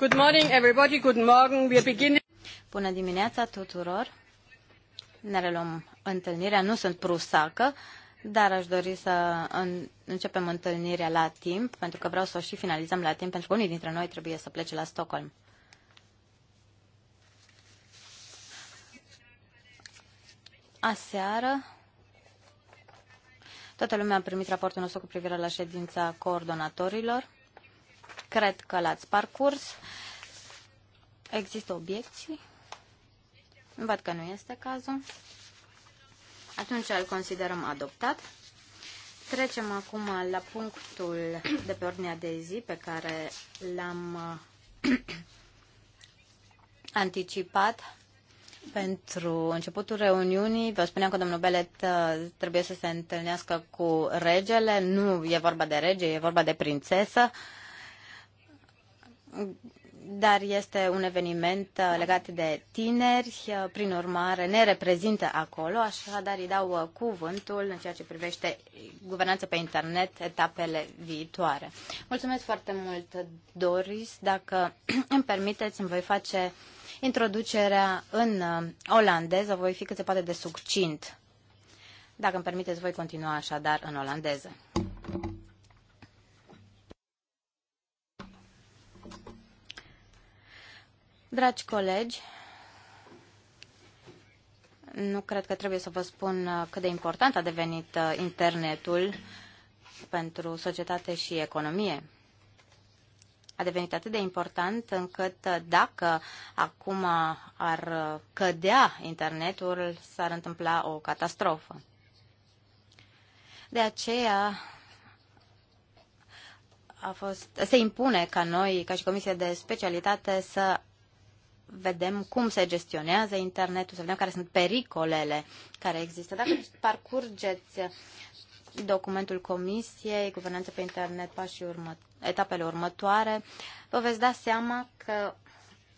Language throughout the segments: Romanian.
Good morning everybody, good morning. We begin... Bună dimineața tuturor. Ne reluăm întâlnirea. Nu sunt prusacă, dar aș dori să începem întâlnirea la timp, pentru că vreau să o și finalizăm la timp, pentru că unii dintre noi trebuie să plece la Stockholm. Aseară, toată lumea a primit raportul nostru cu privire la ședința coordonatorilor. Cred că l-ați parcurs. Există obiecții? Văd că nu este cazul. Atunci îl considerăm adoptat. Trecem acum la punctul de pe ordinea de zi pe care l-am uh, anticipat pentru începutul reuniunii. Vă spuneam că domnul Belet uh, trebuie să se întâlnească cu regele. Nu e vorba de rege, e vorba de prințesă. Uh, dar este un eveniment uh, legat de tineri, uh, prin urmare ne reprezintă acolo, așadar îi dau uh, cuvântul în ceea ce privește guvernanța pe internet, etapele viitoare. Mulțumesc foarte mult, Doris. Dacă îmi permiteți, îmi voi face introducerea în olandeză, voi fi cât se poate de succint. Dacă îmi permiteți, voi continua așadar în olandeză. Dragi colegi, nu cred că trebuie să vă spun uh, cât de important a devenit uh, internetul pentru societate și economie. A devenit atât de important încât uh, dacă acum ar cădea internetul, s-ar întâmpla o catastrofă. De aceea a fost, se impune ca noi, ca și Comisia de Specialitate, să vedem cum se gestionează internetul, să vedem care sunt pericolele care există. Dacă parcurgeți documentul Comisiei, Guvernanță pe Internet, pașii urmă, etapele următoare, vă veți da seama că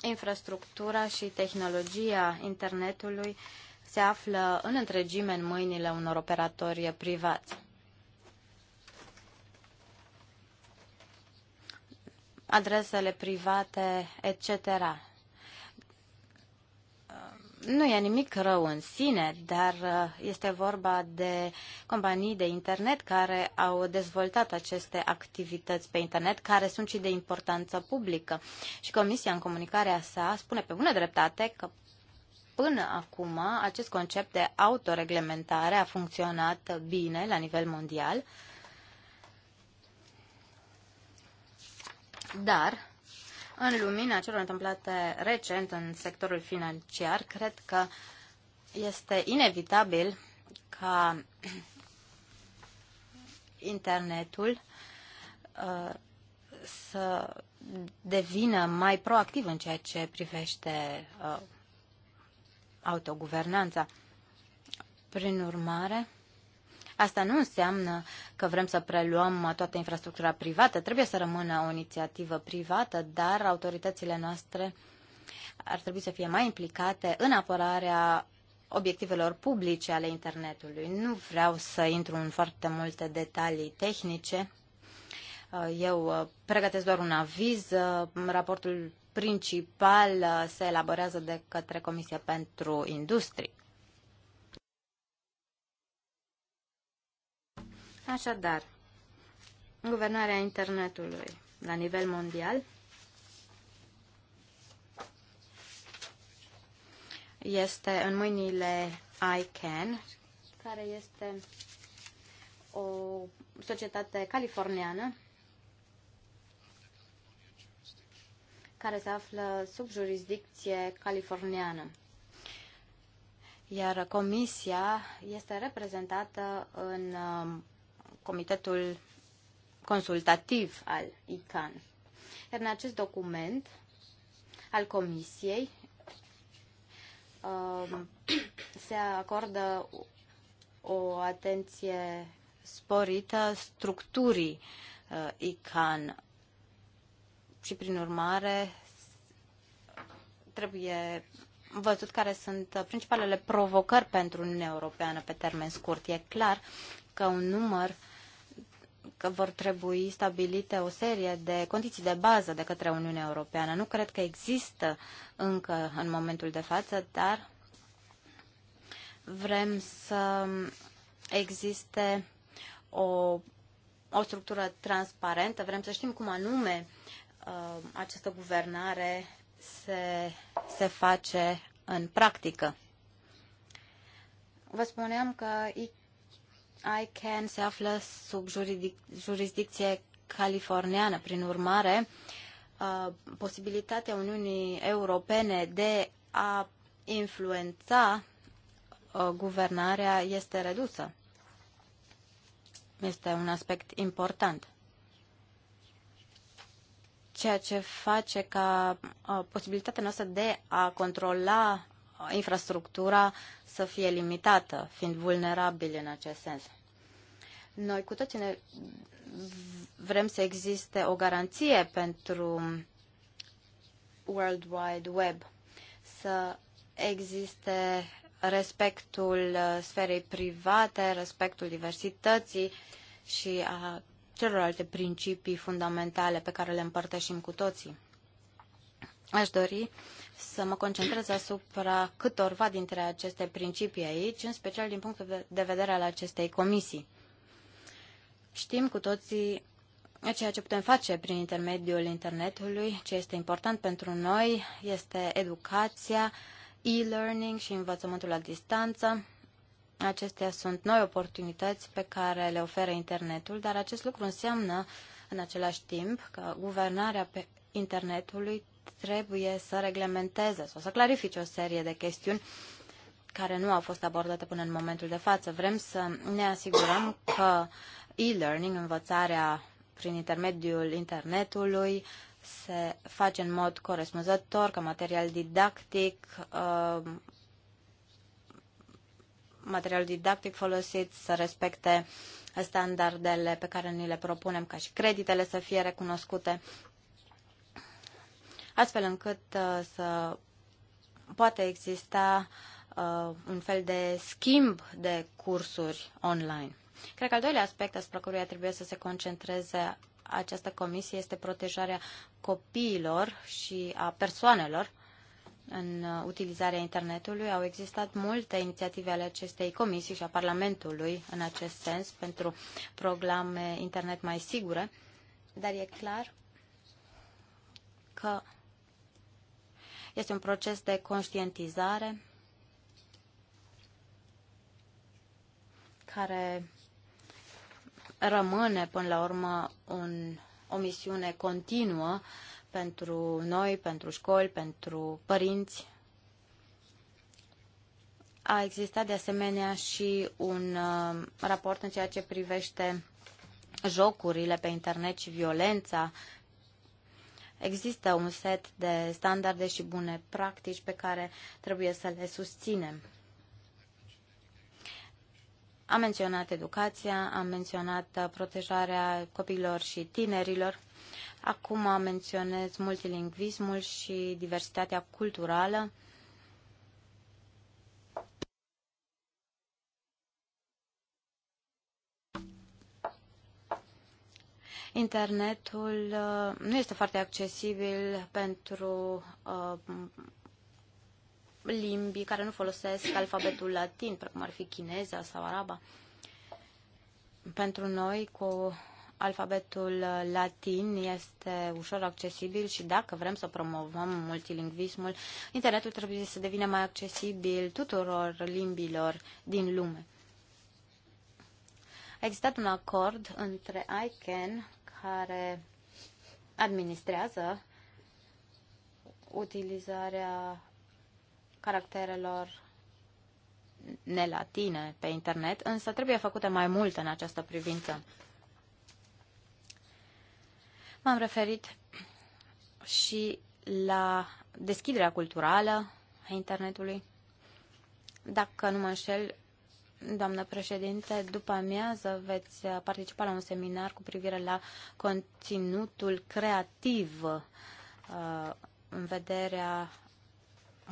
infrastructura și tehnologia internetului se află în întregime în mâinile unor operatori privați. adresele private, etc. Nu e nimic rău în sine, dar uh, este vorba de companii de internet care au dezvoltat aceste activități pe internet, care sunt și de importanță publică. Și Comisia, în comunicarea sa, spune pe bună dreptate că până acum acest concept de autoreglementare a funcționat bine la nivel mondial, dar în lumina celor întâmplate recent în sectorul financiar, cred că este inevitabil ca internetul uh, să devină mai proactiv în ceea ce privește uh, autoguvernanța. Prin urmare, Asta nu înseamnă că vrem să preluăm toată infrastructura privată. Trebuie să rămână o inițiativă privată, dar autoritățile noastre ar trebui să fie mai implicate în apărarea obiectivelor publice ale internetului. Nu vreau să intru în foarte multe detalii tehnice. Eu pregătesc doar un aviz. Raportul principal se elaborează de către Comisia pentru Industrie. Așadar, guvernarea internetului la nivel mondial este în mâinile ICANN, care este o societate californiană care se află sub jurisdicție californiană. Iar comisia este reprezentată în um, Comitetul Consultativ al ICAN. Iar în acest document al Comisiei um, se acordă o atenție sporită structurii uh, ICAN și, prin urmare, trebuie văzut care sunt principalele provocări pentru Uniunea Europeană pe termen scurt. E clar că un număr că vor trebui stabilite o serie de condiții de bază de către Uniunea Europeană. Nu cred că există încă în momentul de față, dar vrem să existe o, o structură transparentă, vrem să știm cum anume uh, această guvernare se, se face în practică. Vă spuneam că ICANN se află sub juridic- jurisdicție californiană, prin urmare, uh, posibilitatea Uniunii Europene de a influența uh, guvernarea este redusă. Este un aspect important. Ceea ce face ca uh, posibilitatea noastră de a controla infrastructura să fie limitată, fiind vulnerabil în acest sens. Noi cu toții ne vrem să existe o garanție pentru World Wide Web, să existe respectul sferei private, respectul diversității și a celorlalte principii fundamentale pe care le împărtășim cu toții. Aș dori să mă concentrez asupra câtorva dintre aceste principii aici, în special din punctul de vedere al acestei comisii. Știm cu toții ceea ce putem face prin intermediul internetului, ce este important pentru noi este educația, e-learning și învățământul la distanță. Acestea sunt noi oportunități pe care le oferă internetul, dar acest lucru înseamnă în același timp că guvernarea pe internetului trebuie să reglementeze sau să clarifice o serie de chestiuni care nu au fost abordate până în momentul de față. Vrem să ne asigurăm că e-learning, învățarea prin intermediul internetului, se face în mod corespunzător, ca material didactic, uh, material didactic folosit să respecte standardele pe care ni le propunem ca și creditele să fie recunoscute astfel încât uh, să poate exista uh, un fel de schimb de cursuri online. Cred că al doilea aspect asupra căruia trebuie să se concentreze această comisie este protejarea copiilor și a persoanelor în uh, utilizarea internetului. Au existat multe inițiative ale acestei comisii și a Parlamentului în acest sens pentru programe internet mai sigure, dar e clar că este un proces de conștientizare care rămâne până la urmă un, o misiune continuă pentru noi, pentru școli, pentru părinți. A existat de asemenea și un uh, raport în ceea ce privește jocurile pe internet și violența Există un set de standarde și bune practici pe care trebuie să le susținem. Am menționat educația, am menționat protejarea copiilor și tinerilor. Acum menționez multilingvismul și diversitatea culturală. internetul uh, nu este foarte accesibil pentru uh, limbi care nu folosesc alfabetul latin, precum ar fi chineza sau araba. Pentru noi, cu alfabetul uh, latin este ușor accesibil și dacă vrem să promovăm multilingvismul, internetul trebuie să devină mai accesibil tuturor limbilor din lume. A existat un acord între ICANN care administrează utilizarea caracterelor nelatine pe internet, însă trebuie făcute mai multe în această privință. M-am referit și la deschiderea culturală a internetului. Dacă nu mă înșel, Doamnă președinte, după amiază veți participa la un seminar cu privire la conținutul creativ uh, în vederea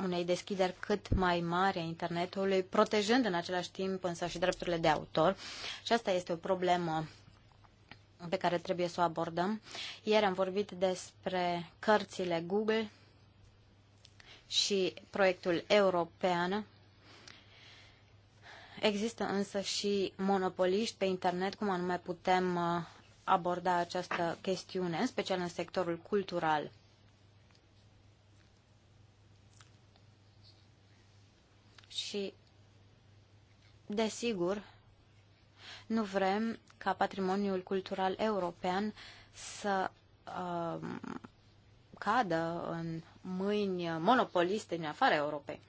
unei deschideri cât mai mari a internetului, protejând în același timp însă și drepturile de autor. Și asta este o problemă pe care trebuie să o abordăm. Ieri am vorbit despre cărțile Google și proiectul european Există însă și monopoliști pe internet, cum anume putem uh, aborda această chestiune, în special în sectorul cultural. Și, desigur, nu vrem ca patrimoniul cultural european să uh, cadă în mâini monopoliste din afara Europei.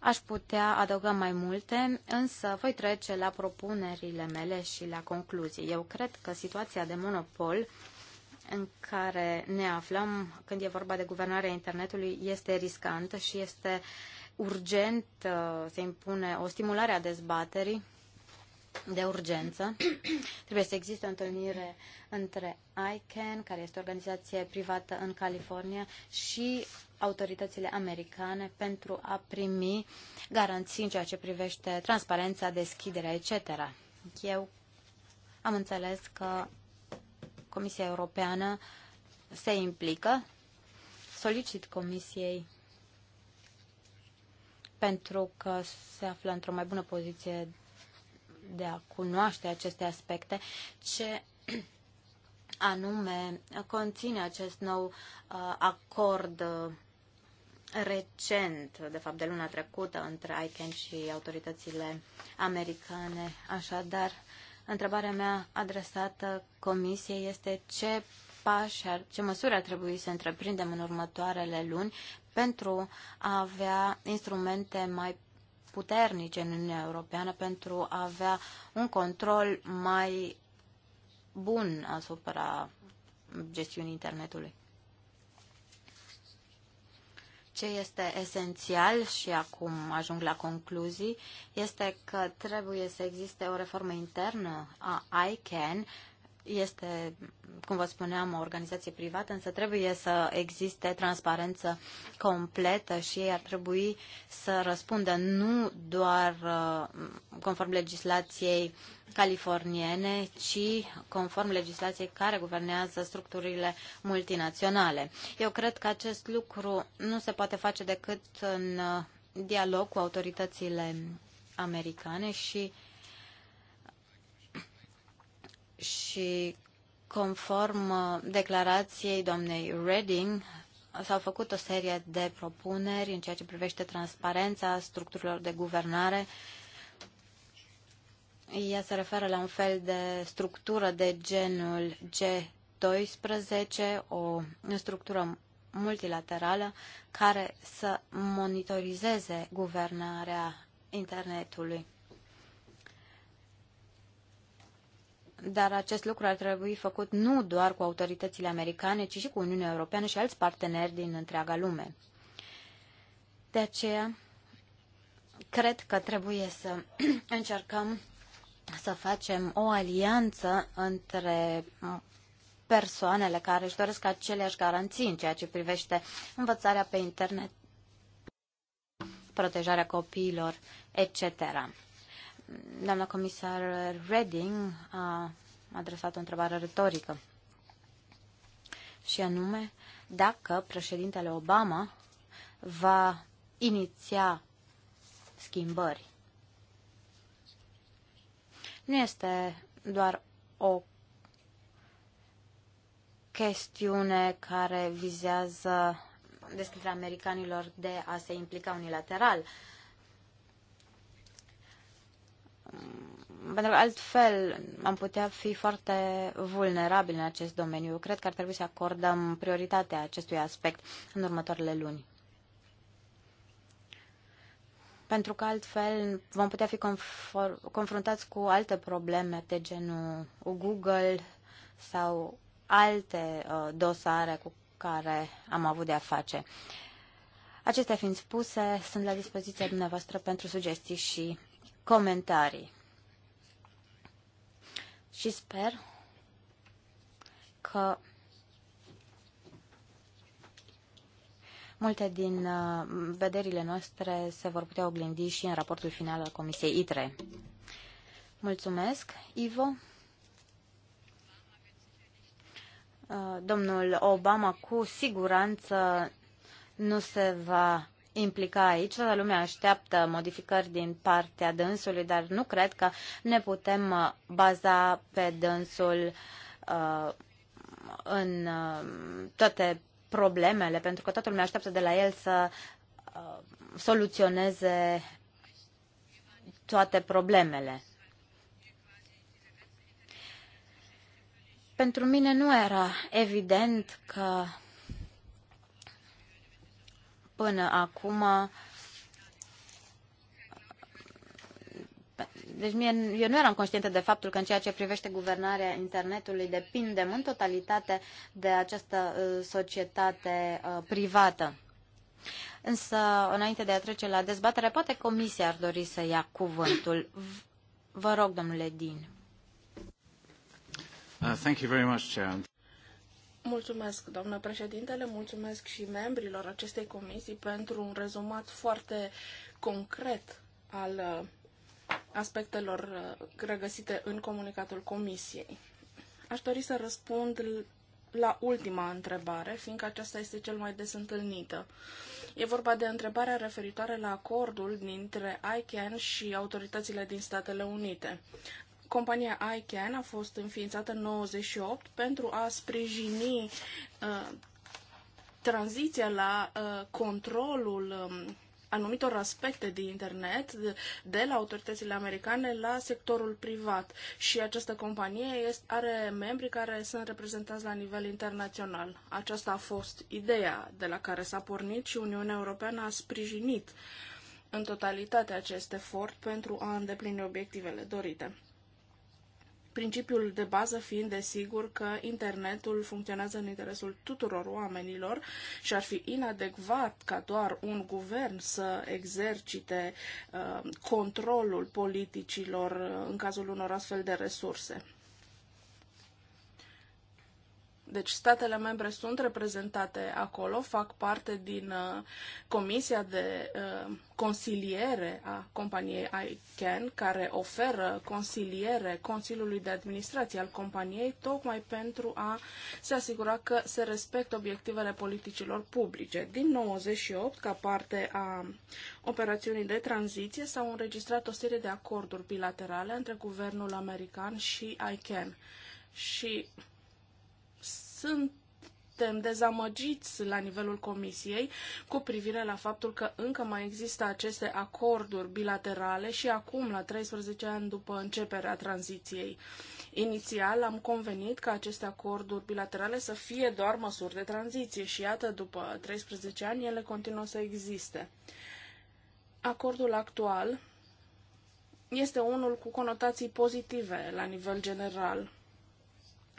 Aș putea adăuga mai multe, însă voi trece la propunerile mele și la concluzii. Eu cred că situația de monopol în care ne aflăm când e vorba de guvernarea internetului este riscantă și este urgent, uh, să impune o stimulare a dezbaterii de urgență. Trebuie să existe o întâlnire între ICANN, care este o organizație privată în California, și autoritățile americane pentru a primi garanții în ceea ce privește transparența, deschiderea, etc. Eu am înțeles că Comisia Europeană se implică. Solicit Comisiei pentru că se află într-o mai bună poziție de a cunoaște aceste aspecte, ce anume conține acest nou uh, acord uh, recent, de fapt de luna trecută, între ICANN și autoritățile americane. Așadar, întrebarea mea adresată Comisiei este ce pași, ar, ce măsuri ar trebui să întreprindem în următoarele luni pentru a avea instrumente mai puternice în Uniunea Europeană pentru a avea un control mai bun asupra gestiunii internetului. Ce este esențial și acum ajung la concluzii este că trebuie să existe o reformă internă a ICANN este, cum vă spuneam, o organizație privată, însă trebuie să existe transparență completă și ei ar trebui să răspundă nu doar uh, conform legislației californiene, ci conform legislației care guvernează structurile multinaționale. Eu cred că acest lucru nu se poate face decât în uh, dialog cu autoritățile americane și uh, și conform uh, declarației doamnei Reading, s-au făcut o serie de propuneri în ceea ce privește transparența structurilor de guvernare. Ea se referă la un fel de structură de genul G12, o structură multilaterală care să monitorizeze guvernarea internetului. dar acest lucru ar trebui făcut nu doar cu autoritățile americane, ci și cu Uniunea Europeană și alți parteneri din întreaga lume. De aceea, cred că trebuie să încercăm să facem o alianță între persoanele care își doresc aceleași garanții în ceea ce privește învățarea pe internet, protejarea copiilor, etc doamna comisar Reding a adresat o întrebare retorică și anume dacă președintele Obama va iniția schimbări. Nu este doar o chestiune care vizează deschiderea americanilor de a se implica unilateral. Uh, pentru că altfel am putea fi foarte vulnerabil în acest domeniu. Eu cred că ar trebui să acordăm prioritatea acestui aspect în următoarele luni. Pentru că altfel vom putea fi confruntați cu alte probleme de genul Google sau alte uh, dosare cu care am avut de-a face. Acestea fiind spuse, sunt la dispoziția dumneavoastră pentru sugestii și comentarii. Și sper că multe din uh, vederile noastre se vor putea oglindi și în raportul final al Comisiei ITRE. Mulțumesc, Ivo. Uh, domnul Obama cu siguranță nu se va implica aici. Toată lumea așteaptă modificări din partea dânsului, dar nu cred că ne putem uh, baza pe dânsul uh, în uh, toate problemele, pentru că toată lumea așteaptă de la el să uh, soluționeze toate problemele. Pentru mine nu era evident că până acum. Deci mie, eu nu eram conștientă de faptul că în ceea ce privește guvernarea internetului depindem în totalitate de această uh, societate uh, privată. Însă, înainte de a trece la dezbatere, poate Comisia ar dori să ia cuvântul. Vă rog, domnule Din. Uh, thank you very much, Chair. Mulțumesc, doamnă președintele, mulțumesc și membrilor acestei comisii pentru un rezumat foarte concret al uh, aspectelor uh, regăsite în comunicatul comisiei. Aș dori să răspund la ultima întrebare, fiindcă aceasta este cel mai des întâlnită. E vorba de întrebarea referitoare la acordul dintre ICANN și autoritățile din Statele Unite. Compania ICANN a fost înființată în 98 pentru a sprijini uh, tranziția la uh, controlul um, anumitor aspecte de internet uh, de la autoritățile americane la sectorul privat. Și această companie este, are membri care sunt reprezentați la nivel internațional. Aceasta a fost ideea de la care s-a pornit și Uniunea Europeană a sprijinit în totalitate acest efort pentru a îndeplini obiectivele dorite principiul de bază fiind, desigur, că internetul funcționează în interesul tuturor oamenilor și ar fi inadecvat ca doar un guvern să exercite uh, controlul politicilor uh, în cazul unor astfel de resurse. Deci statele membre sunt reprezentate acolo, fac parte din uh, comisia de uh, consiliere a companiei ICANN, care oferă consiliere Consiliului de Administrație al companiei, tocmai pentru a se asigura că se respectă obiectivele politicilor publice. Din 98, ca parte a operațiunii de tranziție, s-au înregistrat o serie de acorduri bilaterale între guvernul american și ICANN. Și suntem dezamăgiți la nivelul Comisiei cu privire la faptul că încă mai există aceste acorduri bilaterale și acum, la 13 ani după începerea tranziției. Inițial am convenit că aceste acorduri bilaterale să fie doar măsuri de tranziție și iată, după 13 ani, ele continuă să existe. Acordul actual este unul cu conotații pozitive la nivel general.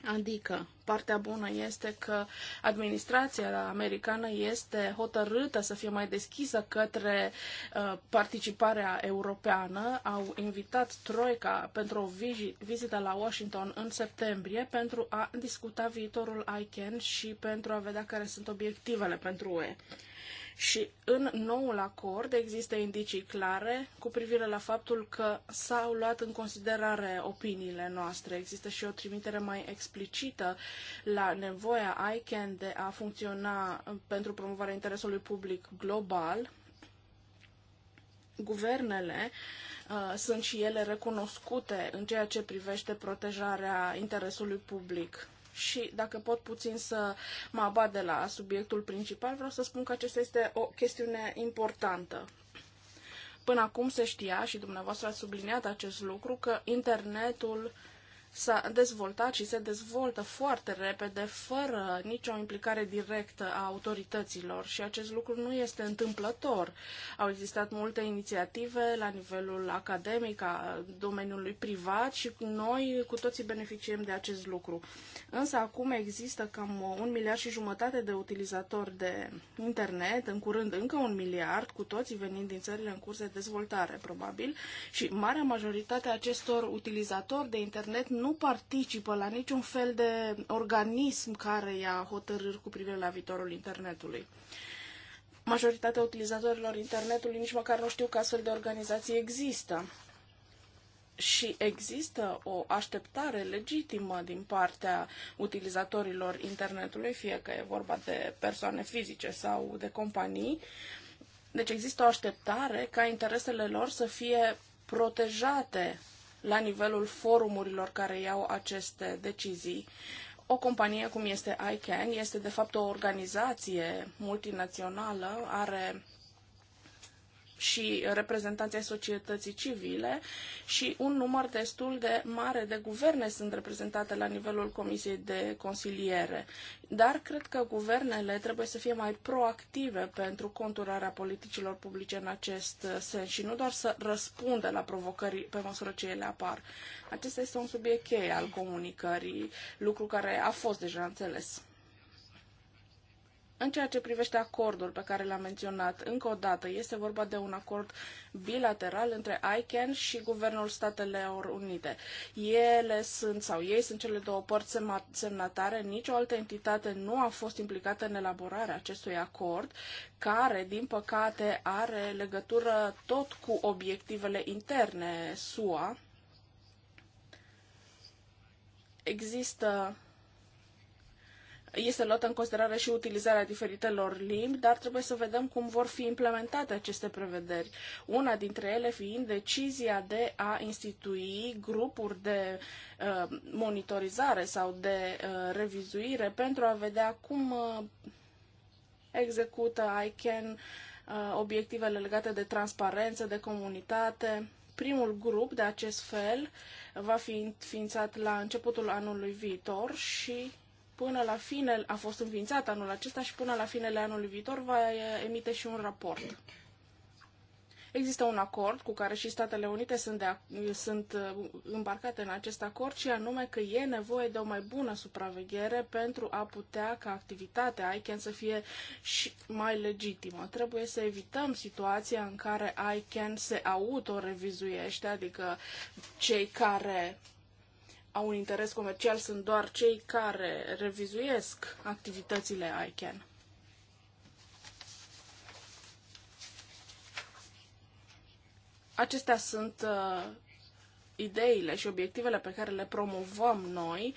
Adică, partea bună este că administrația americană este hotărâtă să fie mai deschisă către uh, participarea europeană. Au invitat Troica pentru o vizită la Washington în septembrie pentru a discuta viitorul ICANN și pentru a vedea care sunt obiectivele pentru UE și în noul acord există indicii clare cu privire la faptul că s-au luat în considerare opiniile noastre. Există și o trimitere mai explicită la nevoia ICANN de a funcționa pentru promovarea interesului public global. Guvernele uh, sunt și ele recunoscute în ceea ce privește protejarea interesului public și dacă pot puțin să mă abat de la subiectul principal, vreau să spun că acesta este o chestiune importantă. Până acum se știa și dumneavoastră ați subliniat acest lucru că internetul uh, s-a dezvoltat și se dezvoltă foarte repede, fără nicio implicare directă a autorităților și acest lucru nu este întâmplător. Au existat multe inițiative la nivelul academic, a domeniului privat și noi cu toții beneficiem de acest lucru. Însă acum există cam un miliard și jumătate de utilizatori de internet, în curând încă un miliard, cu toții venind din țările în curs de dezvoltare, probabil, și marea majoritate a acestor utilizatori de internet nu participă la niciun fel de organism care ia hotărâri cu privire la viitorul internetului. Majoritatea utilizatorilor internetului nici măcar nu știu că astfel de organizații există. Și există o așteptare legitimă din partea utilizatorilor internetului, fie că e vorba de persoane fizice sau de companii. Deci există o așteptare ca interesele lor să fie protejate la nivelul forumurilor care iau aceste decizii. O companie cum este ICANN este de fapt o organizație multinațională, are și reprezentanții societății civile și un număr destul de mare de guverne sunt reprezentate la nivelul Comisiei de Consiliere. Dar cred că guvernele trebuie să fie mai proactive pentru conturarea politicilor publice în acest sens și nu doar să răspundă la provocări pe măsură ce ele apar. Acesta este un subiect cheie al comunicării, lucru care a fost deja înțeles. În ceea ce privește acordul pe care l-am menționat, încă o dată, este vorba de un acord bilateral între ICANN și Guvernul Statelor Unite. Ele sunt, sau ei sunt cele două părți semnatare, nicio altă entitate nu a fost implicată în elaborarea acestui acord, care, din păcate, are legătură tot cu obiectivele interne SUA. Există este luată în considerare și utilizarea diferitelor limbi, dar trebuie să vedem cum vor fi implementate aceste prevederi. Una dintre ele fiind decizia de a institui grupuri de uh, monitorizare sau de uh, revizuire pentru a vedea cum uh, execută ICANN uh, obiectivele legate de transparență, de comunitate. Primul grup de acest fel va fi înființat la începutul anului viitor și Până la final a fost înființat anul acesta și până la finele anului viitor va eh, emite și un raport. Există un acord cu care și Statele Unite sunt, de, sunt eh, îmbarcate în acest acord și anume că e nevoie de o mai bună supraveghere pentru a putea ca activitatea ICANN să fie și mai legitimă. Trebuie să evităm situația în care ICANN se auto adică cei care au un interes comercial sunt doar cei care revizuiesc activitățile ICANN. Acestea sunt uh, ideile și obiectivele pe care le promovăm noi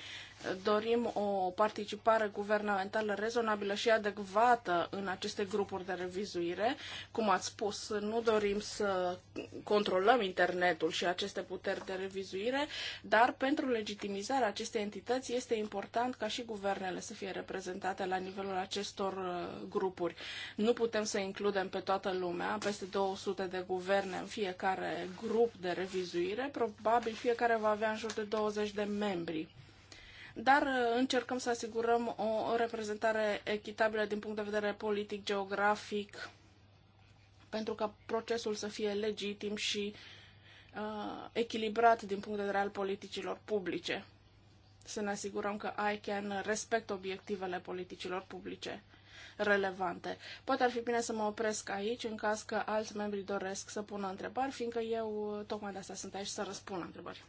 dorim o participare guvernamentală rezonabilă și adecvată în aceste grupuri de revizuire. Cum ați spus, nu dorim să controlăm internetul și aceste puteri de revizuire, dar pentru legitimizarea acestei entități este important ca și guvernele să fie reprezentate la nivelul acestor uh, grupuri. Nu putem să includem pe toată lumea, peste 200 de guverne în fiecare grup de revizuire, probabil fiecare va avea în jur de 20 de membri dar uh, încercăm să asigurăm o reprezentare echitabilă din punct de vedere politic, geografic, pentru ca procesul să fie legitim și uh, echilibrat din punct de vedere al politicilor publice. Să ne asigurăm că ICANN respectă obiectivele politicilor publice relevante. Poate ar fi bine să mă opresc aici în caz că alți membri doresc să pună întrebări, fiindcă eu uh, tocmai de asta sunt aici să răspund la întrebări.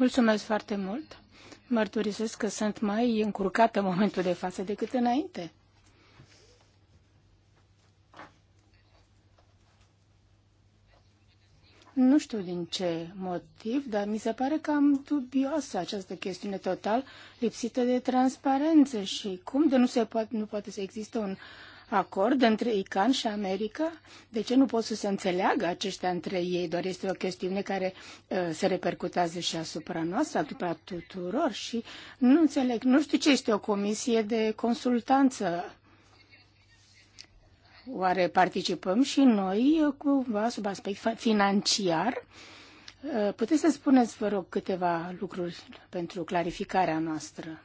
Mulțumesc foarte mult. Mărturisesc că sunt mai încurcată în momentul de față decât înainte. Nu știu din ce motiv, dar mi se pare cam dubioasă această chestiune total lipsită de transparență și cum de nu, se poate, nu poate să existe un uh, acord între ICAN și America? De ce nu pot să se înțeleagă aceștia între ei? Doar este o chestiune care uh, se repercutează și asupra noastră, asupra tuturor și nu înțeleg. Nu știu ce este o comisie de consultanță. Oare participăm și noi uh, cumva sub aspect financiar? Uh, puteți să spuneți, vă rog, câteva lucruri pentru clarificarea noastră.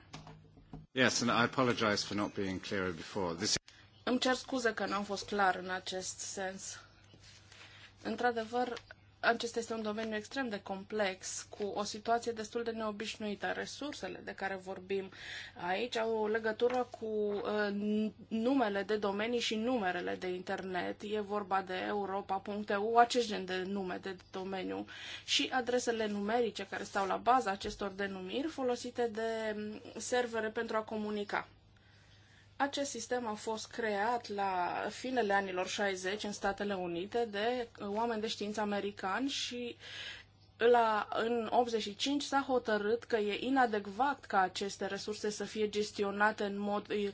Yes, and I apologize for not being clearer before. This îmi cer scuze că n-am fost clar în acest sens. Într-adevăr, acesta este un domeniu extrem de complex, cu o situație destul de neobișnuită. Resursele de care vorbim aici au o legătură cu uh, numele de domenii și numerele de internet. E vorba de europa.eu, acest gen de nume de domeniu și adresele numerice care stau la baza acestor denumiri folosite de um, servere pentru a comunica. Acest sistem a fost creat la finele anilor 60 în Statele Unite de uh, oameni de știință americani și la, în 85 s-a hotărât că e inadecvat ca aceste resurse să fie gestionate în mod uh,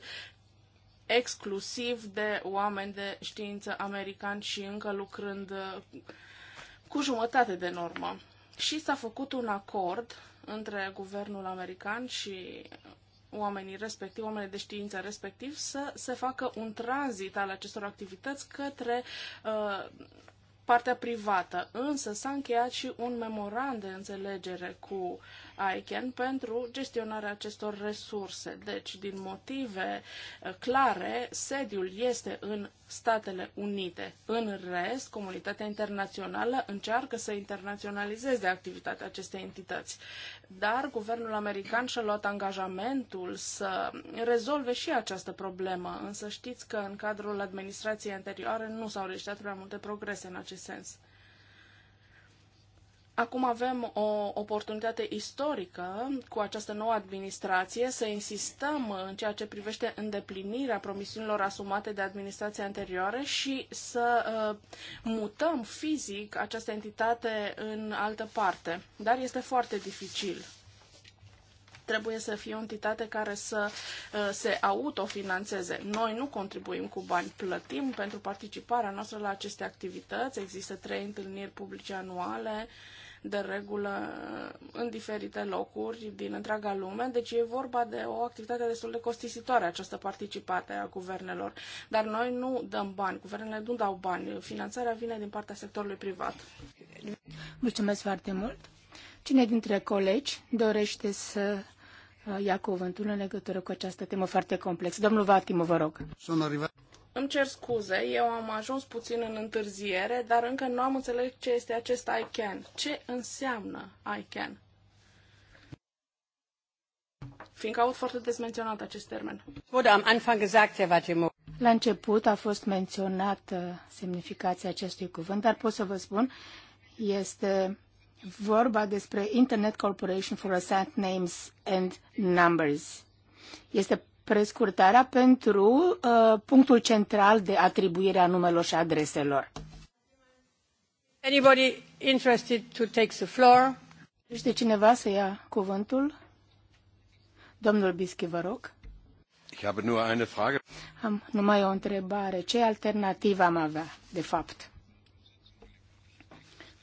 exclusiv de oameni de știință americani și încă lucrând uh, cu jumătate de normă. Și s-a făcut un acord între guvernul american și oamenii respectivi, oamenii de știință respectiv, să se facă un tranzit al acestor activități către uh, partea privată. Însă s-a încheiat și un memorand de înțelegere cu uh, ICANN pentru gestionarea acestor resurse. Deci, din motive eh, clare, sediul este în Statele Unite. În rest, comunitatea internațională încearcă să internaționalizeze activitatea acestei entități. Dar guvernul american și-a luat angajamentul să rezolve și această problemă, însă știți că în cadrul administrației anterioare nu s-au registrat prea multe progrese în acest sens. Acum avem o oportunitate istorică cu această nouă administrație să insistăm în ceea ce privește îndeplinirea promisiunilor asumate de administrația anterioară și să uh, mutăm fizic această entitate în altă parte. Dar este foarte dificil. Trebuie să fie o entitate care să uh, se autofinanțeze. Noi nu contribuim cu bani, plătim pentru participarea noastră la aceste activități. Există trei întâlniri publice anuale. Uh, de regulă în diferite locuri din întreaga lume, deci e vorba de o activitate destul de costisitoare această participare a guvernelor. Dar noi nu dăm bani, guvernele nu dau bani, finanțarea vine din partea sectorului privat. Mulțumesc foarte mult. Cine dintre colegi dorește să uh, ia cuvântul în legătură cu această temă foarte complexă? Domnul Vatimo, vă rog. Sunt arrivat. Îmi cer scuze, eu am ajuns puțin în întârziere, dar încă nu am înțeles ce este acest I can. Ce înseamnă I can? Fiindcă aud foarte des menționat acest termen. La început a fost menționată semnificația acestui cuvânt, dar pot să vă spun, este vorba despre Internet Corporation for Assigned Names and Numbers. Este prescurtarea pentru uh, punctul central de atribuire a numelor și adreselor. Anybody interested to take the floor? Este cineva să ia cuvântul? Domnul Bischi, vă rog. Ich habe nur eine Frage. Am numai o întrebare. Ce alternativă am avea, de fapt?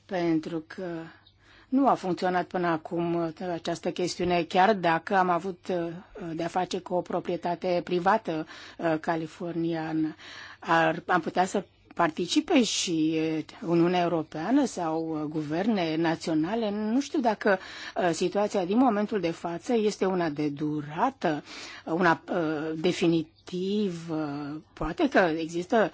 Pentru că nu a funcționat până acum uh, această chestiune, chiar dacă am avut uh, de-a face cu o proprietate privată uh, californiană. Ar, am putea să participe și Uniunea Europeană sau guverne naționale. Nu știu dacă situația din momentul de față este una de durată, una definitiv. Poate că există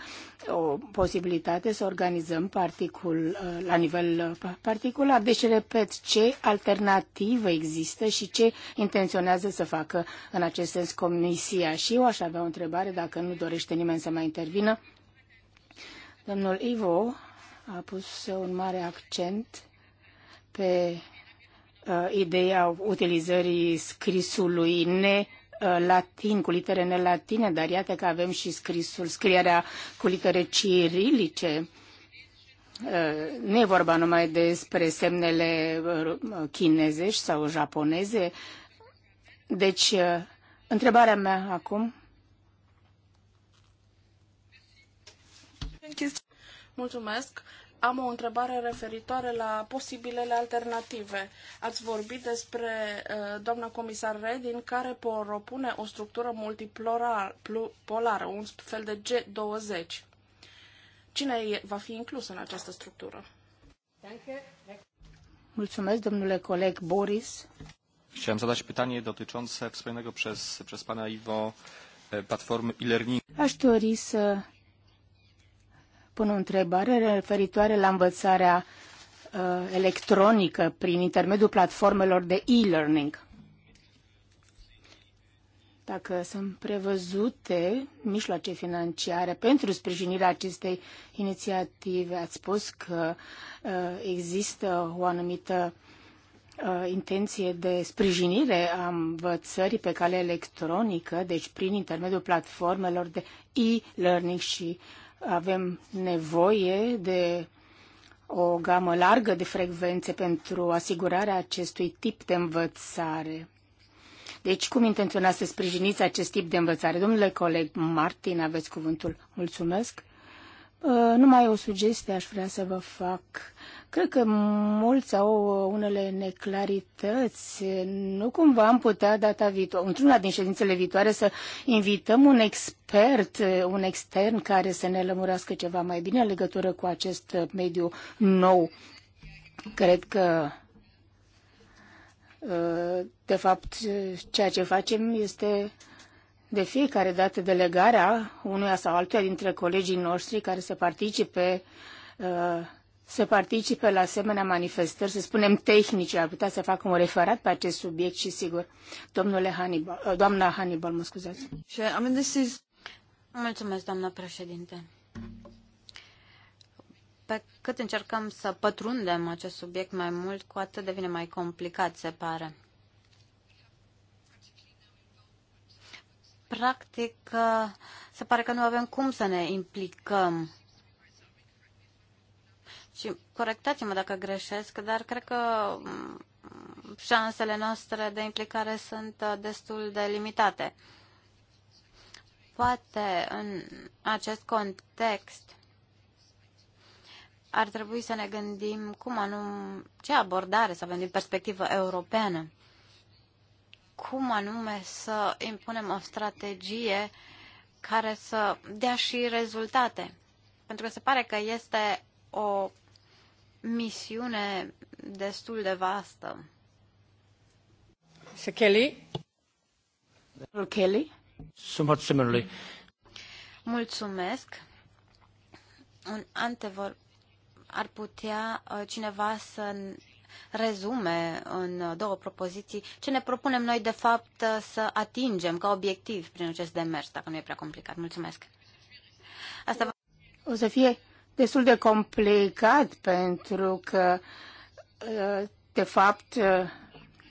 o posibilitate să organizăm particul, la nivel particular. Deci, repet, ce alternativă există și ce intenționează să facă în acest sens Comisia? Și eu aș avea o întrebare, dacă nu dorește nimeni să mai intervină. Domnul Ivo a pus un mare accent pe uh, ideea utilizării scrisului ne latin, cu litere nelatine, dar iată că avem și scrisul, scrierea cu litere cirilice. Uh, nu e vorba numai despre semnele uh, chinezești sau japoneze. Deci, uh, întrebarea mea acum Mulțumesc. Am o întrebare referitoare la posibilele alternative. Ați vorbit despre uh, doamna comisar Redin care propune o structură multipolară, un fel de G20. Cine va fi inclus în această structură? Mulțumesc, domnule coleg Boris. Chciałem zadać pytanie dotyczące wspomnianego przez, przez pana Iwo platformy e-learning. Aș dori să pun o întrebare referitoare la învățarea uh, electronică prin intermediul platformelor de e-learning. Dacă sunt prevăzute mijloace financiare pentru sprijinirea acestei inițiative, ați spus că uh, există o anumită uh, intenție de sprijinire a învățării pe cale electronică, deci prin intermediul platformelor de e-learning și uh, avem nevoie de o gamă largă de frecvențe pentru asigurarea acestui tip de învățare. Deci, cum intenționați să sprijiniți acest tip de învățare? Domnule coleg Martin, aveți cuvântul. Mulțumesc. Uh, numai o sugestie aș vrea să vă fac. Cred că mulți au unele neclarități. Nu cumva am putea data viitoare, într-una din ședințele viitoare, să invităm un expert, un extern care să ne lămurească ceva mai bine în legătură cu acest mediu nou. Cred că uh, de fapt ceea ce facem este de fiecare dată delegarea unuia sau altuia dintre colegii noștri care se participe uh, se participe la asemenea manifestări, să spunem tehnice, ar putea să facă un referat pe acest subiect și sigur, domnule Hannibal, uh, doamna Hannibal, mă scuzați. Mulțumesc, doamna președinte. Pe cât încercăm să pătrundem acest subiect mai mult, cu atât devine mai complicat, se pare. practic, se pare că nu avem cum să ne implicăm. Și corectați-mă dacă greșesc, dar cred că mm, șansele noastre de implicare sunt uh, destul de limitate. Poate în acest context ar trebui să ne gândim cum anum, ce abordare să avem din perspectivă europeană cum anume să impunem o strategie care să dea și rezultate. Pentru că se pare că este o misiune destul de vastă. Kelly? Kelly? Somewhat Mulțumesc. Un antevor ar putea uh, cineva să rezume în două propoziții ce ne propunem noi, de fapt, să atingem ca obiectiv prin acest demers, dacă nu e prea complicat. Mulțumesc. Asta o să fie destul de complicat pentru că, de fapt,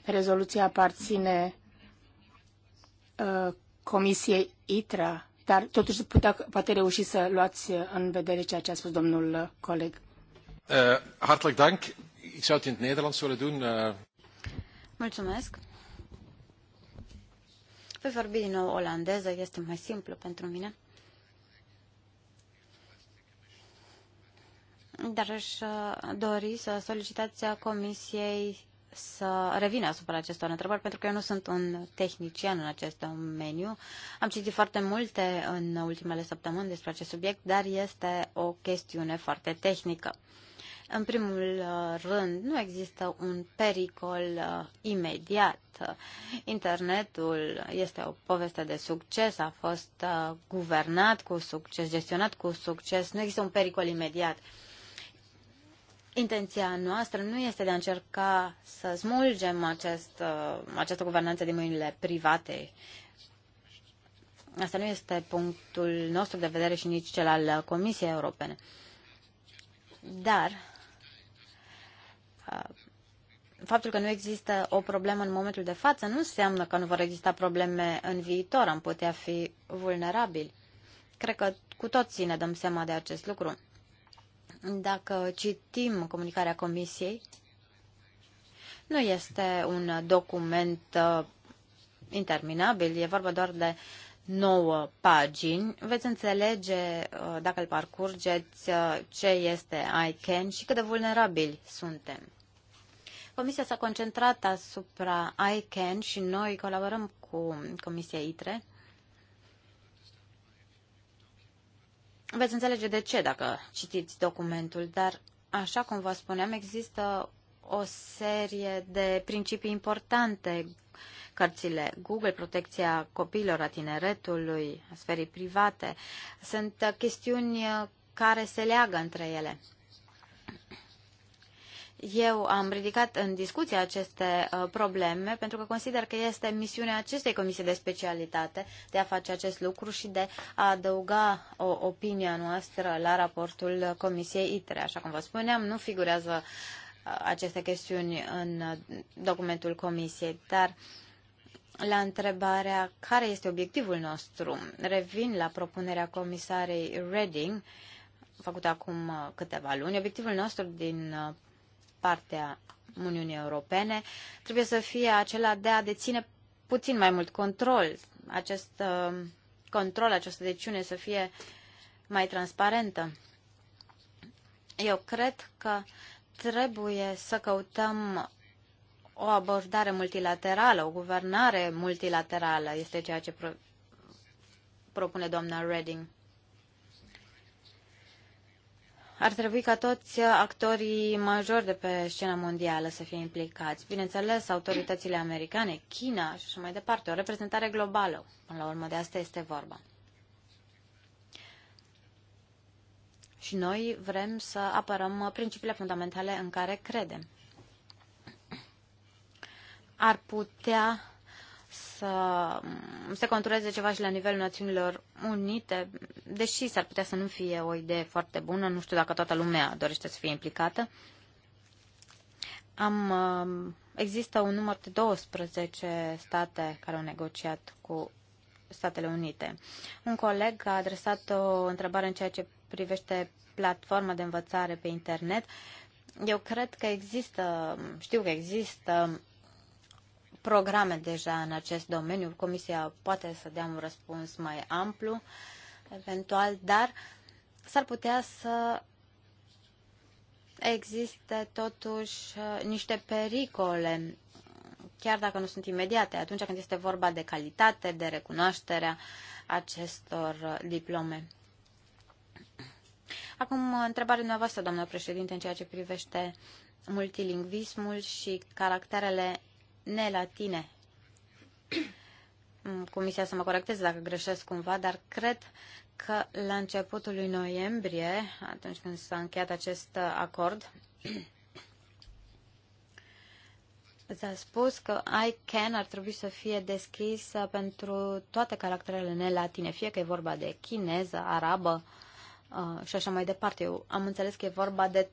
rezoluția aparține uh, Comisiei ITRA, dar totuși putea, poate reuși să luați în vedere ceea ce a spus domnul coleg. Uh, hartelijk dank. Ik zou het in het Nederlands willen doen. Eh. Mulțumesc. Voi vorbi din nou olandeză, este mai simplu pentru mine. Dar aș eh, dori să solicitați Comisiei să revină asupra acestor întrebări, pentru că eu nu sunt un tehnician în acest domeniu. Am citit foarte multe în ultimele săptămâni despre acest subiect, dar este o chestiune foarte tehnică. În primul uh, rând, nu există un pericol uh, imediat. Internetul este o poveste de succes, a fost uh, guvernat cu succes, gestionat cu succes, nu există un pericol imediat. Intenția noastră nu este de a încerca să smulgem acest, această guvernanță din mâinile private. Asta nu este punctul nostru de vedere și nici cel al Comisiei Europene. Dar Uh, faptul că nu există o problemă în momentul de față nu înseamnă că nu vor exista probleme în viitor, am putea fi vulnerabili. Cred că cu toții ne dăm seama de acest lucru. Dacă citim comunicarea Comisiei, nu este un document uh, interminabil, e vorba doar de 9 pagini, veți înțelege, uh, dacă îl parcurgeți, uh, ce este ICANN și cât de vulnerabili suntem. Comisia s-a concentrat asupra ICANN și noi colaborăm cu Comisia ITRE. Veți înțelege de ce dacă citiți documentul, dar așa cum vă spuneam, există o serie de principii importante cărțile Google, protecția copiilor, a tineretului, a sferii private. Sunt chestiuni care se leagă între ele. Eu am ridicat în discuție aceste uh, probleme pentru că consider că este misiunea acestei comisii de specialitate de a face acest lucru și de a adăuga o opinia noastră la raportul comisiei ITRE. Așa cum vă spuneam, nu figurează uh, aceste chestiuni în documentul comisiei, dar la întrebarea care este obiectivul nostru, revin la propunerea comisarei Reding, făcută acum câteva luni. Obiectivul nostru din uh, partea Uniunii Europene trebuie să fie acela de a deține puțin mai mult control. Acest uh, control, această deciune să fie mai transparentă. Eu cred că trebuie să căutăm o abordare multilaterală, o guvernare multilaterală, este ceea ce pro- propune doamna Redding. Ar trebui ca toți actorii majori de pe scena mondială să fie implicați. Bineînțeles, autoritățile americane, China și așa mai departe, o reprezentare globală. Până la urmă, de asta este vorba. și noi vrem să apărăm principiile fundamentale în care credem. Ar putea să se contureze ceva și la nivelul Națiunilor Unite, deși s-ar putea să nu fie o idee foarte bună, nu știu dacă toată lumea dorește să fie implicată. Am, uh, există un număr de 12 state care au negociat cu Statele Unite. Un coleg a adresat o întrebare în ceea ce privește platforma de învățare pe internet, eu cred că există, știu că există programe deja în acest domeniu. Comisia poate să dea un răspuns mai amplu, eventual, dar s-ar putea să existe totuși uh, niște pericole, chiar dacă nu sunt imediate, atunci când este vorba de calitate, de recunoașterea acestor uh, diplome. Acum, întrebarea dumneavoastră, doamnă președinte, în ceea ce privește multilingvismul și caracterele nelatine. Mm, Comisia să mă corecteze dacă greșesc cumva, dar cred că la începutul lui noiembrie, atunci când s-a încheiat acest uh, acord, s-a spus că I can ar trebui să fie deschis uh, pentru toate caracterele nelatine, fie că e vorba de chineză, arabă, uh, Ah, și așa mai departe. Eu am înțeles că e vorba de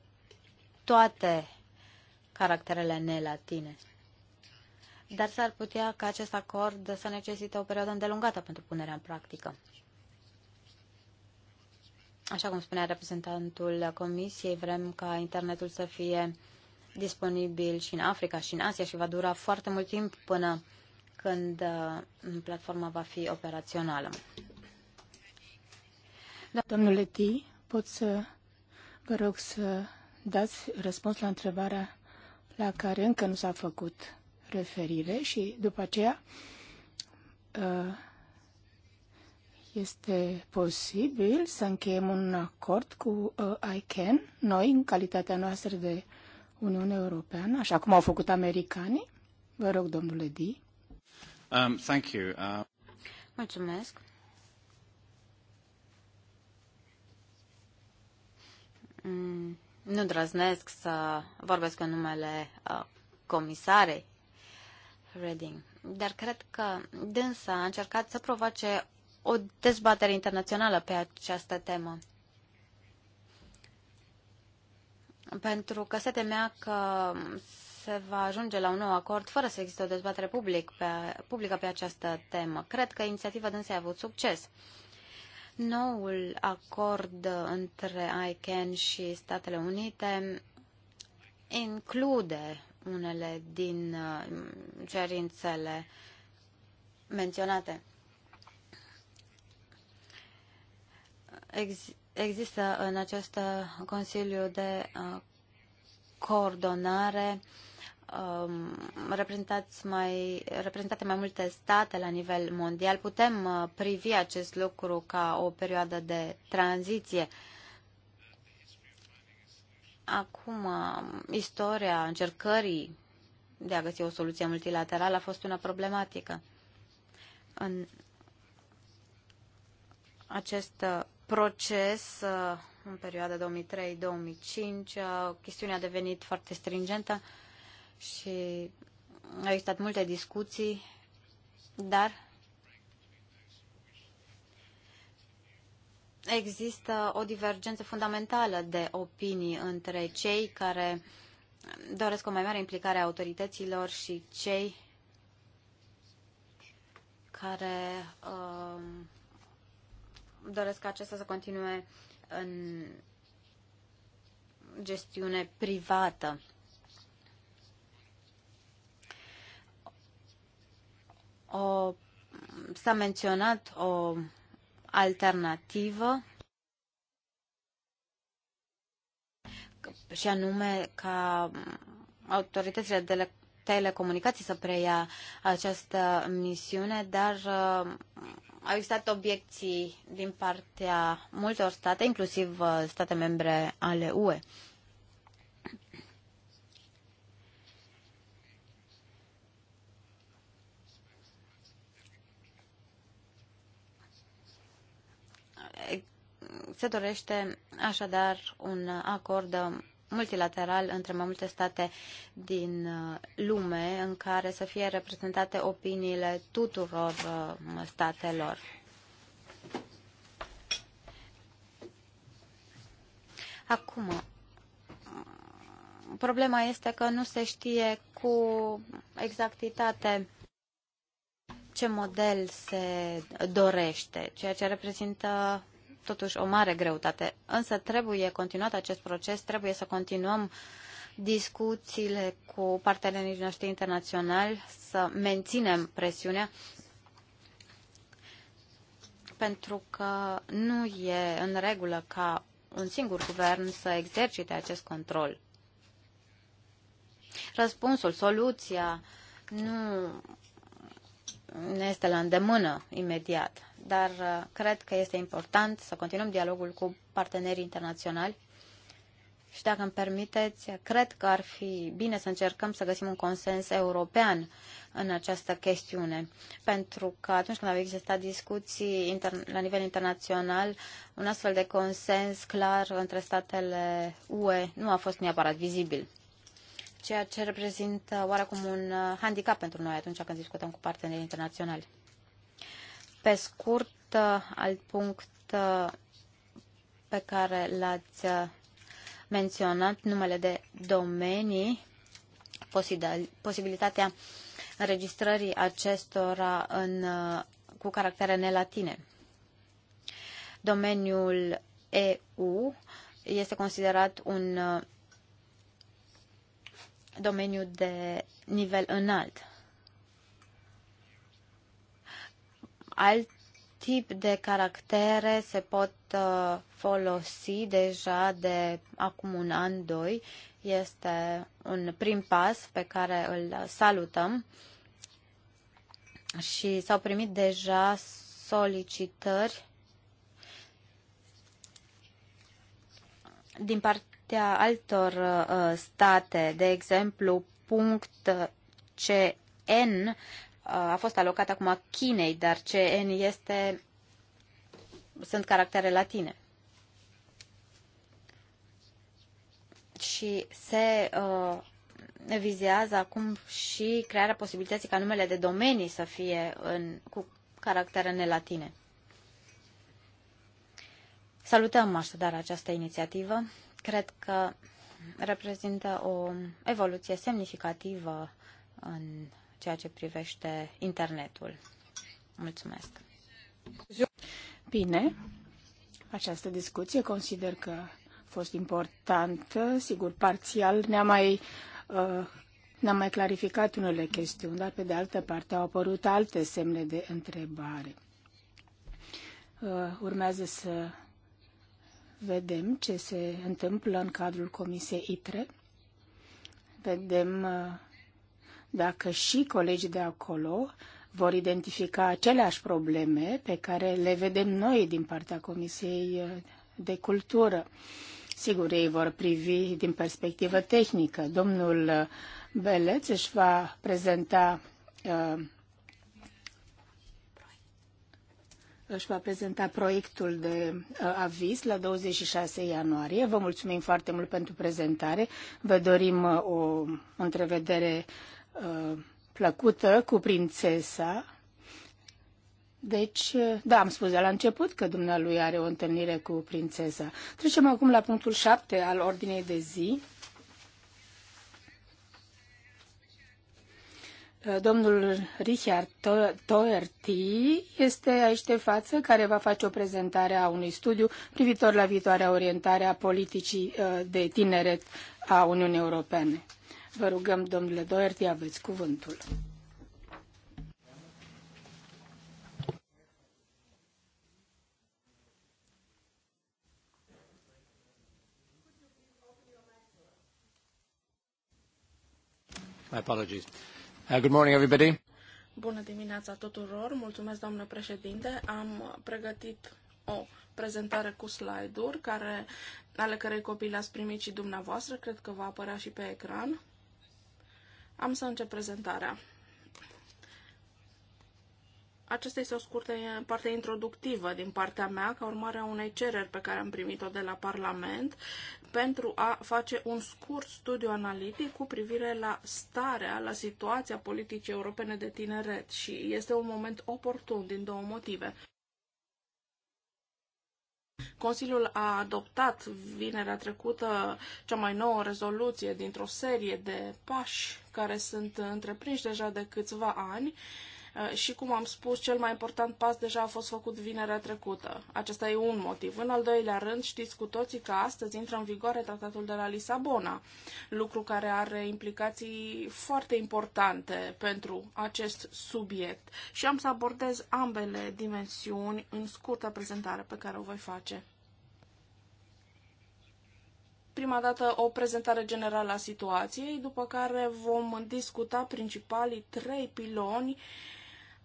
toate caracterele nelatine. Dar s-ar putea ca acest acord să necesite o perioadă îndelungată pentru punerea în practică. Așa cum spunea reprezentantul Comisiei, vrem ca internetul să fie disponibil și în Africa și în Asia și va dura foarte mult timp până când ah, platforma va fi operațională. Da, domnule T, pot să vă rog să dați răspuns la întrebarea la care încă nu s-a făcut referire și după aceea ă, este posibil să încheiem un acord cu ă, ICANN, noi, în calitatea noastră de Uniune Europeană, așa cum au făcut americanii? Vă rog, domnule Di. Um, thank you. Uh... Mulțumesc. Mm, nu drăznesc să vorbesc în numele uh, comisarei Reding, dar cred că dânsa a încercat să provoace o dezbatere internațională pe această temă. Pentru că se temea că se va ajunge la un nou acord fără să existe o dezbatere public pe, publică pe această temă. Cred că inițiativa dânsei a avut succes. Uh, Noul acord între ICANN și Statele Unite include unele din uh, cerințele menționate. Ex există în acest Consiliu de uh, coordonare uh, Um, reprezentați mai, reprezentate mai multe state la nivel mondial, putem uh, privi acest lucru ca o perioadă de tranziție. Acum, um, istoria încercării de a găsi o soluție multilaterală a fost una problematică. În acest uh, proces, uh, în perioada 2003-2005, chestiunea a devenit foarte stringentă și au existat multe discuții, dar există o divergență fundamentală de opinii între cei care doresc o mai mare implicare a autorităților și cei care uh, doresc ca acesta să continue în gestiune privată. o, s-a menționat o alternativă și anume ca autoritățile de telecomunicații să preia această misiune, dar uh, au existat obiecții din partea multor state, inclusiv uh, state membre ale UE. Se dorește așadar un acord multilateral între mai multe state din uh, lume în care să fie reprezentate opiniile tuturor uh, statelor. Acum, problema este că nu se știe cu exactitate ce model se dorește, ceea ce reprezintă totuși o mare greutate. Însă trebuie continuat acest proces, trebuie să continuăm discuțiile cu partenerii noștri internaționali, să menținem presiunea pentru că nu e în regulă ca un singur guvern să exercite acest control. Răspunsul, soluția nu ne este la îndemână imediat dar uh, cred că este important să continuăm dialogul cu partenerii internaționali și dacă îmi permiteți, cred că ar fi bine să încercăm să găsim un consens european în această chestiune. Pentru că atunci când au existat discuții la nivel internațional, un astfel de consens clar între statele UE nu a fost neapărat vizibil. Ceea ce reprezintă oarecum un uh, handicap pentru noi atunci când discutăm cu partenerii internaționali. Pe scurt, alt punct pe care l-ați menționat, numele de domenii, posibilitatea înregistrării acestora în, cu caractere nelatine. Domeniul EU este considerat un domeniu de nivel înalt. alt tip de caractere se pot uh, folosi deja de acum un an, doi. Este un prim pas pe care îl salutăm și s-au primit deja solicitări din partea altor uh, state, de exemplu punct CN a fost alocat acum Chinei, dar CN este, sunt caractere latine. Și se uh, vizează acum și crearea posibilității ca numele de domenii să fie în, cu caractere nelatine. Salutăm așadar această inițiativă. Cred că reprezintă o evoluție semnificativă în ceea ce privește internetul. Mulțumesc! Bine, această discuție consider că a fost importantă, sigur, parțial ne-a mai uh, ne-am mai clarificat unele chestiuni, dar pe de altă parte au apărut alte semne de întrebare. Uh, urmează să vedem ce se întâmplă în cadrul Comisiei ITRE. Vedem uh, dacă și colegii de acolo vor identifica aceleași probleme pe care le vedem noi din partea Comisiei uh, de Cultură. Sigur, ei vor privi din perspectivă tehnică. Domnul uh, Beleț își va prezenta uh, își va prezenta proiectul de uh, aviz la 26 ianuarie. Vă mulțumim foarte mult pentru prezentare. Vă dorim uh, o întrevedere Uh, plăcută cu prințesa. Deci, uh, da, am spus de la început că dumnealui are o întâlnire cu prințesa. Trecem acum la punctul 7 al ordinei de zi. Uh, domnul Richard Toerti este aici de față, care va face o prezentare a unui studiu privitor la viitoarea orientare a politicii de tineret a Uniunii Europene. Vă rugăm, domnule Doherty, aveți cuvântul. My apologies. Uh, good morning, everybody. Bună dimineața tuturor. Mulțumesc, doamnă președinte. Am pregătit o prezentare cu slide-uri, care, ale cărei copii le-ați primit și dumneavoastră. Cred că va apărea și pe ecran. Am să încep prezentarea. Acesta este o scurtă parte introductivă din partea mea, ca urmare a unei cereri pe care am primit-o de la Parlament, pentru a face un scurt studiu analitic cu privire la starea, la situația politicii europene de tineret. Și este un moment oportun din două motive. Consiliul a adoptat vinerea trecută cea mai nouă rezoluție dintr-o serie de pași care sunt întreprinși deja de câțiva ani uh, și, cum am spus, cel mai important pas deja a fost făcut vinerea trecută. Acesta e un motiv. În al doilea rând, știți cu toții că astăzi intră în vigoare tratatul de la Lisabona, lucru care are implicații foarte importante pentru acest subiect. Și am să abordez ambele dimensiuni în scurta prezentare pe care o voi face prima dată o prezentare generală a situației, după care vom discuta principalii trei piloni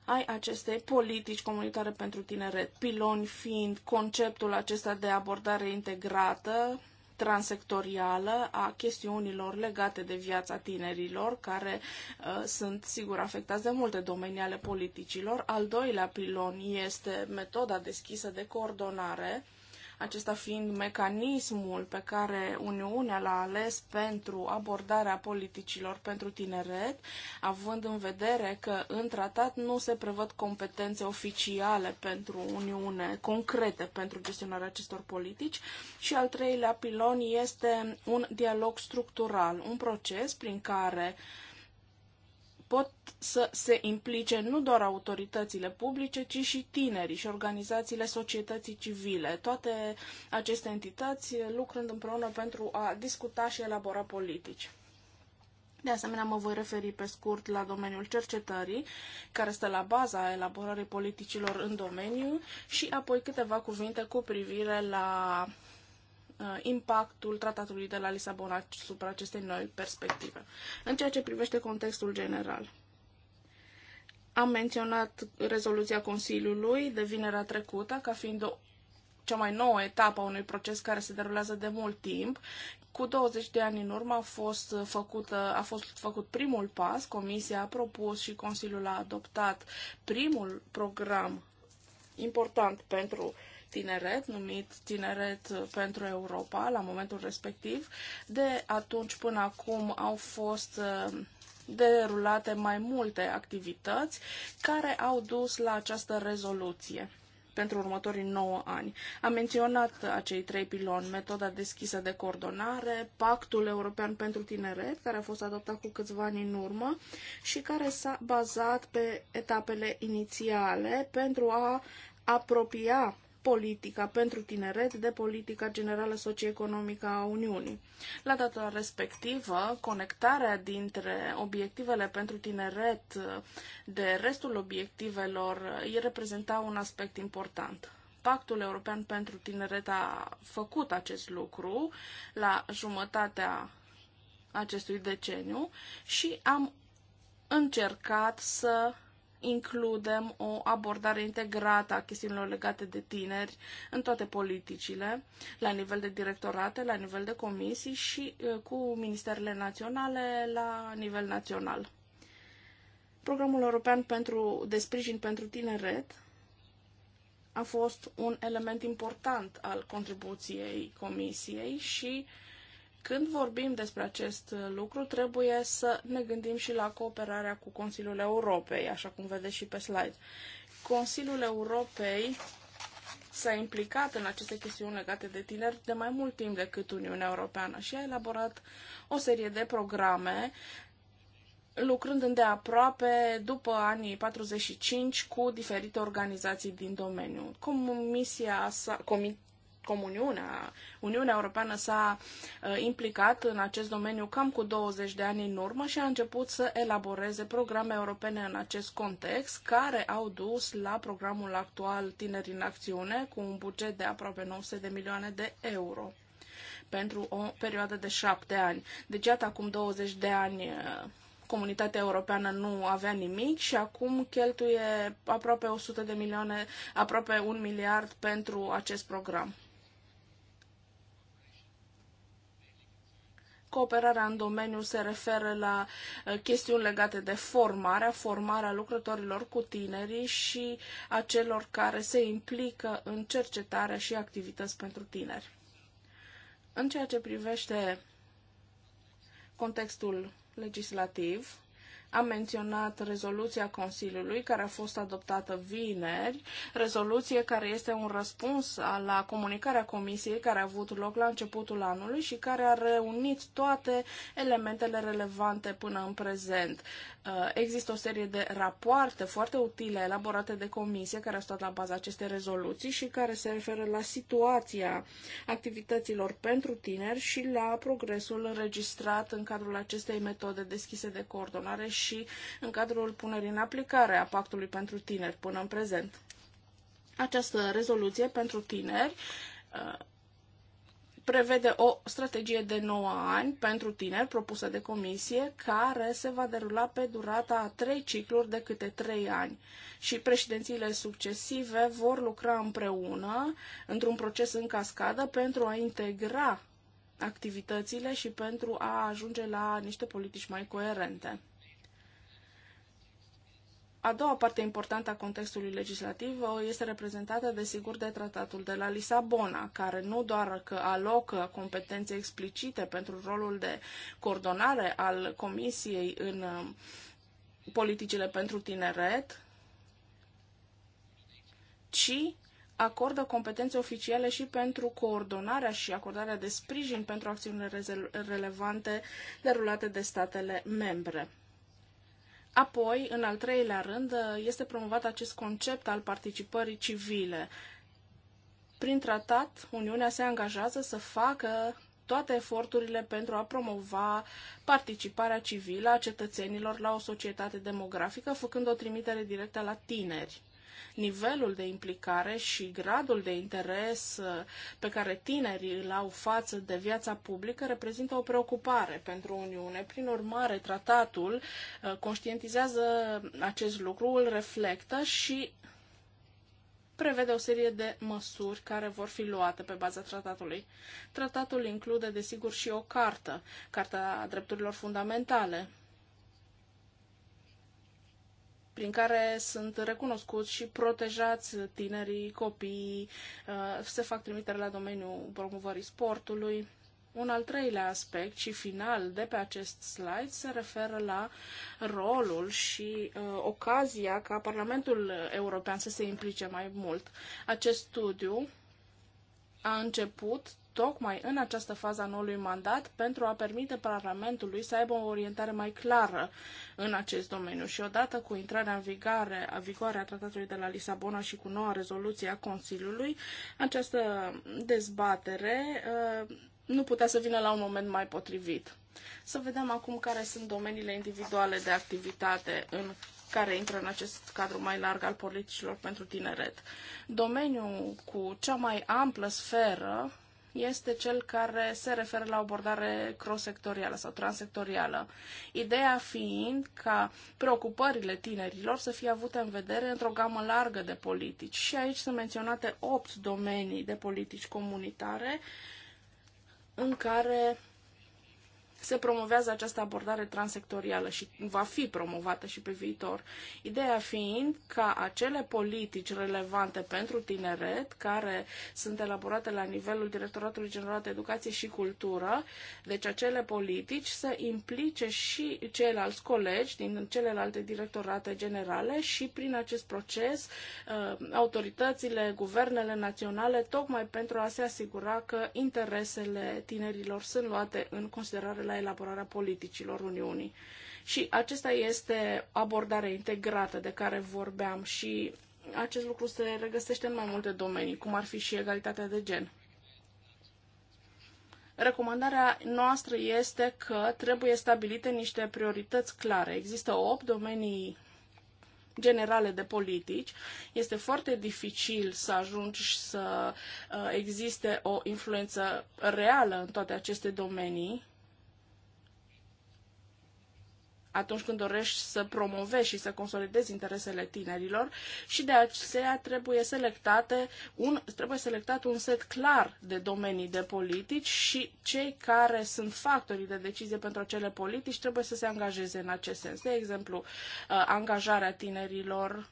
ai acestei politici comunitare pentru tineret, piloni fiind conceptul acesta de abordare integrată, transectorială a chestiunilor legate de viața tinerilor, care uh, sunt, sigur, afectați de multe domenii ale politicilor. Al doilea pilon este metoda deschisă de coordonare, acesta fiind mecanismul pe care Uniunea l-a ales pentru abordarea politicilor pentru tineret, având în vedere că în tratat nu se prevăd competențe oficiale pentru Uniune, concrete pentru gestionarea acestor politici. Și al treilea pilon este un dialog structural, un proces prin care uh, pot să se implice nu doar autoritățile publice, ci și tinerii și organizațiile societății civile, toate aceste entități lucrând împreună pentru a discuta și elabora politici. De asemenea, mă voi referi pe scurt la domeniul cercetării, care stă la baza elaborării politicilor în domeniu, și apoi câteva cuvinte cu privire la Uh, impactul tratatului de la Lisabona asupra acestei noi perspective. În ceea ce privește contextul general, am menționat rezoluția Consiliului de vinerea trecută ca fiind o cea mai nouă etapă a unui proces care se derulează de mult timp. Cu 20 de ani în urmă a fost, făcut, a fost făcut primul pas, Comisia a propus și Consiliul a adoptat primul program important pentru uh, tineret, numit Tineret pentru Europa, la momentul respectiv. De atunci până acum au fost uh, derulate mai multe activități care au dus la această rezoluție pentru următorii 9 ani. Am menționat acei trei piloni, metoda deschisă de coordonare, Pactul European pentru Tineret, care a fost adoptat cu câțiva ani în urmă și care s-a bazat pe etapele inițiale pentru a apropia politica pentru tineret de politica generală socioeconomică a Uniunii. La data respectivă, conectarea dintre obiectivele pentru tineret de restul obiectivelor îi reprezenta un aspect important. Pactul European pentru Tineret a făcut acest lucru la jumătatea acestui deceniu și am încercat să includem o abordare integrată a chestiunilor legate de tineri în toate politicile, la nivel de directorate, la nivel de comisii și uh, cu ministerele naționale la nivel național. Programul European pentru, de sprijin pentru tineret a fost un element important al contribuției comisiei și uh, când vorbim despre acest lucru, trebuie să ne gândim și la cooperarea cu Consiliul Europei, așa cum vedeți și pe slide. Consiliul Europei s-a implicat în aceste chestiuni legate de tineri de mai mult timp decât Uniunea Europeană și a elaborat o serie de programe lucrând îndeaproape după anii 45 cu diferite organizații din domeniu. Comisia sa, Comuniunea, Uniunea Europeană s-a uh, implicat în acest domeniu cam cu 20 de ani în urmă și a început să elaboreze programe europene în acest context, care au dus la programul actual Tineri în Acțiune, cu un buget de aproape 900 de milioane de euro pentru o perioadă de șapte ani. Deci, iată, acum 20 de ani uh, comunitatea europeană nu avea nimic și acum cheltuie aproape 100 de milioane, aproape un miliard pentru acest program. Cooperarea în domeniu se referă la uh, chestiuni legate de formarea, formarea lucrătorilor cu tinerii și a celor care se implică în cercetare și activități pentru tineri. În ceea ce privește contextul legislativ, am menționat rezoluția Consiliului care a fost adoptată vineri, rezoluție care este un răspuns la comunicarea Comisiei care a avut loc la începutul anului și care a reunit toate elementele relevante până în prezent. Uh, există o serie de rapoarte foarte utile elaborate de Comisie care au stat la baza acestei rezoluții și care se referă la situația activităților pentru tineri și la progresul înregistrat în cadrul acestei metode deschise de coordonare și în cadrul punerii în aplicare a Pactului pentru Tineri până în prezent. Această rezoluție pentru tineri uh, prevede o strategie de 9 ani pentru tineri propusă de comisie, care se va derula pe durata a 3 cicluri de câte 3 ani. Și președințiile succesive vor lucra împreună într-un proces în cascadă pentru a integra activitățile și pentru a ajunge la niște politici mai coerente. A doua parte importantă a contextului legislativ uh, este reprezentată, desigur, de tratatul de la Lisabona, care nu doar că alocă competențe explicite pentru rolul de coordonare al Comisiei în uh, politicile pentru tineret, ci acordă competențe oficiale și pentru coordonarea și acordarea de sprijin pentru acțiunile relevante derulate de statele membre. Apoi, în al treilea rând, este promovat acest concept al participării civile. Prin tratat, Uniunea se angajează să facă toate eforturile pentru a promova participarea civilă a cetățenilor la o societate demografică, făcând o trimitere directă la tineri nivelul de implicare și gradul de interes uh, pe care tinerii îl au față de viața publică reprezintă o preocupare pentru Uniune. Prin urmare, tratatul uh, conștientizează acest lucru, îl reflectă și prevede o serie de măsuri care vor fi luate pe baza tratatului. Tratatul include, desigur, și o cartă, Carta Drepturilor Fundamentale, prin care sunt recunoscuți și protejați tinerii, copiii, uh, se fac trimitere la domeniul promovării sportului. Un al treilea aspect și final de pe acest slide se referă la rolul și uh, ocazia ca Parlamentul European să se implice mai mult. Acest studiu a început tocmai în această fază a noului mandat pentru a permite Parlamentului să aibă o orientare mai clară în acest domeniu. Și odată cu intrarea în vigoare, a vigoarea a Tratatului de la Lisabona și cu noua rezoluție a Consiliului, această dezbatere uh, nu putea să vină la un moment mai potrivit. Să vedem acum care sunt domeniile individuale de activitate în care intră în acest cadru mai larg al politicilor pentru tineret. Domeniul cu cea mai amplă sferă este cel care se referă la abordare cross-sectorială sau transsectorială. Ideea fiind ca preocupările tinerilor să fie avute în vedere într-o gamă largă de politici. Și aici sunt menționate opt domenii de politici comunitare în care se promovează această abordare transectorială și va fi promovată și pe viitor. Ideea fiind ca acele politici relevante pentru tineret, care sunt elaborate la nivelul Directoratului General de Educație și Cultură, deci acele politici să implice și ceilalți colegi din celelalte directorate generale și prin acest proces uh, autoritățile, guvernele naționale, tocmai pentru a se asigura că interesele tinerilor sunt luate în considerare la elaborarea politicilor Uniunii. Și acesta este abordarea integrată de care vorbeam și acest lucru se regăsește în mai multe domenii, cum ar fi și egalitatea de gen. Recomandarea noastră este că trebuie stabilite niște priorități clare. Există 8 domenii generale de politici, este foarte dificil să ajungi să uh, existe o influență reală în toate aceste domenii atunci când dorești să promovezi și să consolidezi interesele tinerilor și de aceea trebuie, selectate un, trebuie selectat un set clar de domenii de politici și cei care sunt factorii de decizie pentru acele politici trebuie să se angajeze în acest sens. De exemplu, uh, angajarea tinerilor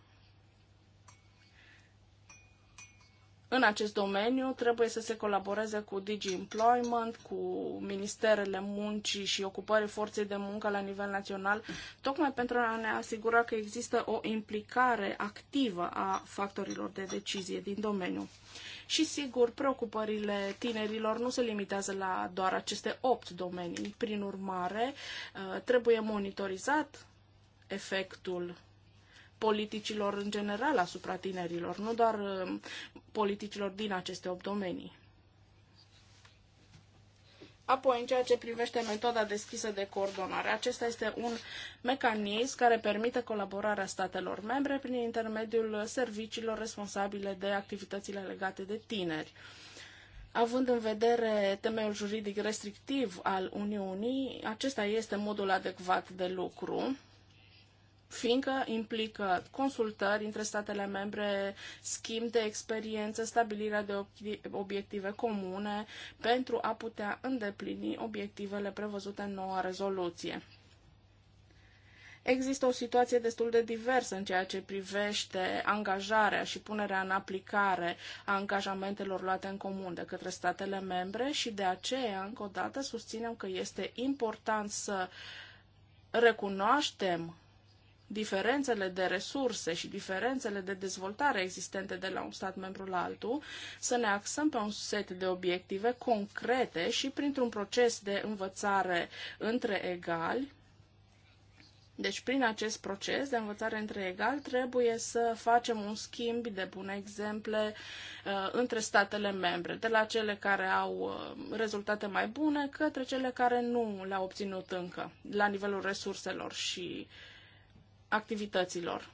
în acest domeniu trebuie să se colaboreze cu Digi Employment, cu Ministerele Muncii și Ocupării Forței de Muncă la nivel național, tocmai pentru a ne asigura că există o implicare activă a factorilor de decizie din domeniu. Și sigur, preocupările tinerilor nu se limitează la doar aceste opt domenii. Prin urmare, uh, trebuie monitorizat efectul politicilor în general asupra tinerilor, nu doar um, politicilor din aceste 8 domenii. Apoi, în ceea ce privește metoda deschisă de coordonare, acesta este un mecanism care permite colaborarea statelor membre prin intermediul serviciilor responsabile de activitățile legate de tineri. Având în vedere temeiul juridic restrictiv al Uniunii, acesta este modul adecvat de lucru fiindcă implică consultări între statele membre, schimb de experiență, stabilirea de obiective comune pentru a putea îndeplini obiectivele prevăzute în noua rezoluție. Există o situație destul de diversă în ceea ce privește angajarea și punerea în aplicare a angajamentelor luate în comun de către statele membre și de aceea, încă o dată, susținem că este important să recunoaștem diferențele de resurse și diferențele de dezvoltare existente de la un stat membru la altul, să ne axăm pe un set de obiective concrete și printr-un proces de învățare între egali, deci, prin acest proces de învățare între egali trebuie să facem un schimb de bune exemple uh, între statele membre, de la cele care au uh, rezultate mai bune către cele care nu le-au obținut încă, la nivelul resurselor și uh, activităților.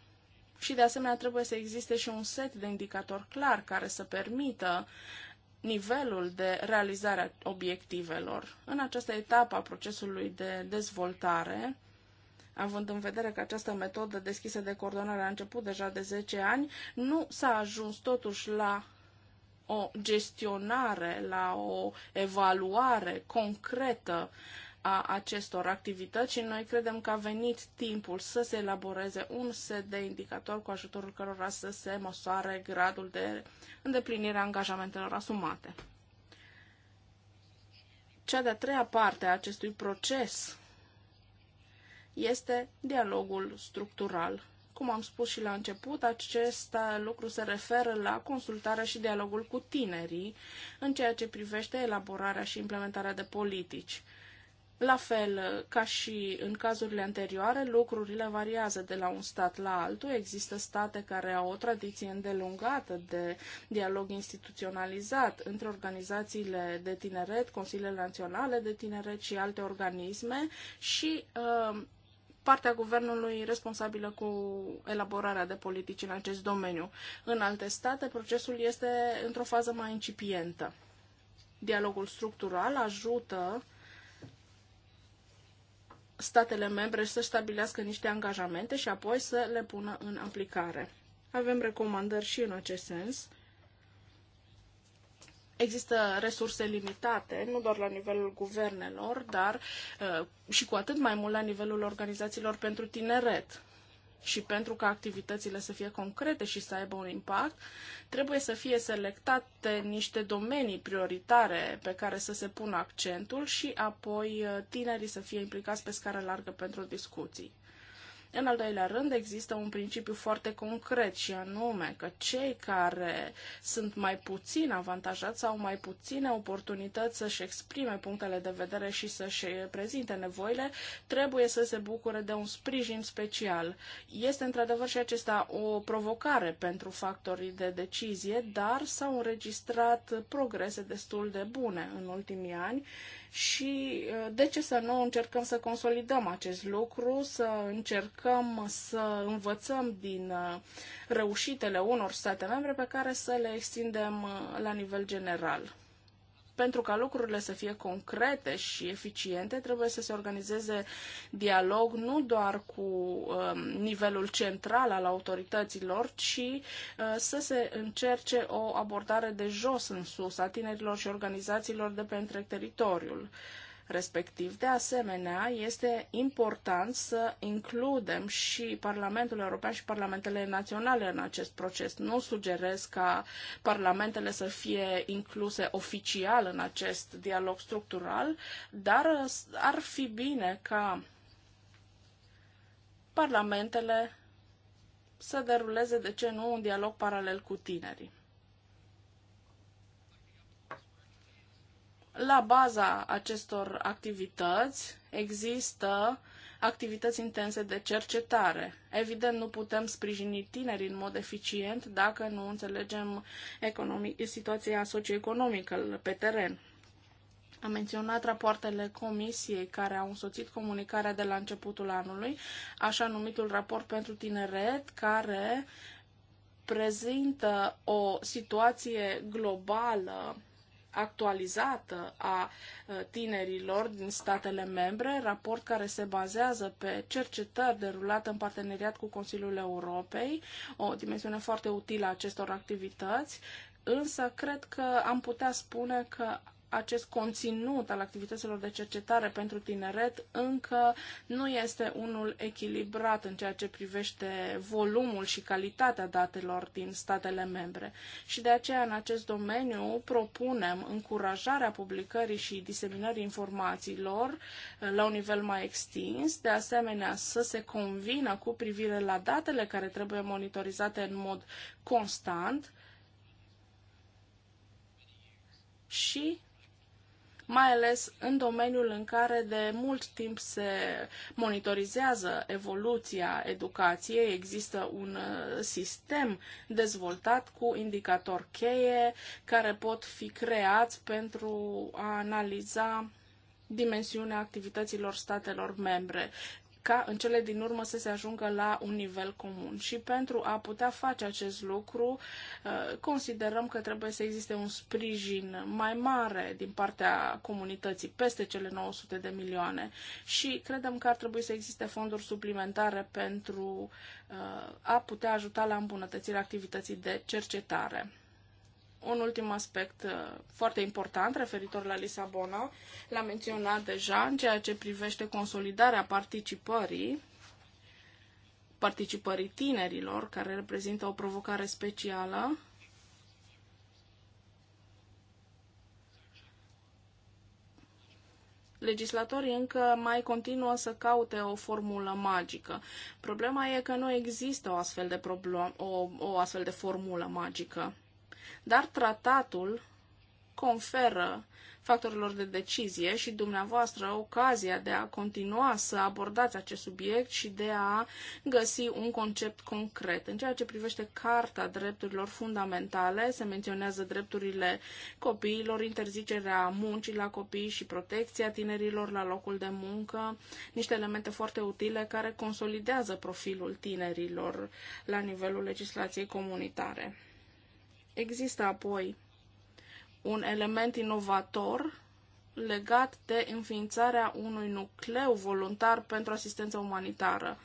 Și de asemenea trebuie să existe și un set de indicatori clar care să permită nivelul de realizare a obiectivelor. În această etapă a procesului de dezvoltare, având în vedere că această metodă deschisă de coordonare a început deja de 10 ani, nu s-a ajuns totuși la o gestionare, la o evaluare concretă a acestor activități și noi credem că a venit timpul să se elaboreze un set de indicatori cu ajutorul cărora să se măsoare gradul de îndeplinire a angajamentelor asumate. Cea de-a treia parte a acestui proces este dialogul structural. Cum am spus și la început, acest lucru se referă la consultarea și dialogul cu tinerii în ceea ce privește elaborarea și implementarea de politici. La fel ca și în cazurile anterioare, lucrurile variază de la un stat la altul. Există state care au o tradiție îndelungată de dialog instituționalizat între organizațiile de tineret, Consiliile Naționale de Tineret și alte organisme și uh, partea guvernului responsabilă cu elaborarea de politici în acest domeniu. În alte state, procesul este într-o fază mai incipientă. Dialogul structural ajută statele membre să stabilească niște angajamente și apoi să le pună în aplicare. Avem recomandări și în acest sens. Există resurse limitate, nu doar la nivelul guvernelor, dar uh, și cu atât mai mult la nivelul organizațiilor pentru tineret și pentru ca activitățile să fie concrete și să aibă un impact, trebuie să fie selectate niște domenii prioritare pe care să se pună accentul și apoi uh, tinerii să fie implicați pe scară largă pentru discuții. În al doilea rând, există un principiu foarte concret și anume că cei care sunt mai puțin avantajați sau mai puține oportunități să-și exprime punctele de vedere și să-și prezinte nevoile, trebuie să se bucure de un sprijin special. Este într-adevăr și acesta o provocare pentru factorii de decizie, dar s-au înregistrat progrese destul de bune în ultimii ani și uh, de ce să nu încercăm să consolidăm acest lucru, să încercăm să învățăm din uh, reușitele unor state membre pe care să le extindem uh, la nivel general pentru ca lucrurile să fie concrete și eficiente, trebuie să se organizeze dialog nu doar cu um, nivelul central al autorităților, ci uh, să se încerce o abordare de jos în sus a tinerilor și organizațiilor de pe întreg teritoriul. Uh, respectiv. De asemenea, este important să includem și Parlamentul European și Parlamentele Naționale în acest proces. Nu sugerez ca parlamentele să fie incluse oficial în acest dialog structural, dar ar fi bine ca parlamentele să deruleze, de ce nu, un dialog paralel cu tinerii. La baza acestor activități există activități intense de cercetare. Evident, nu putem sprijini tinerii în mod eficient dacă nu înțelegem economic, situația socioeconomică pe teren. Am menționat rapoartele comisiei care au însoțit comunicarea de la începutul anului, așa numitul raport pentru tineret, care prezintă o situație globală actualizată a tinerilor din statele membre, raport care se bazează pe cercetări derulate în parteneriat cu Consiliul Europei, o dimensiune foarte utilă a acestor activități, însă cred că am putea spune că acest conținut al activităților de cercetare pentru tineret încă nu este unul echilibrat în ceea ce privește volumul și calitatea datelor din statele membre. Și de aceea, în acest domeniu, propunem încurajarea publicării și diseminării informațiilor eh, la un nivel mai extins, de asemenea să se convină cu privire la datele care trebuie monitorizate în mod constant, și mai ales în domeniul în care de mult timp se monitorizează evoluția educației, există un uh, sistem dezvoltat cu indicatori cheie care pot fi creați pentru a analiza dimensiunea activităților statelor membre ca în cele din urmă să se ajungă la un nivel comun. Și pentru a putea face acest lucru, uh, considerăm că trebuie să existe un sprijin mai mare din partea comunității, peste cele 900 de milioane. Și credem că ar trebui să existe fonduri suplimentare pentru uh, a putea ajuta la îmbunătățirea activității de cercetare un ultim aspect uh, foarte important referitor la Lisabona, l-am menționat deja în ceea ce privește consolidarea participării participării tinerilor, care reprezintă o provocare specială. Legislatorii încă mai continuă să caute o formulă magică. Problema e că nu există o astfel de, problem, o, o astfel de formulă magică dar tratatul conferă factorilor de decizie și dumneavoastră ocazia de a continua să abordați acest subiect și de a găsi un concept concret. În ceea ce privește Carta Drepturilor Fundamentale, se menționează drepturile copiilor, interzicerea muncii la copii și protecția tinerilor la locul de muncă, niște elemente foarte utile care consolidează profilul tinerilor la nivelul legislației comunitare. Există apoi un element inovator legat de înființarea unui nucleu voluntar pentru asistență umanitară.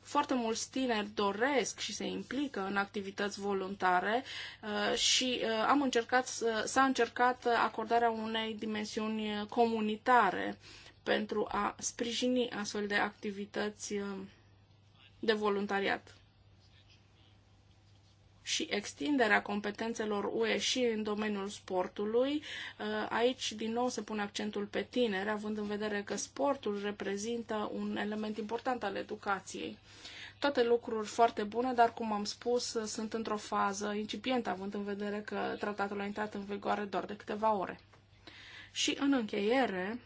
Foarte mulți tineri doresc și se implică în activități voluntare uh, și uh, am încercat, s-a încercat acordarea unei dimensiuni uh, comunitare pentru a sprijini astfel de activități de voluntariat și extinderea competențelor UE și în domeniul sportului. Uh, aici, din nou, se pune accentul pe tineri, având în vedere că sportul reprezintă un element important al educației. Toate lucruri foarte bune, dar, cum am spus, sunt într-o fază incipientă, având în vedere că tratatul a intrat în vigoare doar de câteva ore. Și, în încheiere,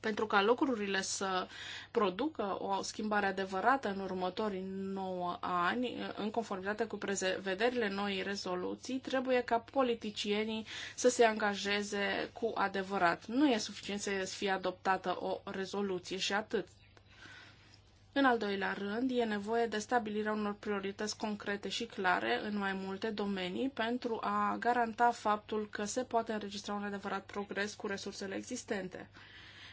pentru ca lucrurile să producă o schimbare adevărată în următorii 9 ani, în conformitate cu prevederile noii rezoluții, trebuie ca politicienii să se angajeze cu adevărat. Nu e suficient să fie adoptată o rezoluție și atât. În al doilea rând, e nevoie de stabilirea unor priorități concrete și clare în mai multe domenii pentru a garanta faptul că se poate înregistra un adevărat progres cu resursele existente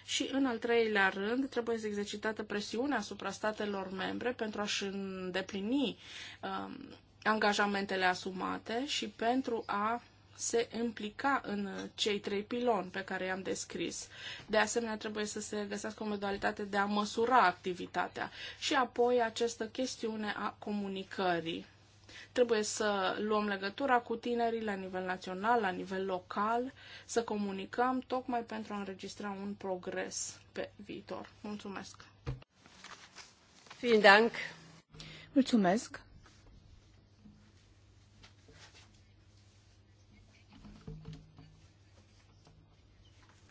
și, în al treilea rând, trebuie să exercitată presiunea asupra statelor membre pentru a-și îndeplini um, angajamentele asumate și pentru a se implica în cei trei piloni pe care i-am descris. De asemenea, trebuie să se găsească o modalitate de a măsura activitatea și apoi această chestiune a comunicării Trebuie să luăm legătura cu tinerii la nivel național, la nivel local, să comunicăm tocmai pentru a înregistra un progres pe viitor. Mulțumesc! Vielen Dank! Mulțumesc!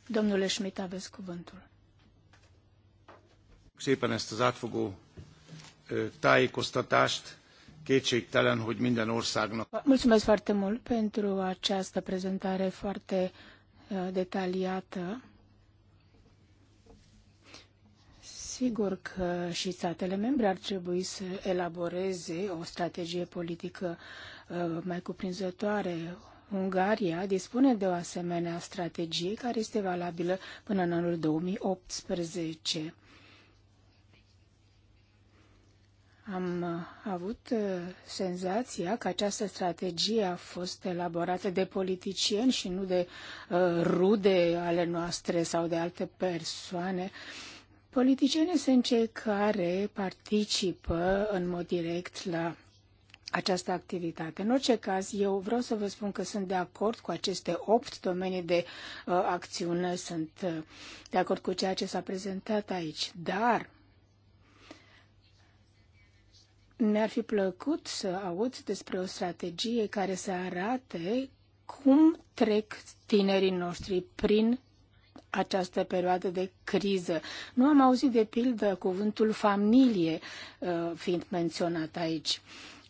Domnule Schmidt, aveți cuvântul. Szépen ezt az átfogó tájékoztatást. Kétségtelen, hogy minden országnak... Mulțumesc foarte mult pentru această prezentare foarte uh, detaliată. Sigur că și statele membre ar trebui să elaboreze o strategie politică uh, mai cuprinzătoare. Ungaria dispune de o asemenea strategie care este valabilă până în anul 2018. Am uh, avut uh, senzația că această strategie a fost elaborată de politicieni și nu de uh, rude ale noastre sau de alte persoane. Politicienii sunt cei care participă în mod direct la această activitate. În orice caz, eu vreau să vă spun că sunt de acord cu aceste opt domenii de uh, acțiune, sunt uh, de acord cu ceea ce s-a prezentat aici, dar mi-ar fi plăcut să aud despre o strategie care să arate cum trec tinerii noștri prin această perioadă de criză. Nu am auzit de pildă cuvântul familie uh, fiind menționat aici.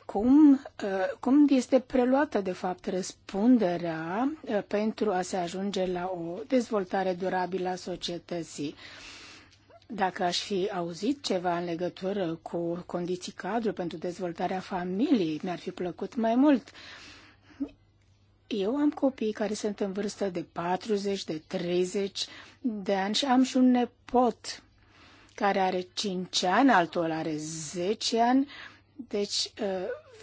Cum, uh, cum este preluată, de fapt, răspunderea uh, pentru a se ajunge la o dezvoltare durabilă a societății? Dacă aș fi auzit ceva în legătură cu condiții cadru pentru dezvoltarea familiei, mi-ar fi plăcut mai mult. Eu am copii care sunt în vârstă de 40, de 30 de ani și am și un nepot care are 5 ani, altul are 10 ani. Deci, ă,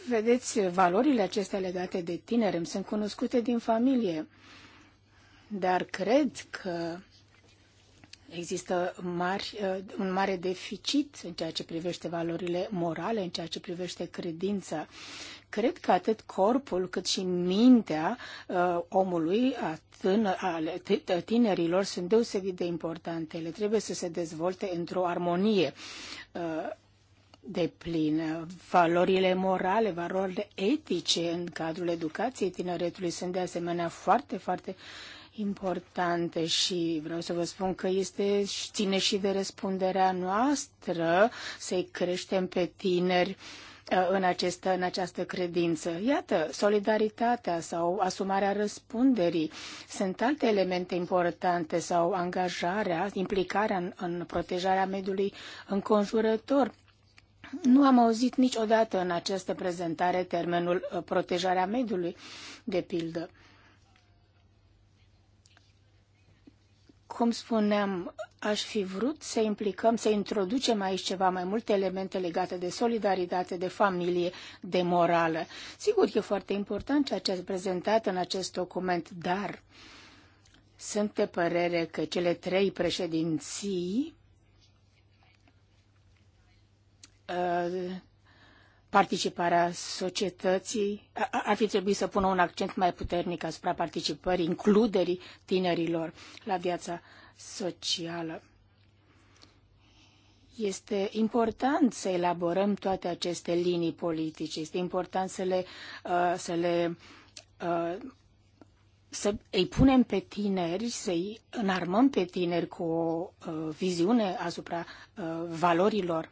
vedeți, valorile acestea legate de tineri îmi sunt cunoscute din familie. Dar cred că Există mari, uh, un mare deficit în ceea ce privește valorile morale, în ceea ce privește credința. Cred că atât corpul cât și mintea uh, omului, a, tână, a tinerilor, sunt deosebit de importante. Ele trebuie să se dezvolte într-o armonie. Uh, de plină. Valorile morale, valorile etice în cadrul educației tineretului sunt de asemenea foarte, foarte uh, importante și vreau să vă spun că este ține și de răspunderea noastră să-i creștem pe tineri uh, în, acest, în această credință. Iată, solidaritatea sau asumarea răspunderii sunt alte elemente importante sau angajarea, implicarea în, în protejarea mediului înconjurător. Nu am auzit niciodată în această prezentare termenul uh, protejarea mediului, de pildă. Cum spuneam, aș fi vrut să implicăm, să introducem aici ceva mai multe elemente legate de solidaritate, de familie, de morală. Sigur că e foarte important ceea ce ați prezentat în acest document, dar sunt de părere că cele trei președinții uh, participarea societății, ar fi trebuit să pună un accent mai puternic asupra participării, includerii tinerilor la viața socială. Este important să elaborăm toate aceste linii politice, este important să le, uh, să le uh, să îi punem pe tineri, să îi înarmăm pe tineri cu o uh, viziune asupra valorilor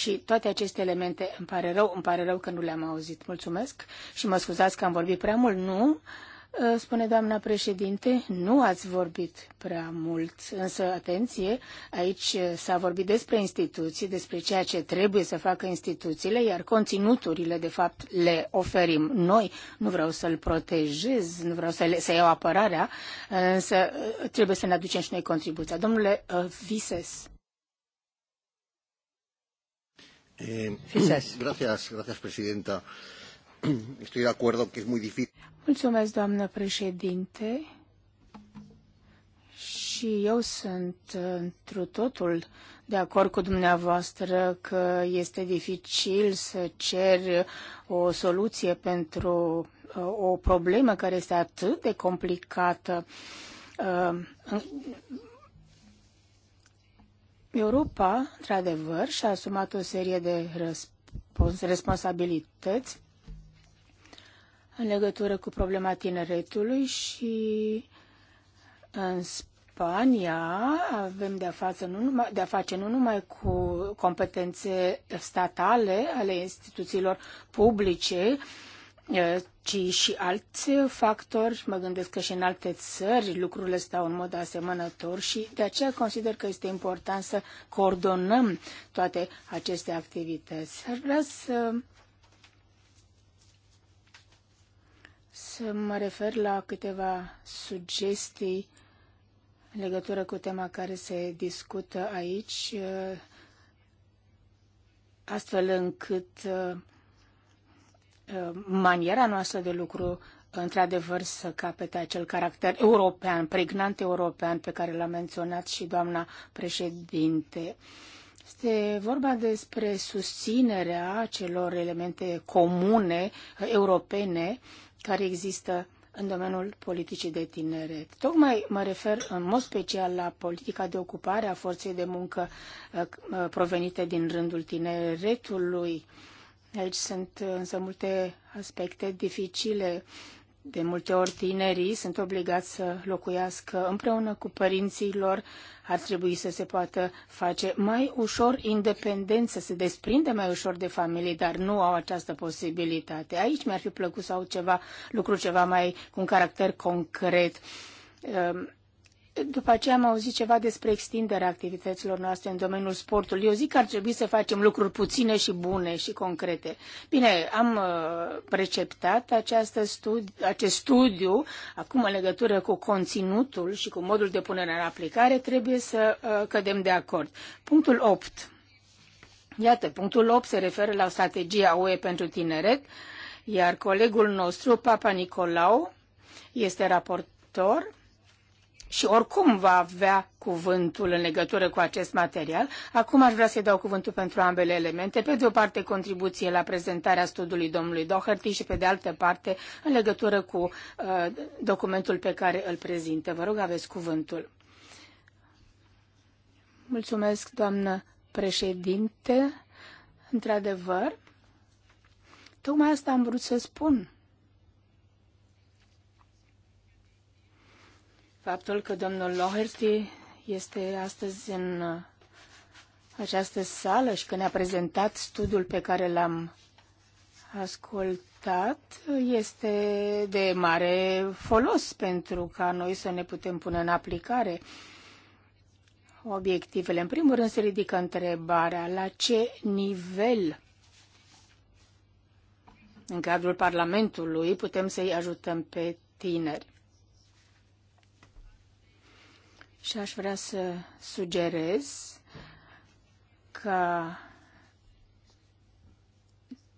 și toate aceste elemente, îmi pare rău, îmi pare rău că nu le-am auzit. Mulțumesc și mă scuzați că am vorbit prea mult. Nu, uh, spune doamna președinte, nu ați vorbit prea mult, însă atenție, aici uh, s-a vorbit despre instituții, despre ceea ce trebuie să facă instituțiile, iar conținuturile, de fapt, le oferim noi. Nu vreau să-l protejez, nu vreau să, le, să iau apărarea, însă uh, trebuie să ne aducem și noi contribuția. Domnule Vises. Eh, Mulțumesc, doamnă președinte. Și eu sunt întru totul de acord cu dumneavoastră că este dificil să cer o soluție pentru uh, o problemă care este atât de complicată uh, Europa, într-adevăr, și-a asumat o serie de răspons, responsabilități în legătură cu problema tineretului și în Spania avem de-a, face, nu numai, de-a face nu numai cu competențe statale ale instituțiilor publice, ci și alți factori. Mă gândesc că și în alte țări lucrurile stau în mod asemănător și de aceea consider că este important să coordonăm toate aceste activități. Aș vrea să, să mă refer la câteva sugestii în legătură cu tema care se discută aici, astfel încât uh, maniera noastră de lucru într-adevăr să capete acel caracter european, pregnant european pe care l-a menționat și doamna președinte. Este vorba despre susținerea celor elemente comune uh, europene care există în domeniul politicii de tineret. Tocmai mă refer în mod special la politica de ocupare a forței de muncă uh, uh, provenite din rândul tineretului, Aici sunt însă multe aspecte dificile. De multe ori tinerii sunt obligați să locuiască împreună cu părinții lor. Ar trebui să se poată face mai ușor independență, să se desprinde mai ușor de familie, dar nu au această posibilitate. Aici mi-ar fi plăcut să au ceva, lucru ceva mai cu un caracter concret. Um, după aceea am auzit ceva despre extinderea activităților noastre în domeniul sportului. Eu zic că ar trebui să facem lucruri puține și bune și concrete. Bine, am uh, preceptat această studi- acest studiu. Acum, în legătură cu conținutul și cu modul de punere în aplicare, trebuie să uh, cădem de acord. Punctul 8. Iată, punctul 8 se referă la strategia UE pentru tineret, iar colegul nostru, Papa Nicolau, este raportor și oricum va avea cuvântul în legătură cu acest material. Acum aș vrea să-i dau cuvântul pentru ambele elemente. Pe de o parte, contribuție la prezentarea studiului domnului Doherty și pe de altă parte, în legătură cu uh, documentul pe care îl prezintă. Vă rog, aveți cuvântul. Mulțumesc, doamnă președinte. Într-adevăr, tocmai asta am vrut să spun faptul că domnul Loherty este astăzi în uh, această sală și că ne-a prezentat studiul pe care l-am ascultat este de mare folos pentru ca noi să ne putem pune în aplicare obiectivele. În primul rând se ridică întrebarea la ce nivel în cadrul Parlamentului putem să-i ajutăm pe tineri. și aș vrea să sugerez că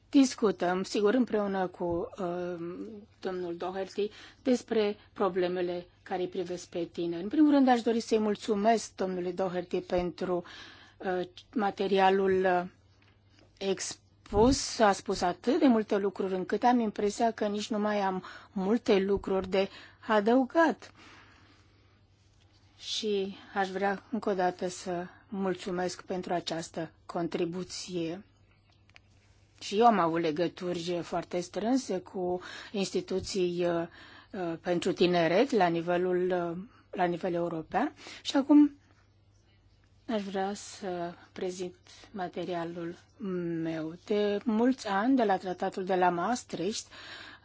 discutăm, sigur, împreună cu uh, domnul Doherty, despre problemele care îi privesc pe tine. În primul rând, aș dori să-i mulțumesc domnului Doherty pentru uh, materialul uh, expus. A spus atât de multe lucruri încât am impresia că nici nu mai am multe lucruri de adăugat. Uh, și aș vrea încă o dată să mulțumesc pentru această contribuție. Și eu am avut legături foarte strânse cu instituții uh, uh, pentru tineret la nivelul, uh, la nivel european și acum Aș vrea să prezint materialul meu. De mulți ani, de la tratatul de la Maastricht,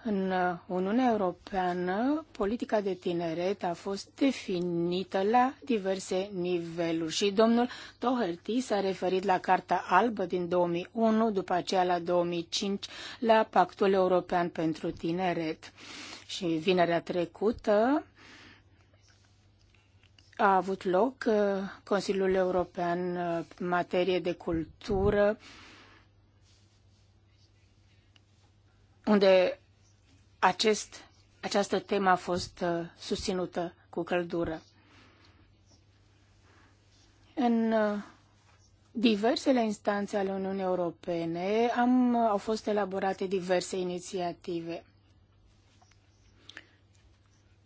în Uniunea Europeană, politica de tineret a fost definită la diverse niveluri și domnul Toherty s-a referit la Carta Albă din 2001, după aceea la 2005, la Pactul European pentru Tineret. Și vinerea trecută a avut loc uh, Consiliul European uh, în materie de cultură, unde acest, această temă a fost uh, susținută cu căldură. În uh, diversele instanțe ale Uniunii Europene am, uh, au fost elaborate diverse inițiative.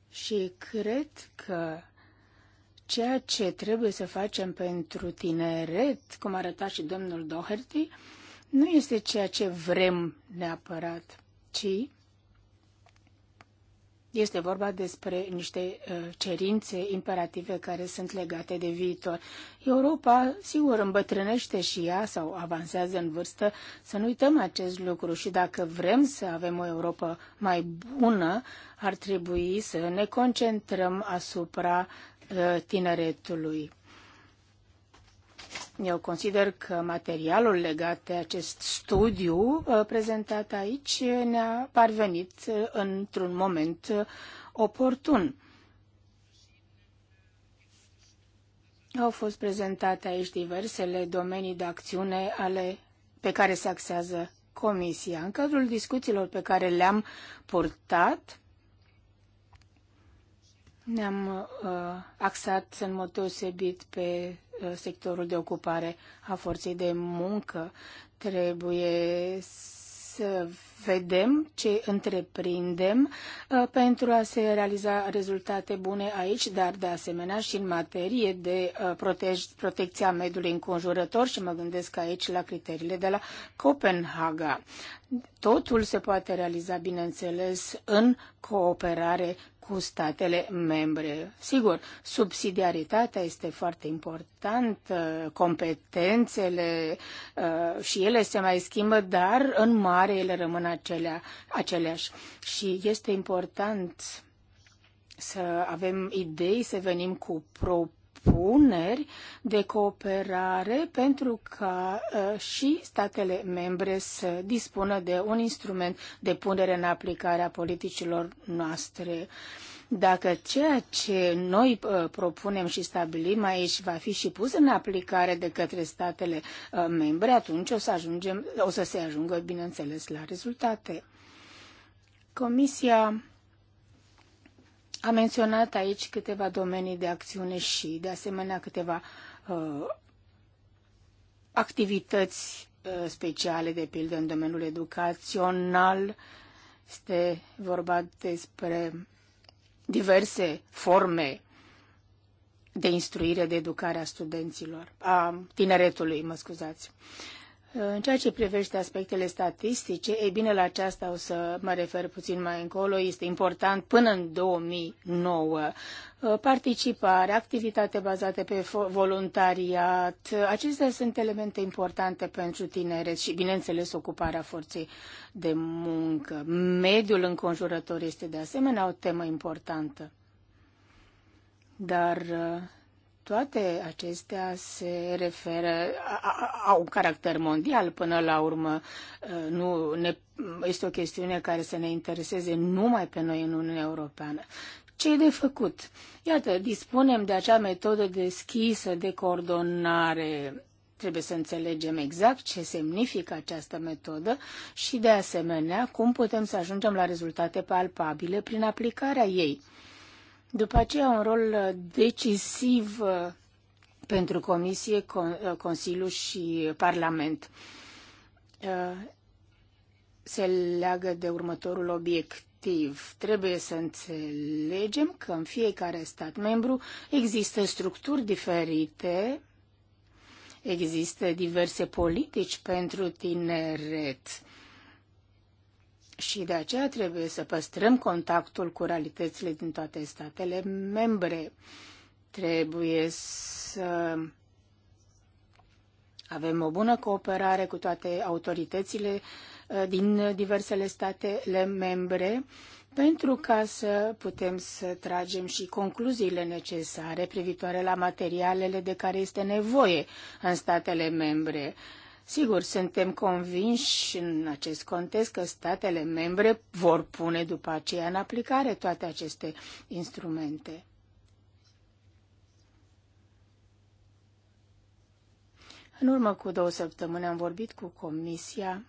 Și cred că ceea ce trebuie să facem pentru tineret, cum arăta și domnul Doherty, nu este ceea ce vrem neapărat, ci este vorba despre niște uh, cerințe imperative care sunt legate de viitor. Europa, sigur, îmbătrânește și ea sau avansează în vârstă. Să nu uităm acest lucru și dacă vrem să avem o Europa mai bună, ar trebui să ne concentrăm asupra uh, tineretului. Eu consider că materialul legat de acest studiu uh, prezentat aici ne-a parvenit uh, într-un moment uh, oportun. Au fost prezentate aici diversele domenii de acțiune ale, pe care se axează Comisia. În cadrul discuțiilor pe care le-am purtat, ne-am uh, axat în mod deosebit pe uh, sectorul de ocupare a forței de muncă. Trebuie să vedem ce întreprindem uh, pentru a se realiza rezultate bune aici, dar de asemenea și în materie de uh, protej, protecția mediului înconjurător și mă gândesc aici la criteriile de la Copenhaga. Totul se poate realiza, bineînțeles, în cooperare cu statele membre. Sigur, subsidiaritatea este foarte importantă, uh, competențele uh, și ele se mai schimbă, dar în mare ele rămân acelea, aceleași. Și este important să avem idei, să venim cu propuneri propuneri de cooperare pentru ca ă, și statele membre să dispună de un instrument de punere în aplicare a politicilor noastre dacă ceea ce noi ă, propunem și stabilim aici va fi și pus în aplicare de către statele ă, membre, atunci o să, ajungem, o să se ajungă, bineînțeles, la rezultate. Comisia a menționat aici câteva domenii de acțiune și, de asemenea, câteva uh, activități uh, speciale, de pildă în domeniul educațional. Este vorba despre diverse forme de instruire, de educare a studenților, a tineretului, mă scuzați. Uh, în ceea ce privește aspectele statistice, ei bine, la aceasta o să mă refer puțin mai încolo. Este important până în 2009 uh, participare, activitate bazată pe voluntariat. Acestea sunt elemente importante pentru tineret și, bineînțeles, ocuparea forței de muncă. Mediul înconjurător este, de asemenea, o temă importantă. Dar uh, toate acestea se referă, au un caracter mondial până la urmă, uh, nu ne, este o chestiune care să ne intereseze numai pe noi în Uniunea Europeană. Ce de făcut? Iată, dispunem de acea metodă deschisă de coordonare. Trebuie să înțelegem exact ce semnifică această metodă și, de asemenea, cum putem să ajungem la rezultate palpabile prin aplicarea ei. După aceea, un rol uh, decisiv uh, pentru Comisie, uh, Consiliu și Parlament se leagă de următorul obiectiv. Trebuie să înțelegem că în fiecare stat membru există structuri diferite, există diverse politici pentru tineret și de aceea trebuie să păstrăm contactul cu realitățile din toate statele membre. Trebuie să avem o bună cooperare cu toate autoritățile uh, din diversele statele membre pentru ca să putem să tragem și concluziile necesare privitoare la materialele de care este nevoie în statele membre. Sigur, suntem convinși în acest context că statele membre vor pune după aceea în aplicare toate aceste instrumente. În urmă cu două săptămâni am vorbit cu Comisia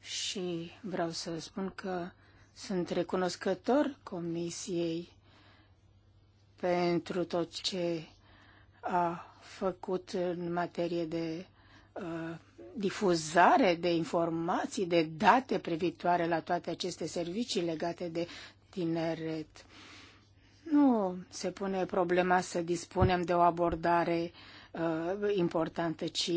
și vreau să spun că sunt recunoscător Comisiei pentru tot ce a făcut în materie de uh, difuzare de informații, de date privitoare la toate aceste servicii legate de tineret. Nu se pune problema să dispunem de o abordare uh, importantă, ci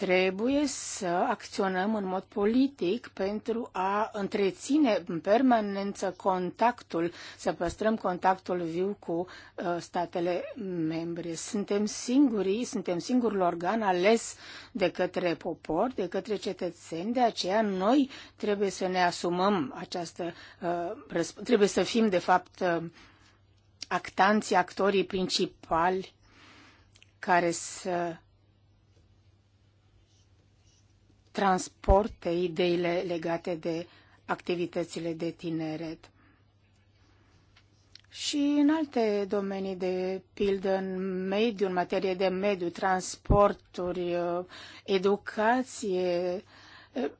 Trebuie să acționăm în mod politic pentru a întreține în permanență contactul, să păstrăm contactul viu cu uh, statele membre. Suntem singurii, suntem singurul organ ales de către popor, de către cetățeni, de aceea noi trebuie să ne asumăm această, uh, trebuie să fim de fapt uh, actanții, actorii principali care să transporte ideile legate de activitățile de tineret. Și în alte domenii, de pildă în mediu, în materie de mediu, transporturi, uh, educație, uh,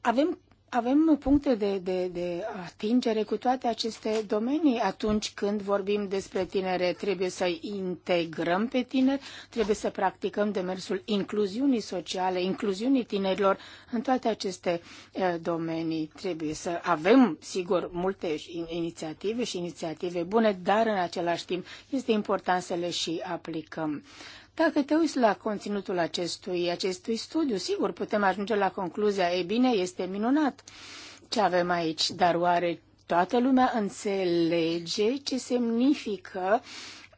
avem avem puncte de, de, de atingere cu toate aceste domenii atunci când vorbim despre tinere. Trebuie să integrăm pe tineri, trebuie să practicăm demersul incluziunii sociale, incluziunii tinerilor în toate aceste eh, domenii. Trebuie să avem, sigur, multe inițiative și inițiative bune, dar în același timp este important să le și aplicăm. Dacă te uiți la conținutul acestui, acestui studiu, sigur, putem ajunge la concluzia, e bine, este minunat ce avem aici, dar oare toată lumea înțelege ce semnifică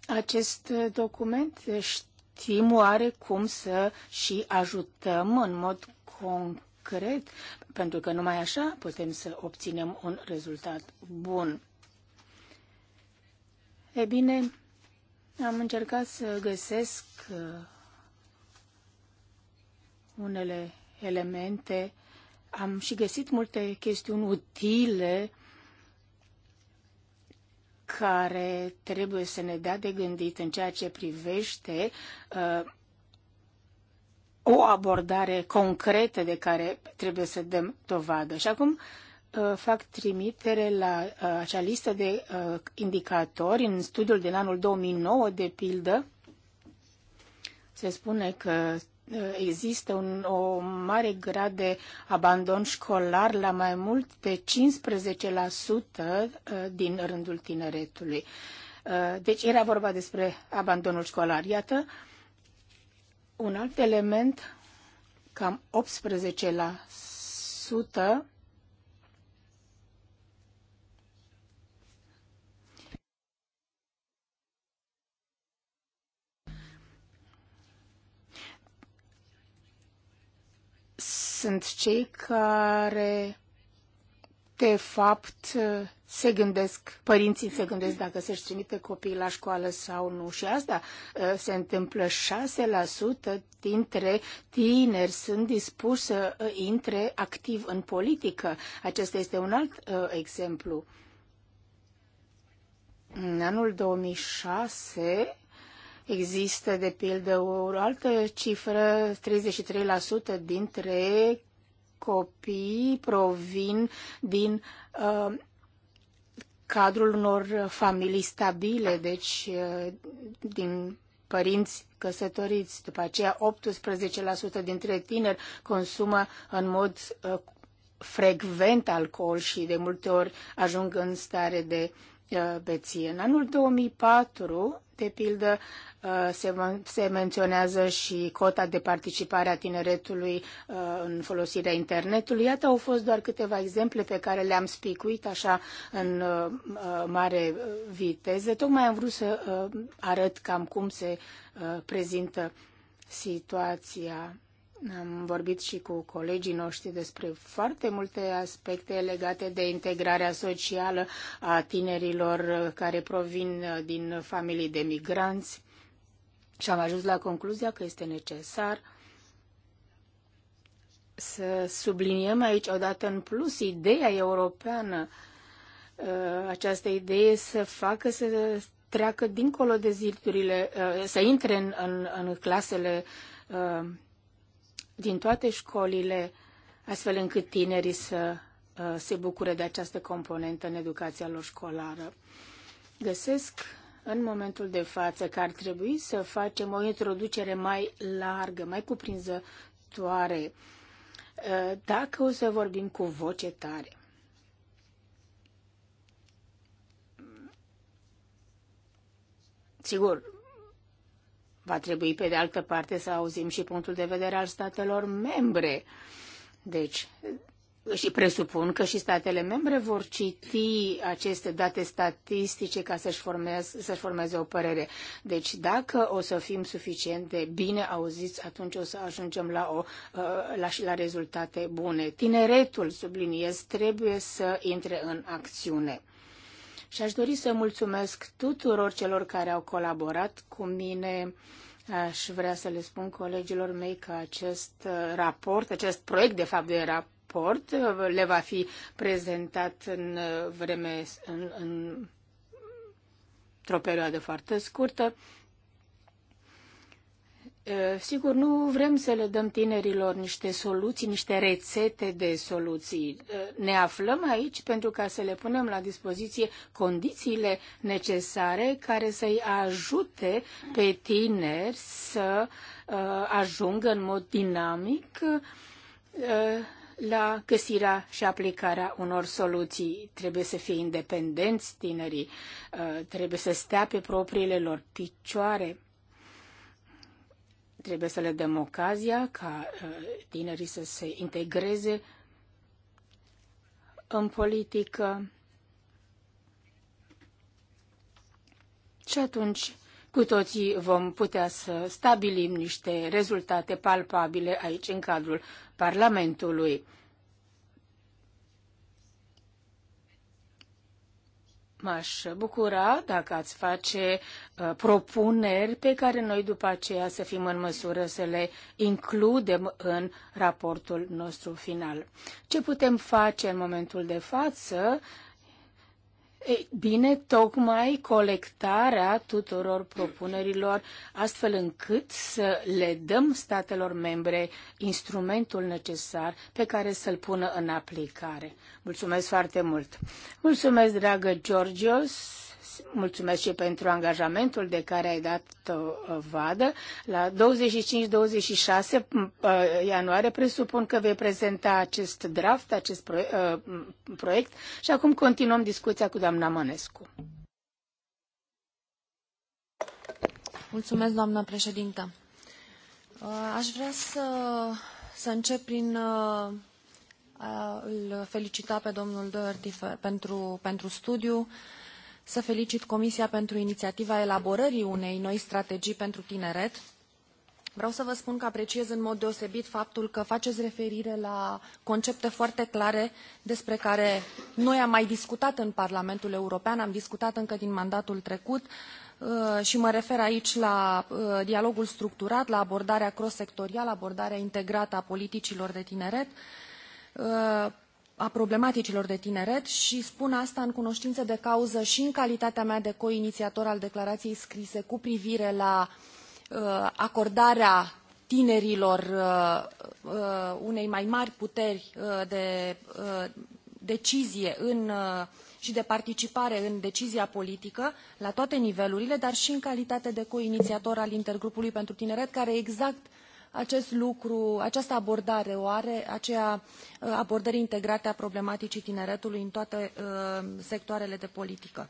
acest document? Știm oare cum să și ajutăm în mod concret? Pentru că numai așa putem să obținem un rezultat bun. E bine, am încercat să găsesc uh, unele elemente. Am și găsit multe chestiuni utile care trebuie să ne dea de gândit în ceea ce privește uh, o abordare concretă de care trebuie să dăm dovadă. Și acum uh, Uh, fac trimitere la uh, acea listă de uh, indicatori. În studiul din anul 2009, de pildă, se spune că există un, o mare grad de abandon școlar la mai mult de 15% din rândul tineretului. Deci era vorba despre abandonul școlar. Iată, un alt element, cam 18% sunt cei care, de fapt, se gândesc, părinții se gândesc dacă să-și trimite copiii la școală sau nu. Și asta ă, se întâmplă 6% dintre tineri sunt dispuși să ă, intre activ în politică. Acesta este un alt ă, exemplu. În anul 2006, Există, de pildă, o altă cifră, 33% dintre copii provin din uh, cadrul unor familii stabile, deci uh, din părinți căsătoriți. După aceea, 18% dintre tineri consumă în mod uh, frecvent alcool și de multe ori ajung în stare de uh, beție. În anul 2004, de pildă, uh, se, se menționează și cota de participare a tineretului uh, în folosirea internetului. Iată, au fost doar câteva exemple pe care le-am spicuit așa în uh, mare viteză. Tocmai am vrut să arăt cam cum se prezintă situația am vorbit și cu colegii noștri despre foarte multe aspecte legate de integrarea socială a tinerilor care provin din familii de migranți și am ajuns la concluzia că este necesar să subliniem aici odată în plus ideea europeană, uh, această idee să facă să treacă dincolo de zidurile, uh, să intre în, în, în clasele uh, din toate școlile, astfel încât tinerii să uh, se bucure de această componentă în educația lor școlară. Găsesc în momentul de față că ar trebui să facem o introducere mai largă, mai cuprinzătoare, uh, dacă o să vorbim cu voce tare. Sigur, Va trebui, pe de altă parte, să auzim și punctul de vedere al statelor membre. Deci, și presupun că și statele membre vor citi aceste date statistice ca să-și formeze, să formeze o părere. Deci dacă o să fim suficient de bine auziți, atunci o să ajungem la, o, uh, la, la rezultate bune. Tineretul, subliniez, trebuie să intre în acțiune. Și aș dori să mulțumesc tuturor celor care au colaborat cu mine. Aș vrea să le spun colegilor mei că acest uh, raport, acest proiect de fapt de raport uh, le va fi prezentat în uh, vreme, în, în, într-o perioadă foarte scurtă Sigur, nu vrem să le dăm tinerilor niște soluții, niște rețete de soluții. Ne aflăm aici pentru ca să le punem la dispoziție condițiile necesare care să-i ajute pe tineri să ajungă în mod dinamic la găsirea și aplicarea unor soluții. Trebuie să fie independenți tinerii, trebuie să stea pe propriile lor picioare Trebuie să le dăm ocazia ca uh, tinerii să se integreze în politică. Și atunci cu toții vom putea să stabilim niște rezultate palpabile aici în cadrul Parlamentului. M-aș bucura dacă ați face uh, propuneri pe care noi după aceea să fim în măsură să le includem în raportul nostru final. Ce putem face în momentul de față ei bine, tocmai colectarea tuturor propunerilor, astfel încât să le dăm statelor membre instrumentul necesar pe care să-l pună în aplicare. Mulțumesc foarte mult! Mulțumesc, dragă Georgios! Mulțumesc și pentru angajamentul de care ai dat vadă. La 25-26 uh, ianuarie presupun că vei prezenta acest draft, acest uh, proiect și acum continuăm discuția cu doamna Mănescu. Mulțumesc, doamnă președintă. Uh, aș vrea să, să încep prin a îl felicita pe domnul Doherty pentru, pentru studiu să felicit Comisia pentru inițiativa elaborării unei noi strategii pentru tineret. Vreau să vă spun că apreciez în mod deosebit faptul că faceți referire la concepte foarte clare despre care noi am mai discutat în Parlamentul European, am discutat încă din mandatul trecut, uh, și mă refer aici la uh, dialogul structurat, la abordarea cross-sectorială, abordarea integrată a politicilor de tineret, uh, a problematicilor de tineret și spun asta în cunoștință de cauză și în calitatea mea de coinițiator al declarației scrise cu privire la uh, acordarea tinerilor uh, uh, unei mai mari puteri uh, de uh, decizie în, uh, și de participare în decizia politică la toate nivelurile, dar și în calitate de coinițiator al intergrupului pentru tineret, care exact acest lucru, această abordare o are, aceea uh, abordări integrate a problematicii tineretului în toate uh, sectoarele de politică.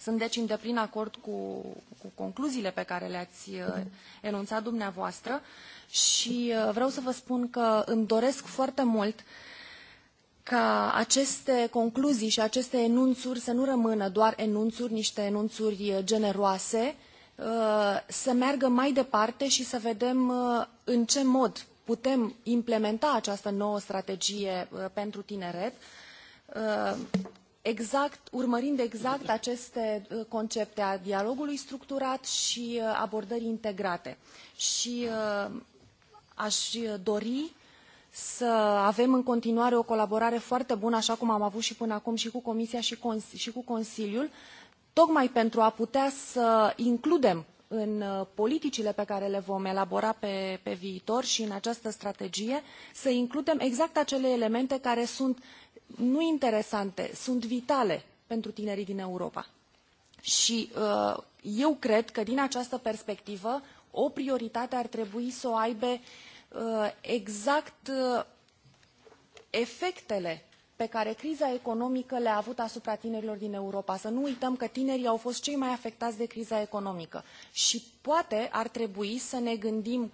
Sunt deci în deplin acord cu, cu concluziile pe care le-ați uh, mhm. enunțat dumneavoastră și vreau să vă spun că îmi doresc foarte mult ca aceste concluzii și aceste enunțuri să nu rămână doar enunțuri, niște enunțuri generoase, uh, Uh, să meargă mai departe și să vedem uh, în ce mod putem implementa această nouă strategie uh, pentru tineret, exact, urmărind exact aceste concepte a dialogului structurat și abordării integrate. Și aș dori să avem în continuare o colaborare foarte bună, așa cum am avut și până acum, și cu Comisia și, și cu Consiliul, tocmai pentru a putea să includem în uh, politicile pe care le vom elabora pe, pe viitor și în această strategie, să includem exact acele elemente care sunt nu interesante, sunt vitale pentru tinerii din Europa. Și uh, eu cred că din această perspectivă o prioritate ar trebui să o aibă uh, exact uh, efectele pe care criza economică le-a avut asupra tinerilor din Europa. Să nu uităm că tinerii au fost cei mai afectați de criza economică și poate ar trebui să ne gândim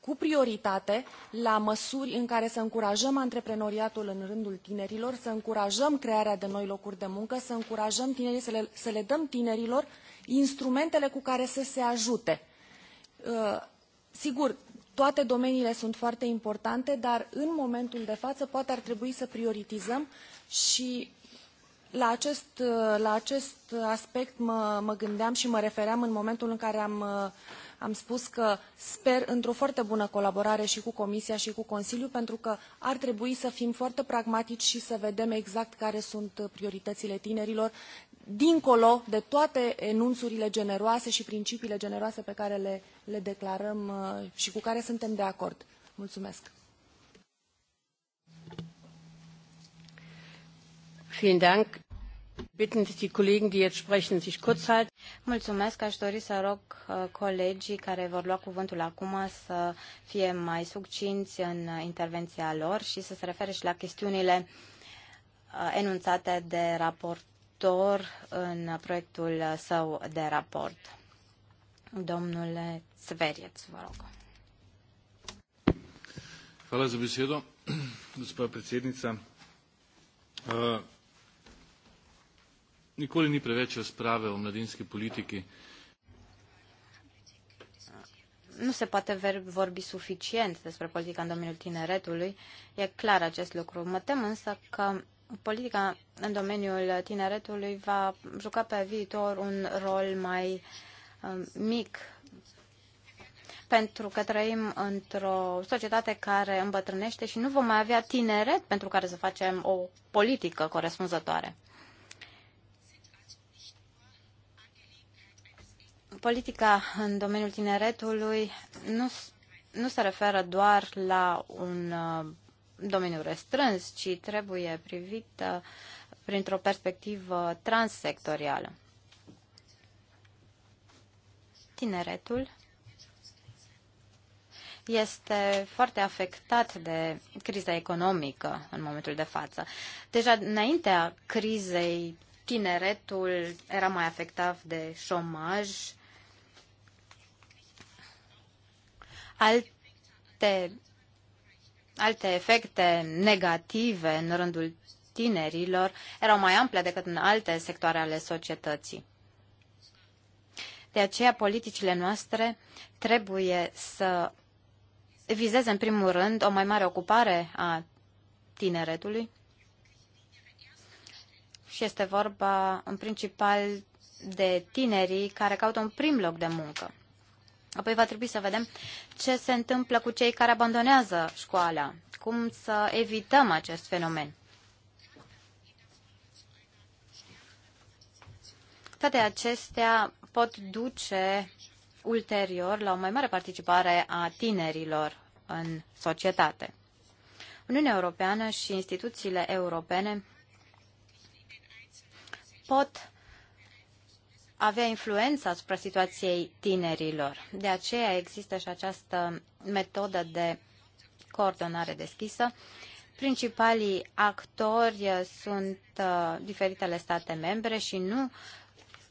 cu prioritate la măsuri în care să încurajăm antreprenoriatul în rândul tinerilor, să încurajăm crearea de noi locuri de muncă, să încurajăm tinerii, să le, să le dăm tinerilor instrumentele cu care să se ajute. Uh, sigur, toate domeniile sunt foarte importante, dar în momentul de față poate ar trebui să prioritizăm și la acest, la acest aspect mă, mă gândeam și mă refeream în momentul în care am, am spus că sper într-o foarte bună colaborare și cu Comisia și cu Consiliul, pentru că ar trebui să fim foarte pragmatici și să vedem exact care sunt prioritățile tinerilor, dincolo de toate enunțurile generoase și principiile generoase pe care le, le declarăm uh, și cu care suntem de acord. Mulțumesc! Mulțumesc. Aș dori să rog uh, colegii care vor lua cuvântul acum să fie mai succinți în intervenția lor și să se refere și la chestiunile uh, enunțate de raport viitor în proiectul său de raport. Domnule Sverieț, vă rog. Hvala za besedo, gospa predsednica. Eh, nikoli ni preveč razprave o mladinski politiki. Nu se poate vorbi suficient despre politica în domeniul tineretului. E clar acest lucru. Mă tem însă că politica în domeniul tineretului va juca pe viitor un rol mai um, mic pentru că trăim într-o societate care îmbătrânește și nu vom mai avea tineret pentru care să facem o politică corespunzătoare. Politica în domeniul tineretului nu, nu se referă doar la un uh, domeniu restrâns, ci trebuie privit printr-o perspectivă transsectorială. Tineretul este foarte afectat de criza economică în momentul de față. Deja înaintea crizei, tineretul era mai afectat de șomaj, alte alte efecte negative în rândul tinerilor erau mai ample decât în alte sectoare ale societății. De aceea, politicile noastre trebuie să vizeze, în primul rând, o mai mare ocupare a tineretului și este vorba, în principal, de tinerii care caută un prim loc de muncă. Apoi va trebui să vedem ce se întâmplă cu cei care abandonează școala, cum să evităm acest fenomen. Toate acestea pot duce ulterior la o mai mare participare a tinerilor în societate. Uniunea Europeană și instituțiile europene pot avea influență asupra situației tinerilor. De aceea există și această metodă de coordonare deschisă. Principalii actori sunt uh, diferitele state membre și nu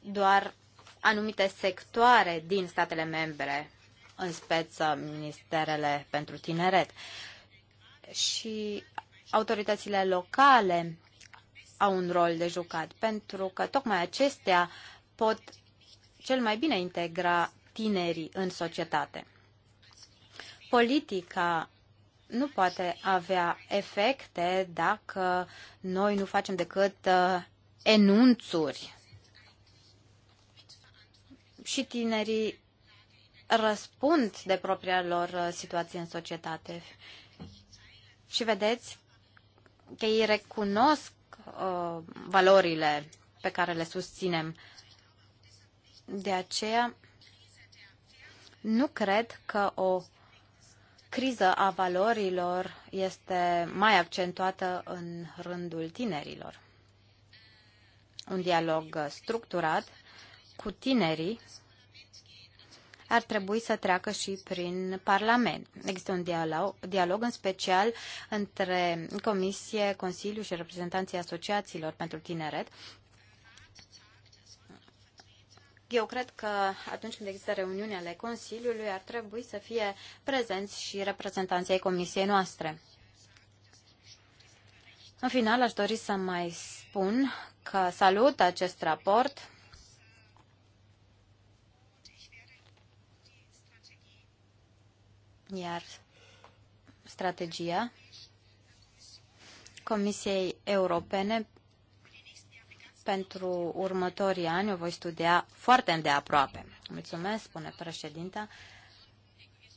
doar anumite sectoare din statele membre, în speță ministerele pentru tineret. Și autoritățile locale au un rol de jucat, pentru că tocmai acestea pot cel mai bine integra tinerii în societate. Politica nu poate avea efecte dacă noi nu facem decât uh, enunțuri. Și tinerii răspund de propria lor uh, situație în societate. Și vedeți că ei recunosc uh, valorile pe care le susținem de aceea, nu cred că o criză a valorilor este mai accentuată în rândul tinerilor. Un dialog structurat cu tinerii ar trebui să treacă și prin Parlament. Există un dialog, dialog în special între Comisie, Consiliu și reprezentanții asociațiilor pentru tineret eu cred că atunci când există reuniuni ale Consiliului, ar trebui să fie prezenți și reprezentanții ai comisiei noastre. În final, aș dori să mai spun că salut acest raport. Iar strategia Comisiei Europene pentru următorii ani o voi studia foarte îndeaproape. Mulțumesc, spune președinta.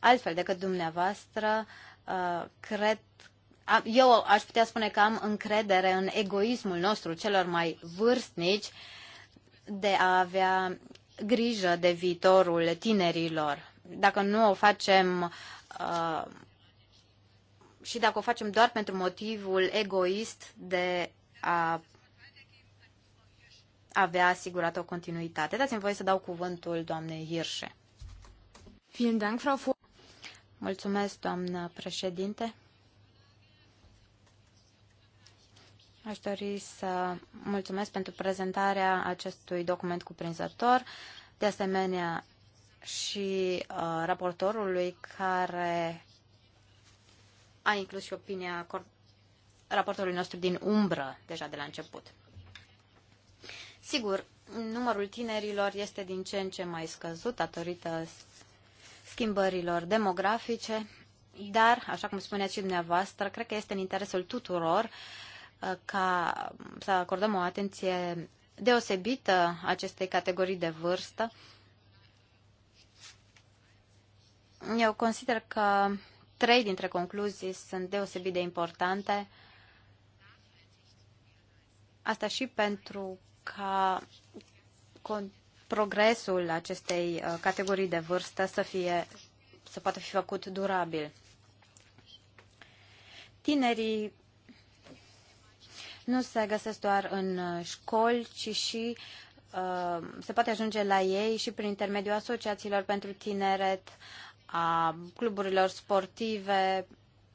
Altfel decât dumneavoastră, uh, cred eu aș putea spune că am încredere în egoismul nostru celor mai vârstnici de a avea grijă de viitorul tinerilor. Dacă nu o facem uh, și dacă o facem doar pentru motivul egoist de a avea asigurată o continuitate. Dați-mi voie să dau cuvântul doamnei Hirșe. Mulțumesc, doamnă președinte. Aș dori să mulțumesc pentru prezentarea acestui document cuprinzător, de asemenea și uh, raportorului care a inclus și opinia raportorului nostru din umbră deja de la început. Sigur, numărul tinerilor este din ce în ce mai scăzut datorită schimbărilor demografice, dar, așa cum spuneați și dumneavoastră, cred că este în interesul tuturor uh, ca să acordăm o atenție deosebită acestei categorii de vârstă. Eu consider că trei dintre concluzii sunt deosebit de importante. Asta și pentru ca progresul acestei uh, categorii de vârstă să, fie, să poată fi făcut durabil. Tinerii nu se găsesc doar în uh, școli, ci și uh, se poate ajunge la ei și prin intermediul asociațiilor pentru tineret, a cluburilor sportive,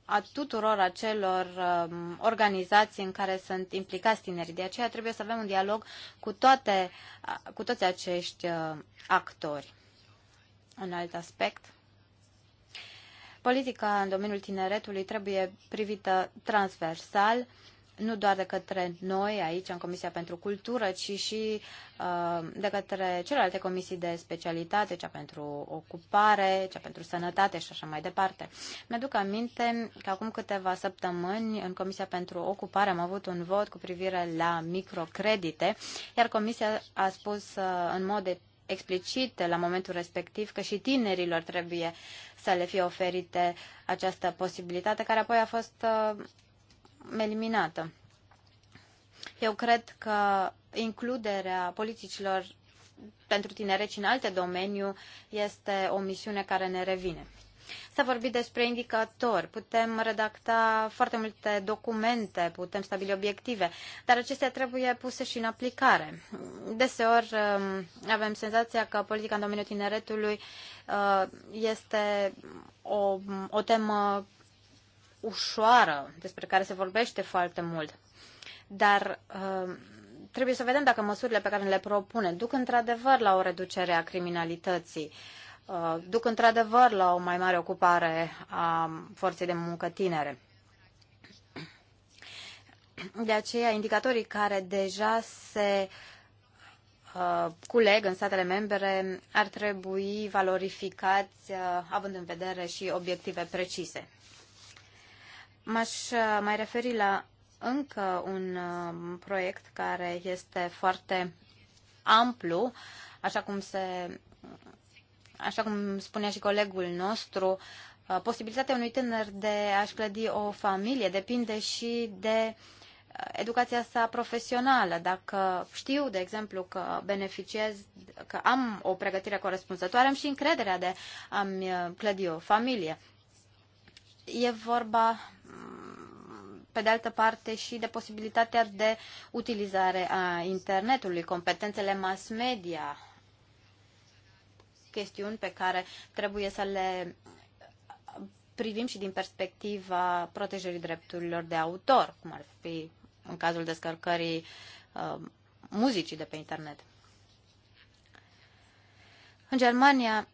a tuturor acelor um, organizații în care sunt implicați tinerii. De aceea trebuie să avem un dialog cu, toate, cu toți acești uh, actori. Un alt aspect. Politica în domeniul tineretului trebuie privită transversal nu doar de către noi aici în Comisia pentru Cultură, ci și uh, de către celelalte comisii de specialitate, cea pentru ocupare, cea pentru sănătate și așa mai departe. Mi-aduc aminte că acum câteva săptămâni în Comisia pentru Ocupare am avut un vot cu privire la microcredite, iar Comisia a spus uh, în mod explicit la momentul respectiv că și tinerilor trebuie să le fie oferite această posibilitate, care apoi a fost uh, eliminată. Eu cred că includerea politicilor pentru tineret în alte domeniu este o misiune care ne revine. S-a vorbit despre indicatori, putem redacta foarte multe documente, putem stabili obiective, dar acestea trebuie puse și în aplicare. Deseori um, avem senzația că politica în domeniul tineretului uh, este o, o temă ușoară, despre care se vorbește foarte mult. Dar uh, trebuie să vedem dacă măsurile pe care le propune duc într-adevăr la o reducere a criminalității, uh, duc într-adevăr la o mai mare ocupare a forței de muncă tinere. De aceea, indicatorii care deja se uh, culeg în statele membre ar trebui valorificați uh, având în vedere și obiective precise. M-aș uh, mai referi la încă un um, proiect care este foarte amplu, așa cum se așa cum spunea și colegul nostru, uh, posibilitatea unui tânăr de a-și clădi o familie depinde și de uh, educația sa profesională. Dacă știu, de exemplu, că beneficiez, că am o pregătire corespunzătoare, am și încrederea de a-mi clădi o familie. E vorba pe de altă parte și de posibilitatea de utilizare a internetului, competențele mass media, chestiuni pe care trebuie să le privim și din perspectiva protejării drepturilor de autor, cum ar fi în cazul descărcării uh, muzicii de pe internet. În Germania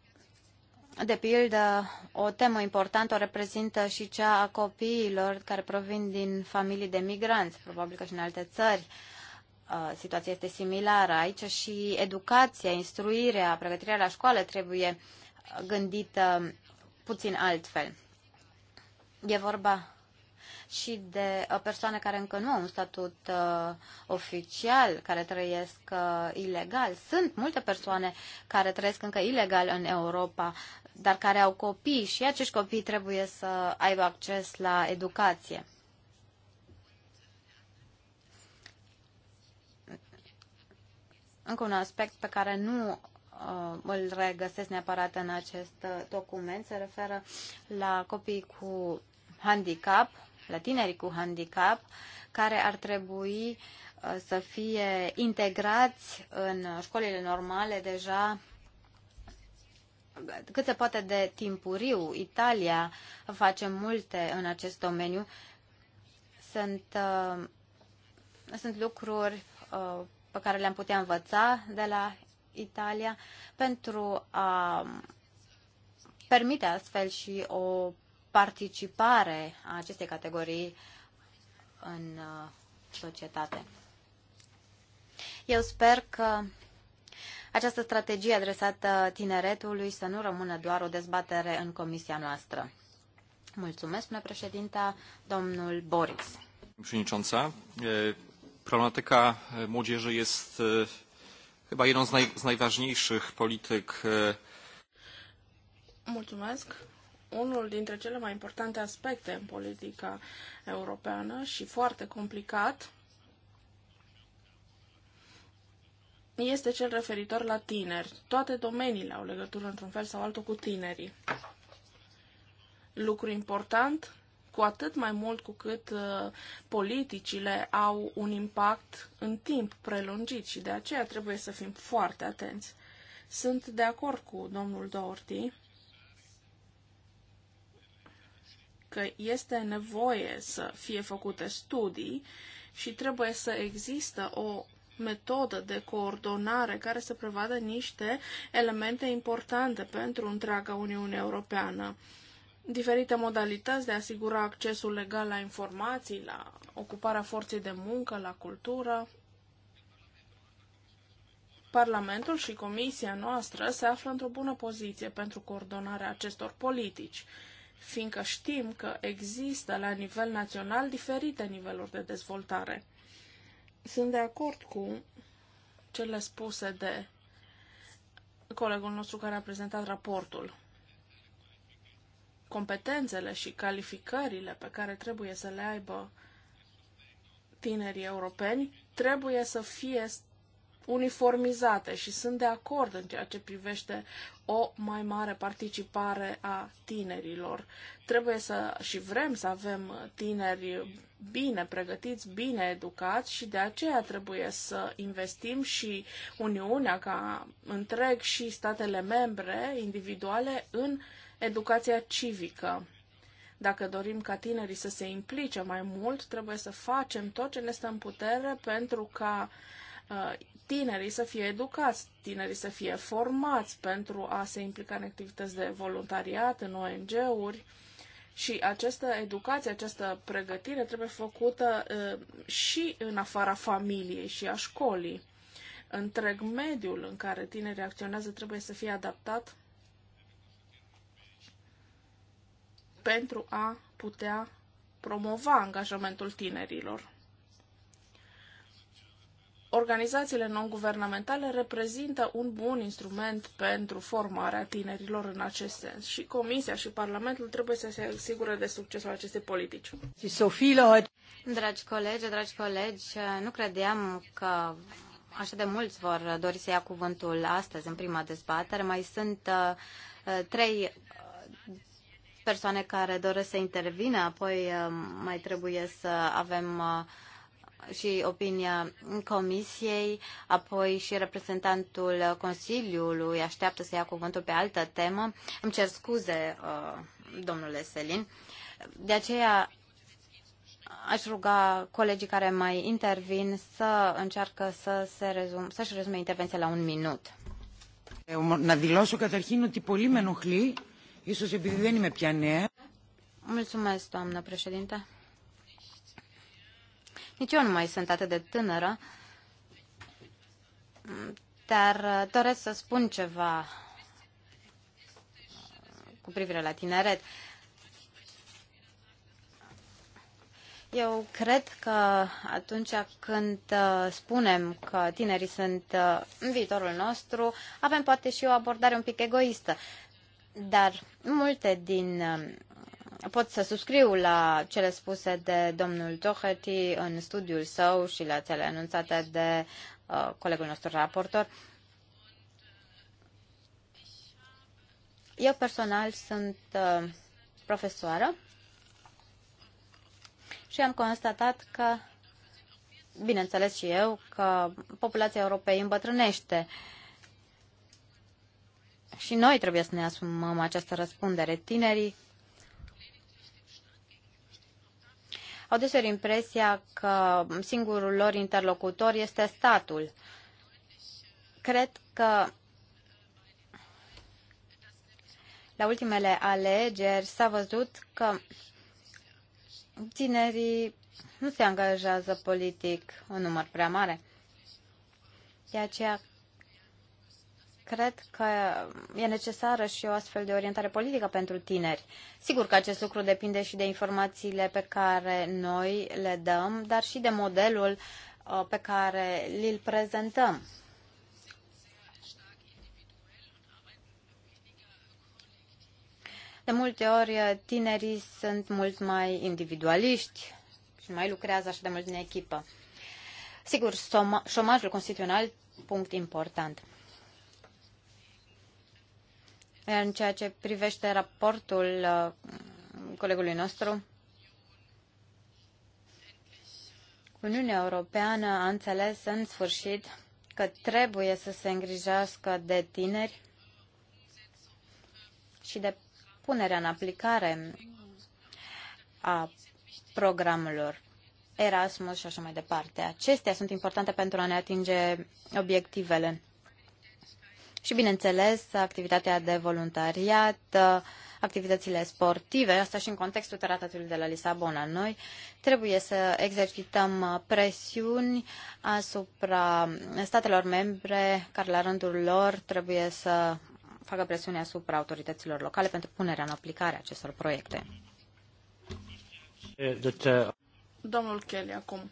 de pildă, o temă importantă o reprezintă și cea a copiilor care provin din familii de migranți, probabil că și în alte țări. Uh, situația este similară aici și educația, instruirea, pregătirea la școală trebuie gândită puțin altfel. E vorba și de uh, persoane care încă nu au un statut uh, oficial, care trăiesc uh, ilegal. Sunt multe persoane care trăiesc încă ilegal în Europa dar care au copii și acești copii trebuie să aibă acces la educație. Încă un aspect pe care nu uh, îl regăsesc neapărat în acest uh, document se referă la copii cu handicap, la tinerii cu handicap, care ar trebui uh, să fie integrați în școlile normale deja cât se poate de timpuriu. Italia face multe în acest domeniu. Sunt, uh, sunt lucruri uh, pe care le-am putea învăța de la Italia pentru a permite astfel și o participare a acestei categorii în uh, societate. Eu sper că această strategie adresată tineretului să nu rămână doar o dezbatere în comisia noastră. Mulțumesc, domnule președinte, domnul Boris. Przewodnicząca, problematyka młodzieży jest chyba jedną z, naj, z najważniejszych polityk. Mulțumesc. Unul dintre cele mai importante aspecte în politica europeană și foarte complicat este cel referitor la tineri. Toate domeniile au legătură într-un fel sau altul cu tinerii. Lucru important, cu atât mai mult cu cât uh, politicile au un impact în timp prelungit și de aceea trebuie să fim foarte atenți. Sunt de acord cu domnul Doherty că este nevoie să fie făcute studii și trebuie să există o metodă de coordonare care să prevadă niște elemente importante pentru întreaga Uniune Europeană. Diferite modalități de a asigura accesul legal la informații, la ocuparea forței de muncă, la cultură. Parlamentul și Comisia noastră se află într-o bună poziție pentru coordonarea acestor politici fiindcă știm că există la nivel național diferite niveluri de dezvoltare. Sunt de acord cu cele spuse de colegul nostru care a prezentat raportul. Competențele și calificările pe care trebuie să le aibă tinerii europeni trebuie să fie uniformizate și sunt de acord în ceea ce privește o mai mare participare a tinerilor. Trebuie să și vrem să avem tineri bine pregătiți, bine educați și de aceea trebuie să investim și Uniunea ca întreg și statele membre individuale în educația civică. Dacă dorim ca tinerii să se implice mai mult, trebuie să facem tot ce ne stă în putere pentru ca uh, tinerii să fie educați, tinerii să fie formați pentru a se implica în activități de voluntariat, în ONG-uri. Și această educație, această pregătire trebuie făcută și în afara familiei și a școlii. Întreg mediul în care tinerii acționează trebuie să fie adaptat pentru a putea promova angajamentul tinerilor. Organizațiile non-guvernamentale reprezintă un bun instrument pentru formarea tinerilor în acest sens și Comisia și Parlamentul trebuie să se asigure de succesul acestei politici. Dragi colegi, dragi colegi, nu credeam că așa de mulți vor dori să ia cuvântul astăzi în prima dezbatere. Mai sunt uh, trei uh, persoane care doresc să intervină, apoi uh, mai trebuie să avem uh, și opinia Comisiei, apoi și reprezentantul Consiliului așteaptă să ia cuvântul pe altă temă. Îmi cer scuze, uh, domnule Selin. De aceea aș ruga colegii care mai intervin să încearcă să se rezum, să-și rezume intervenția la un minut. Να δηλώσω καταρχήν ότι πολύ με ενοχλεί, ίσως επειδή δεν είμαι πια νέα. Mulțumesc, doamnă președinte. Nici eu nu mai sunt atât de tânără, dar uh, doresc să spun ceva uh, cu privire la tineret. Eu cred că atunci când uh, spunem că tinerii sunt viitorul nostru, avem poate și o abordare un pic egoistă. Dar multe din pot să suscriu la cele spuse de domnul Doherty în studiul său și la cele anunțate de uh, colegul nostru raportor. Eu personal sunt uh, profesoară și am constatat că, bineînțeles și eu, că populația europei îmbătrânește și noi trebuie să ne asumăm această răspundere. Tinerii au deseori impresia că singurul lor interlocutor este statul. Cred că la ultimele alegeri s-a văzut că tinerii nu se angajează politic în număr prea mare. De aceea cred că e necesară și o astfel de orientare politică pentru tineri. Sigur că acest lucru depinde și de informațiile pe care noi le dăm, dar și de modelul uh, pe care îl prezentăm. De multe ori uh, tinerii sunt mult mai individualiști și mai lucrează așa de mult în echipă. Sigur, șomajul constituțional, punct important în ceea ce privește raportul uh, colegului nostru, Uniunea Europeană a înțeles în sfârșit că trebuie să se îngrijească de tineri și de punerea în aplicare a programelor Erasmus și așa mai departe. Acestea sunt importante pentru a ne atinge obiectivele și, bineînțeles, activitatea de voluntariat, activitățile sportive, asta și în contextul tratatului de la Lisabona. Noi trebuie să exercităm presiuni asupra statelor membre care la rândul lor trebuie să facă presiune asupra autorităților locale pentru punerea în aplicare acestor proiecte. Eh, Domnul Kelly, acum.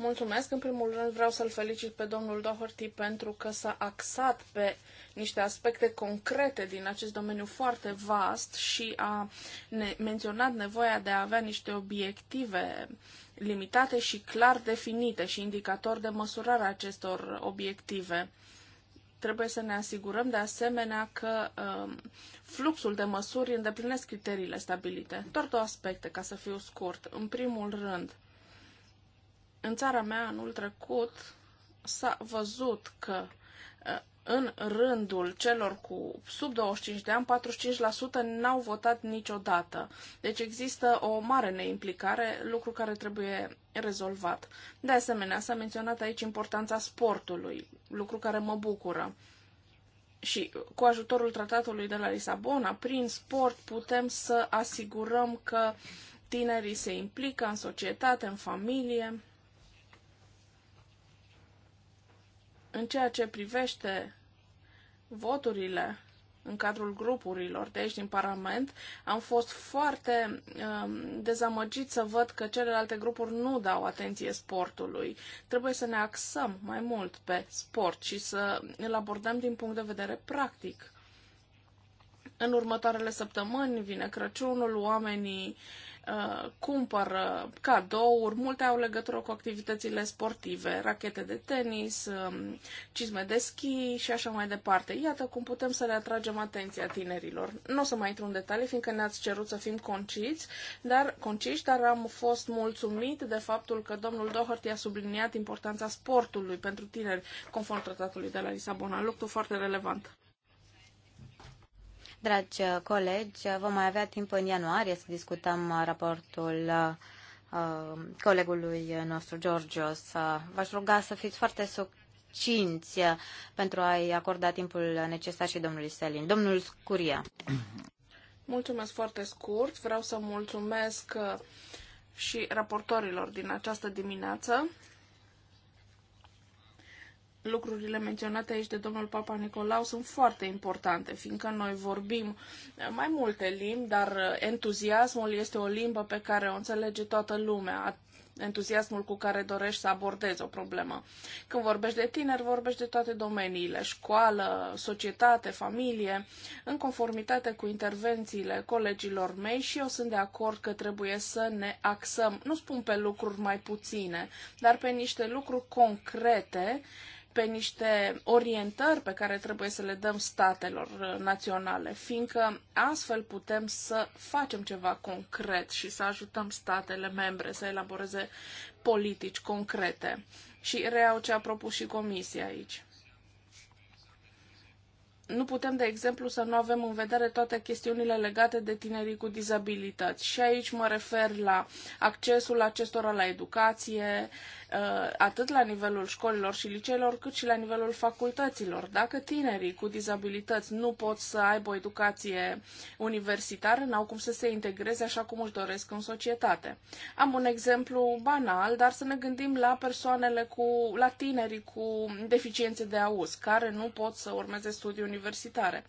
Mulțumesc. În primul rând vreau să-l felicit pe domnul Doherty pentru că s-a axat pe niște aspecte concrete din acest domeniu foarte vast și a ne- menționat nevoia de a avea niște obiective limitate și clar definite și indicatori de măsurare a acestor obiective trebuie să ne asigurăm de asemenea că um, fluxul de măsuri îndeplinesc criteriile stabilite. Doar două aspecte, ca să fiu scurt. În primul rând, în țara mea, anul trecut, s-a văzut că uh, în rândul celor cu sub 25 de ani, 45% n-au votat niciodată. Deci există o mare neimplicare, lucru care trebuie rezolvat. De asemenea, s-a menționat aici importanța sportului, lucru care mă bucură. Și cu ajutorul tratatului de la Lisabona, prin sport putem să asigurăm că tinerii se implică în societate, în familie, În ceea ce privește voturile în cadrul grupurilor de aici din Parlament, am fost foarte um, dezamăgit să văd că celelalte grupuri nu dau atenție sportului. Trebuie să ne axăm mai mult pe sport și să îl abordăm din punct de vedere practic. În următoarele săptămâni vine Crăciunul, oamenii uh, Uh, cumpără uh, cadouri, multe au legătură cu activitățile sportive, rachete de tenis, um, cizme de schi și așa mai departe. Iată cum putem să le atragem atenția tinerilor. Nu o să mai intru în detalii, fiindcă ne-ați cerut să fim conciți, dar, conciși, dar am fost mulțumit de faptul că domnul Doherty a subliniat importanța sportului pentru tineri, conform tratatului de la Lisabona. Lucru foarte relevant. Dragi uh, colegi, uh, vom mai avea timp în ianuarie să discutăm uh, raportul uh, colegului nostru, Georgios. V-aș ruga să fiți foarte succinți pentru a-i acorda timpul necesar și domnului Selin. Domnul Scuria. Mulțumesc foarte scurt. Vreau să mulțumesc și raportorilor din această dimineață lucrurile menționate aici de domnul Papa Nicolau sunt foarte importante, fiindcă noi vorbim mai multe limbi, dar entuziasmul este o limbă pe care o înțelege toată lumea, entuziasmul cu care dorești să abordezi o problemă. Când vorbești de tineri, vorbești de toate domeniile, școală, societate, familie, în conformitate cu intervențiile colegilor mei și eu sunt de acord că trebuie să ne axăm, nu spun pe lucruri mai puține, dar pe niște lucruri concrete pe niște orientări pe care trebuie să le dăm statelor uh, naționale, fiindcă astfel putem să facem ceva concret și să ajutăm statele membre să elaboreze politici concrete. Și reau ce a propus și Comisia aici nu putem, de exemplu, să nu avem în vedere toate chestiunile legate de tinerii cu dizabilități. Și aici mă refer la accesul acestora la educație, uh, atât la nivelul școlilor și liceelor, cât și la nivelul facultăților. Dacă tinerii cu dizabilități nu pot să aibă o educație universitară, n-au cum să se integreze așa cum își doresc în societate. Am un exemplu banal, dar să ne gândim la persoanele cu, la tinerii cu deficiențe de auz, care nu pot să urmeze studii universitare universitare.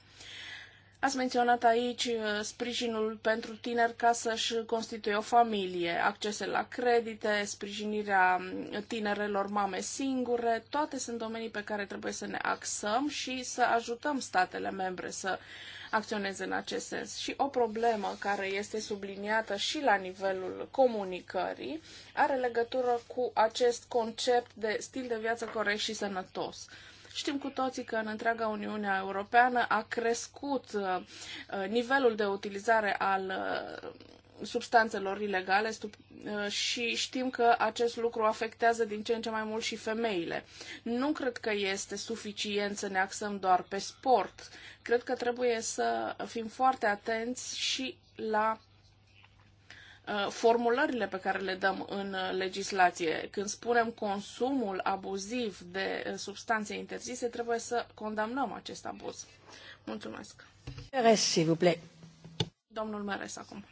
Ați menționat aici uh, sprijinul pentru tineri ca să-și constituie o familie, accese la credite, sprijinirea mm, tinerelor mame singure, toate sunt domenii pe care trebuie să ne axăm și să ajutăm statele membre să acționeze în acest sens. Și o problemă care este subliniată și la nivelul comunicării are legătură cu acest concept de stil de viață corect și sănătos. Știm cu toții că în întreaga Uniune Europeană a crescut uh, uh, nivelul de utilizare al uh, substanțelor ilegale și știm că acest lucru afectează din ce în ce mai mult și femeile. Nu cred că este suficient să ne axăm doar pe sport. Cred că trebuie să fim foarte atenți și la Uh, formulările pe care le dăm în uh, legislație. Când spunem consumul abuziv de uh, substanțe interzise, trebuie să condamnăm acest abuz. Mulțumesc. Domnul Meres acum.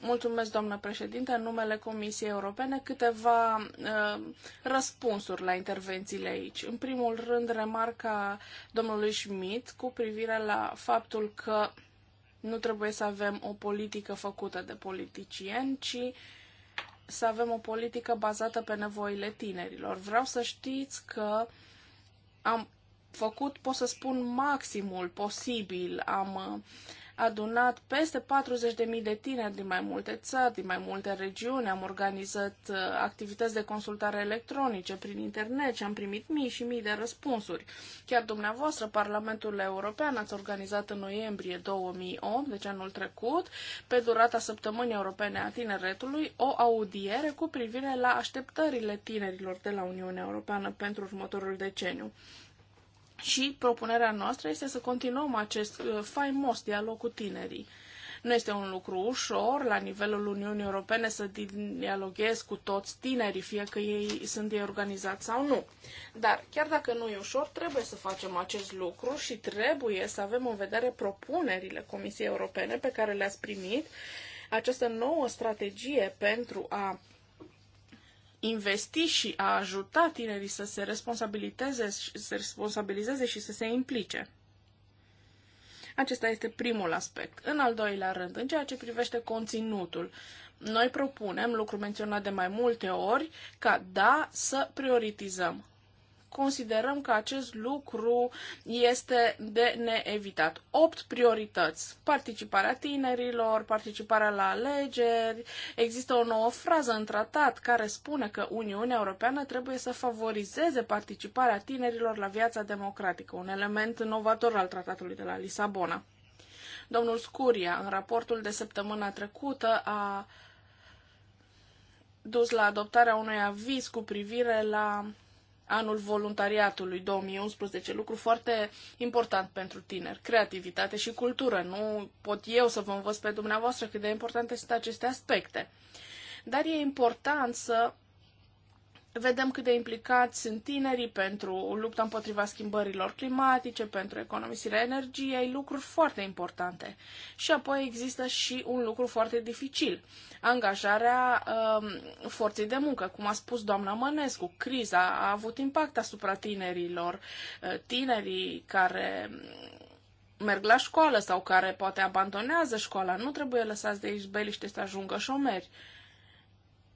Mulțumesc, doamnă președinte. În numele Comisiei Europene, câteva uh, răspunsuri la intervențiile aici. În primul rând, remarca domnului Schmidt cu privire la faptul că uh, nu trebuie să avem o politică făcută de politicieni, ci să avem o politică bazată pe nevoile tinerilor. Vreau să știți că am făcut, pot să spun, maximul posibil. Am adunat peste 40.000 de tineri din mai multe țări, din mai multe regiuni, am organizat uh, activități de consultare electronice prin internet și am primit mii și mii de răspunsuri. Chiar dumneavoastră, Parlamentul European, ați organizat în noiembrie 2008, deci anul trecut, pe durata Săptămânii Europene a Tineretului, o audiere cu privire la așteptările tinerilor de la Uniunea Europeană pentru următorul deceniu. Și propunerea noastră este să continuăm acest uh, faimos dialog cu tinerii. Nu este un lucru ușor la nivelul Uniunii Europene să dialoghezi cu toți tinerii, fie că ei sunt ei organizați sau nu. Dar chiar dacă nu e ușor, trebuie să facem acest lucru și trebuie să avem în vedere propunerile Comisiei Europene pe care le-ați primit, această nouă strategie pentru a investi și a ajuta tinerii să se responsabilizeze, să se responsabilizeze și să se implice. Acesta este primul aspect. În al doilea rând, în ceea ce privește conținutul, noi propunem, lucru menționat de mai multe ori, ca da să prioritizăm considerăm că acest lucru este de neevitat. Opt priorități. Participarea tinerilor, participarea la alegeri. Există o nouă frază în tratat care spune că Uniunea Europeană trebuie să favorizeze participarea tinerilor la viața democratică, un element novator al tratatului de la Lisabona. Domnul Scuria, în raportul de săptămâna trecută, a dus la adoptarea unui aviz cu privire la anul voluntariatului 2011, lucru foarte important pentru tineri, creativitate și cultură. Nu pot eu să vă învăț pe dumneavoastră cât de importante sunt aceste aspecte. Dar e important să Vedem cât de implicați sunt tinerii pentru lupta împotriva schimbărilor climatice, pentru economisirea energiei, lucruri foarte importante. Și apoi există și un lucru foarte dificil, angajarea um, forței de muncă. Cum a spus doamna Mănescu, criza a avut impact asupra tinerilor. Uh, tinerii care merg la școală sau care poate abandonează școala, nu trebuie lăsați de izbeliște să ajungă șomeri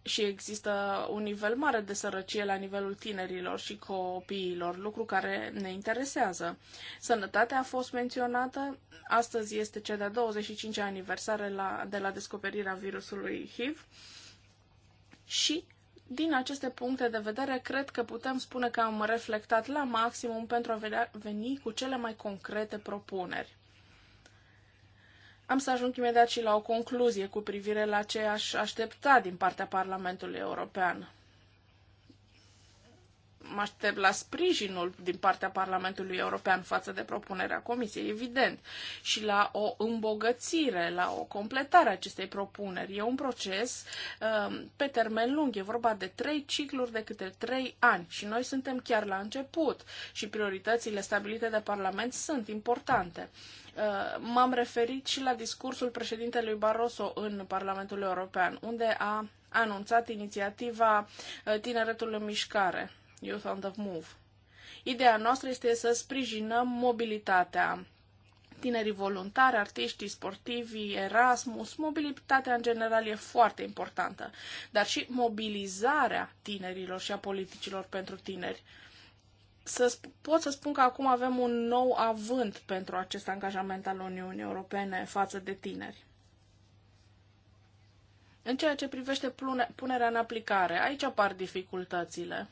și există un nivel mare de sărăcie la nivelul tinerilor și copiilor, lucru care ne interesează. Sănătatea a fost menționată, astăzi este cea de-a 25-a aniversare la, de la descoperirea virusului HIV și din aceste puncte de vedere, cred că putem spune că am reflectat la maximum pentru a veni cu cele mai concrete propuneri. Am să ajung imediat și la o concluzie cu privire la ce aș aștepta din partea Parlamentului European mă aștept la sprijinul din partea Parlamentului European față de propunerea Comisiei, evident, și la o îmbogățire, la o completare a acestei propuneri. E un proces um, pe termen lung, e vorba de trei cicluri de câte trei ani și noi suntem chiar la început și prioritățile stabilite de Parlament sunt importante. Uh, m-am referit și la discursul președintelui Barroso în Parlamentul European, unde a anunțat inițiativa uh, Tineretul în Mișcare, Youth on the Move. Ideea noastră este să sprijinăm mobilitatea tinerii voluntari, artiștii, sportivi, Erasmus, mobilitatea în general e foarte importantă, dar și mobilizarea tinerilor și a politicilor pentru tineri. Să pot să spun că acum avem un nou avânt pentru acest angajament al Uniunii Europene față de tineri. În ceea ce privește punerea în aplicare, aici apar dificultățile.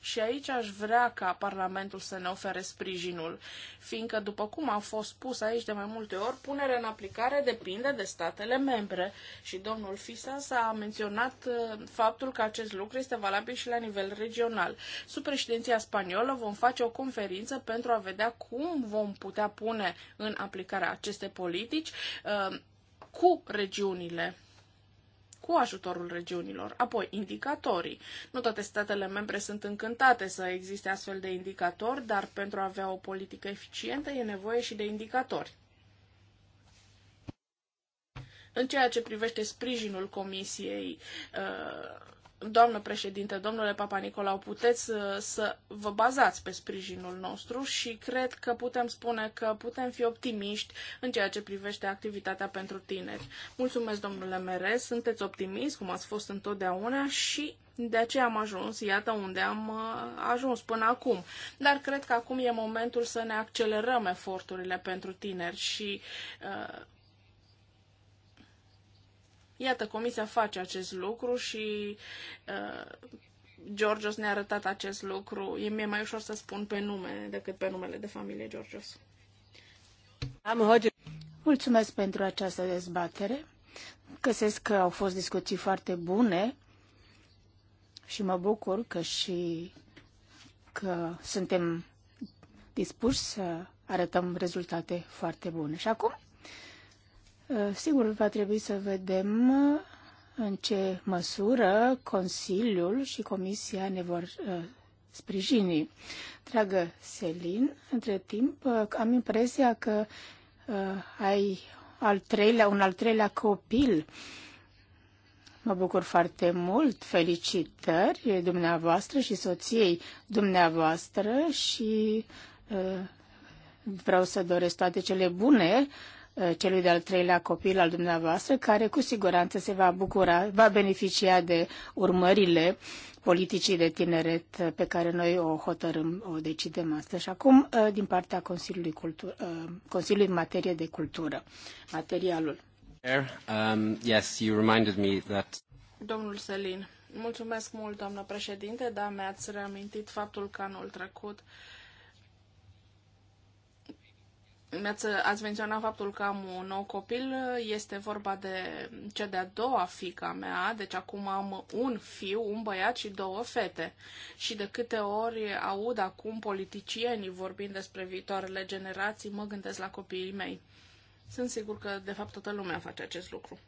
Și aici aș vrea ca Parlamentul să ne ofere sprijinul, fiindcă, după cum a fost spus aici de mai multe ori, punerea în aplicare depinde de statele membre și domnul Fisas a menționat uh, faptul că acest lucru este valabil și la nivel regional. Sub președinția spaniolă vom face o conferință pentru a vedea cum vom putea pune în aplicare aceste politici uh, cu regiunile cu ajutorul regiunilor. Apoi, indicatorii. Nu toate statele membre sunt încântate să existe astfel de indicatori, dar pentru a avea o politică eficientă e nevoie și de indicatori. În ceea ce privește sprijinul Comisiei uh, Doamnă președinte, domnule Papa Nicolau, puteți uh, să vă bazați pe sprijinul nostru și cred că putem spune că putem fi optimiști în ceea ce privește activitatea pentru tineri. Mulțumesc, domnule Mere, sunteți optimist, cum ați fost întotdeauna și de aceea am ajuns, iată unde am uh, ajuns până acum. Dar cred că acum e momentul să ne accelerăm eforturile pentru tineri și uh, Iată, Comisia face acest lucru și uh, Georgios ne-a arătat acest lucru. E mie mai ușor să spun pe nume decât pe numele de familie Georgios. Am Mulțumesc pentru această dezbatere. Găsesc că au fost discuții foarte bune și mă bucur că și că suntem dispuși să arătăm rezultate foarte bune. Și acum Eh, sigur, va trebui să vedem eh, în ce măsură Consiliul și Comisia ne vor eh, sprijini. Dragă Selin, între timp am impresia că ai al treilea, un al treilea copil. Mă bucur foarte mult. Felicitări dumneavoastră și soției dumneavoastră și vreau să doresc toate cele bune Uh, celui de-al treilea copil al dumneavoastră, care cu siguranță se va bucura, va beneficia de urmările politicii de tineret uh, pe care noi o hotărâm, o decidem astăzi. Și acum, uh, din partea Consiliului, Cultur, Consiliului materie de cultură, materialul. Um, yes, you reminded me that... Domnul Selin, mulțumesc mult, doamnă președinte, dar mi-ați reamintit faptul că anul trecut uh, mi-ați, ați menționat faptul că am un nou copil, este vorba de cea de-a doua fica mea, deci acum am un fiu, un băiat și două fete. Și de câte ori aud acum politicienii vorbind despre viitoarele generații, mă gândesc la copiii mei. Sunt sigur că, de fapt, toată lumea face acest lucru.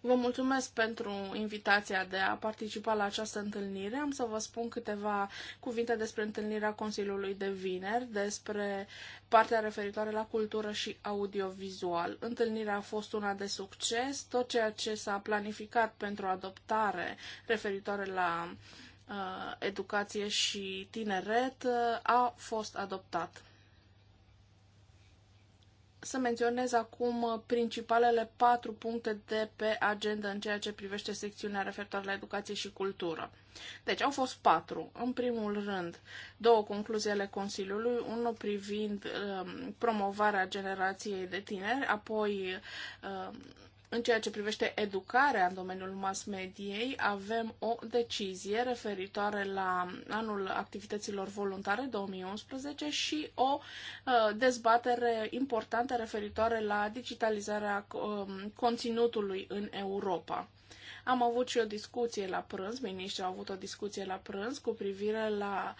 Vă mulțumesc pentru invitația de a participa la această întâlnire. Am să vă spun câteva cuvinte despre întâlnirea Consiliului de vineri, despre partea referitoare la cultură și audiovizual. Întâlnirea a fost una de succes. Tot ceea ce s-a planificat pentru adoptare referitoare la uh, educație și tineret uh, a fost adoptat să menționez acum uh, principalele patru puncte de pe agenda în ceea ce privește secțiunea referitoare la educație și cultură. Deci au fost patru. În primul rând, două concluzii ale Consiliului, unul privind uh, promovarea generației de tineri, apoi uh, în ceea ce privește educarea în domeniul mass mediei, avem o decizie referitoare la anul activităților voluntare 2011 și o uh, dezbatere importantă referitoare la digitalizarea um, conținutului în Europa. Am avut și o discuție la prânz, miniștrii au avut o discuție la prânz cu privire la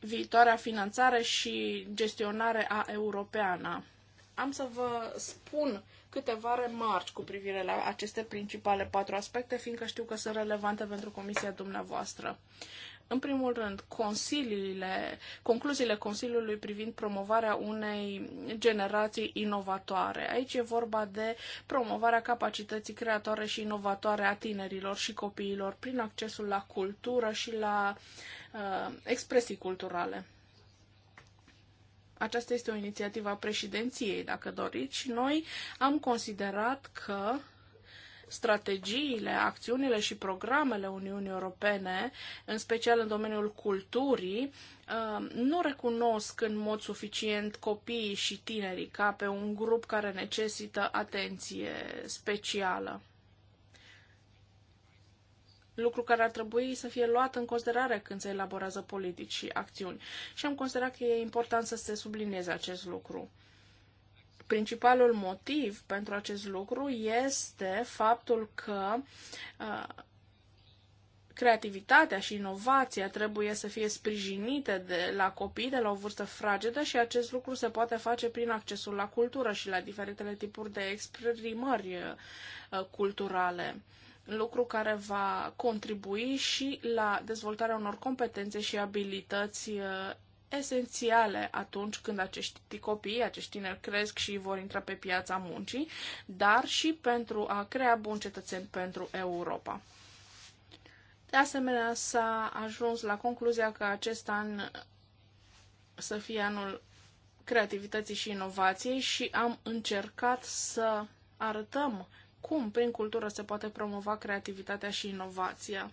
viitoarea finanțare și gestionare a europeană. Am să vă spun câteva remarci cu privire la aceste principale patru aspecte, fiindcă știu că sunt relevante pentru comisia dumneavoastră. În primul rând, consiliile, concluziile Consiliului privind promovarea unei generații inovatoare. Aici e vorba de promovarea capacității creatoare și inovatoare a tinerilor și copiilor prin accesul la cultură și la uh, expresii culturale. Aceasta este o inițiativă a președinției, dacă doriți, și noi am considerat că strategiile, acțiunile și programele Uniunii Europene, în special în domeniul culturii, uh, nu recunosc în mod suficient copiii și tinerii ca pe un grup care necesită atenție specială lucru care ar trebui să fie luat în considerare când se elaborează politici și acțiuni. Și am considerat că e important să se sublinieze acest lucru. Principalul motiv pentru acest lucru este faptul că uh, creativitatea și inovația trebuie să fie sprijinite de la copii de la o vârstă fragedă și acest lucru se poate face prin accesul la cultură și la diferitele tipuri de exprimări culturale lucru care va contribui și la dezvoltarea unor competențe și abilități uh, esențiale atunci când acești copii, acești tineri cresc și vor intra pe piața muncii, dar și pentru a crea buni cetățeni pentru Europa. De asemenea, s-a ajuns la concluzia că acest an să fie anul creativității și inovației și am încercat să arătăm cum prin cultură se poate promova creativitatea și inovația.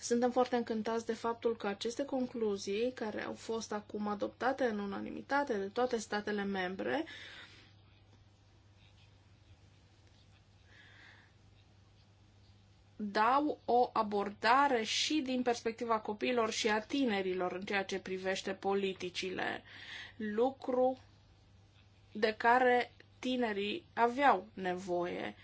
Suntem foarte încântați de faptul că aceste concluzii, care au fost acum adoptate în unanimitate de toate statele membre, dau o abordare și din perspectiva copiilor și a tinerilor în ceea ce privește politicile. Lucru de care tinerii aveau nevoie.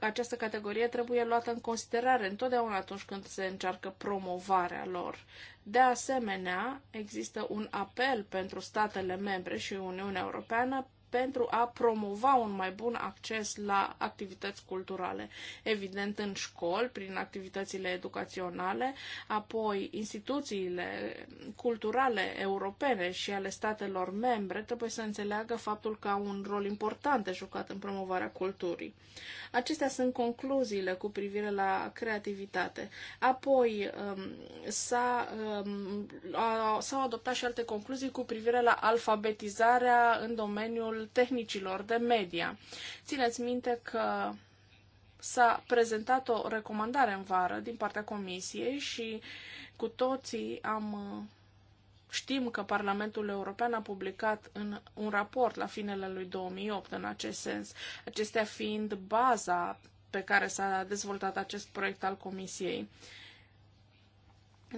Această categorie trebuie luată în considerare întotdeauna atunci când se încearcă promovarea lor. De asemenea, există un apel pentru statele membre și Uniunea Europeană pentru a promova un mai bun acces la activități culturale. Evident, în școli, prin activitățile educaționale, apoi instituțiile culturale europene și ale statelor membre trebuie să înțeleagă faptul că au un rol important de jucat în promovarea culturii. Acestea sunt concluziile cu privire la creativitate. Apoi um, s-a, um, s-au adoptat și alte concluzii cu privire la alfabetizarea în domeniul tehnicilor de media. Țineți minte că s-a prezentat o recomandare în vară din partea Comisiei și cu toții am uh, Știm că Parlamentul European a publicat în un raport la finele lui 2008 în acest sens, acestea fiind baza pe care s-a dezvoltat acest proiect al Comisiei. Uh,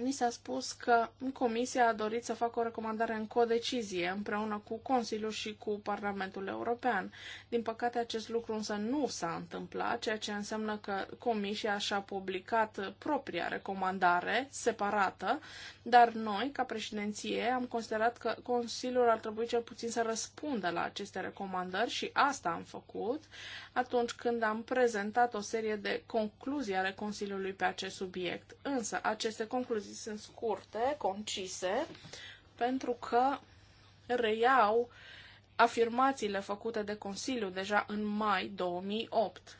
Ni s-a spus că Comisia a dorit să facă o recomandare în codecizie împreună cu Consiliul și cu Parlamentul European. Din păcate, acest lucru însă nu s-a întâmplat, ceea ce înseamnă că Comisia și-a publicat propria recomandare separată, dar noi, ca președinție, am considerat că Consiliul ar trebui cel puțin să răspundă la aceste recomandări și asta am făcut atunci când am prezentat o serie de concluzii ale Consiliului pe acest subiect. Însă, aceste concluzii concluzii sunt scurte, concise, pentru că reiau afirmațiile făcute de Consiliu deja în mai 2008.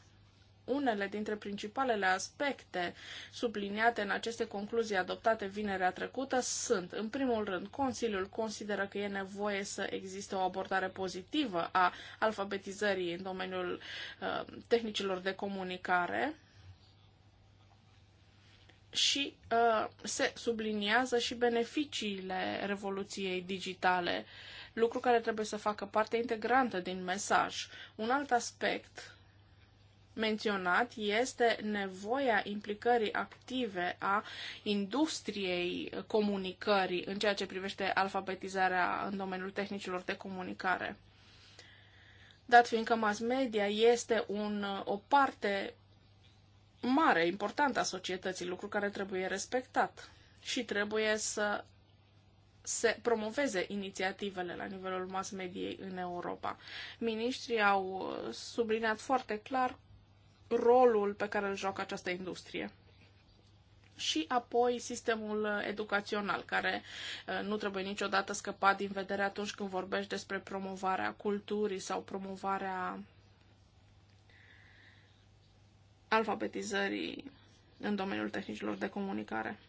Unele dintre principalele aspecte subliniate în aceste concluzii adoptate vinerea trecută sunt, în primul rând, Consiliul consideră că e nevoie să existe o abordare pozitivă a alfabetizării în domeniul uh, tehnicilor de comunicare, și uh, se subliniază și beneficiile revoluției digitale, lucru care trebuie să facă parte integrantă din mesaj. Un alt aspect menționat este nevoia implicării active a industriei comunicării în ceea ce privește alfabetizarea în domeniul tehnicilor de comunicare. Dat fiindcă mass media este un, o parte mare, importantă a societății, lucru care trebuie respectat și trebuie să se promoveze inițiativele la nivelul mass mediei în Europa. Ministrii au uh, subliniat foarte clar rolul pe care îl joacă această industrie. Și apoi sistemul uh, educațional, care uh, nu trebuie niciodată scăpat din vedere atunci când vorbești despre promovarea culturii sau promovarea alfabetizării în domeniul tehnicilor de comunicare.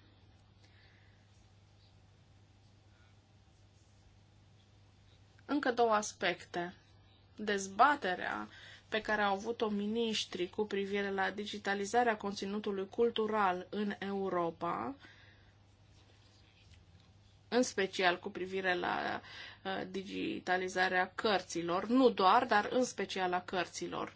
Încă două aspecte. Dezbaterea pe care au avut-o miniștri cu privire la digitalizarea conținutului cultural în Europa, în special cu privire la uh, digitalizarea cărților, nu doar, dar în special a cărților.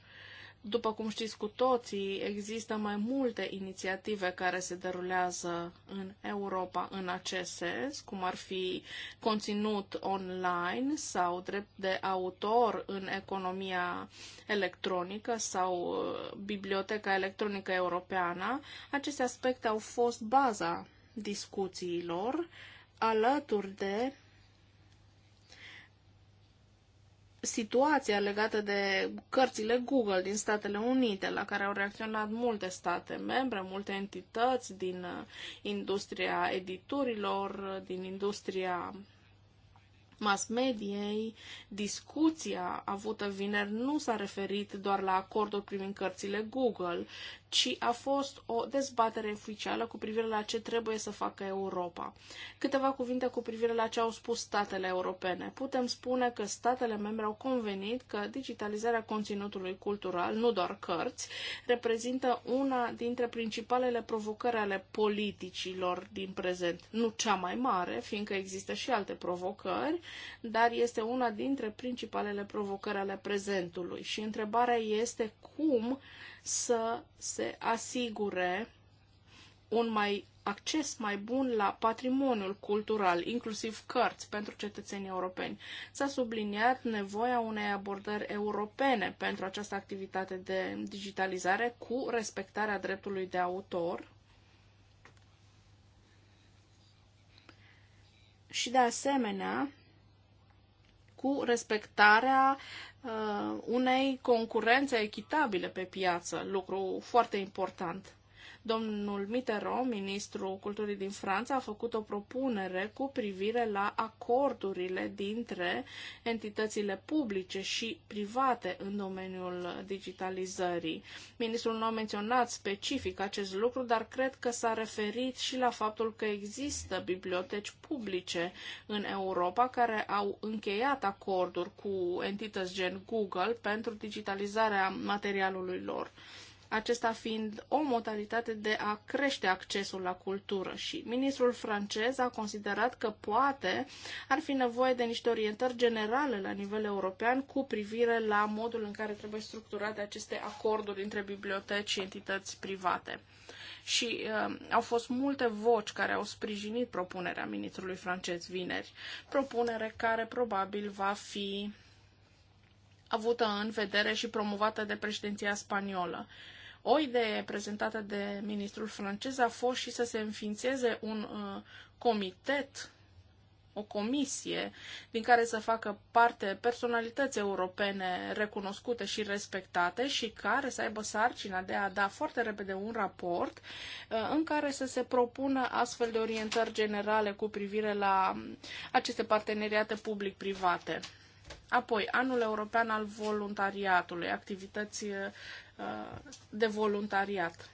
După cum știți cu toții, există mai multe inițiative care se derulează în Europa în acest sens, cum ar fi conținut online sau drept de autor în economia electronică sau uh, biblioteca electronică europeană. Aceste aspecte au fost baza discuțiilor alături de situația legată de cărțile Google din Statele Unite, la care au reacționat multe state membre, multe entități din uh, industria editurilor, din industria mass mediei, discuția avută vineri nu s-a referit doar la acordul privind cărțile Google, ci a fost o dezbatere oficială cu privire la ce trebuie să facă Europa. Câteva cuvinte cu privire la ce au spus statele europene. Putem spune că statele membre au convenit că digitalizarea conținutului cultural, nu doar cărți, reprezintă una dintre principalele provocări ale politicilor din prezent. Nu cea mai mare, fiindcă există și alte provocări, dar este una dintre principalele provocări ale prezentului. Și întrebarea este cum uh, să se asigure un mai acces mai bun la patrimoniul cultural, inclusiv cărți pentru cetățenii europeni. S-a subliniat nevoia unei abordări europene pentru această activitate de digitalizare cu respectarea dreptului de autor și de asemenea cu respectarea uh, unei concurențe echitabile pe piață, lucru foarte important. Domnul Mitterrand, ministrul culturii din Franța, a făcut o propunere cu privire la acordurile dintre entitățile publice și private în domeniul digitalizării. Ministrul nu a menționat specific acest lucru, dar cred că s-a referit și la faptul că există biblioteci publice în Europa care au încheiat acorduri cu entități gen Google pentru digitalizarea materialului lor acesta fiind o modalitate de a crește accesul la cultură și ministrul francez a considerat că poate ar fi nevoie de niște orientări generale la nivel european cu privire la modul în care trebuie structurate aceste acorduri între biblioteci și entități private. Și uh, au fost multe voci care au sprijinit propunerea ministrului francez vineri, propunere care probabil va fi avută în vedere și promovată de președinția spaniolă. Uh, o idee prezentată de ministrul francez a fost și să se înființeze un uh, comitet, o comisie, din care să facă parte personalități europene recunoscute și respectate și care să aibă sarcina de a da foarte repede un raport uh, în care să se propună astfel de orientări generale cu privire la aceste parteneriate public-private Apoi, anul european al voluntariatului, activități uh, de voluntariat.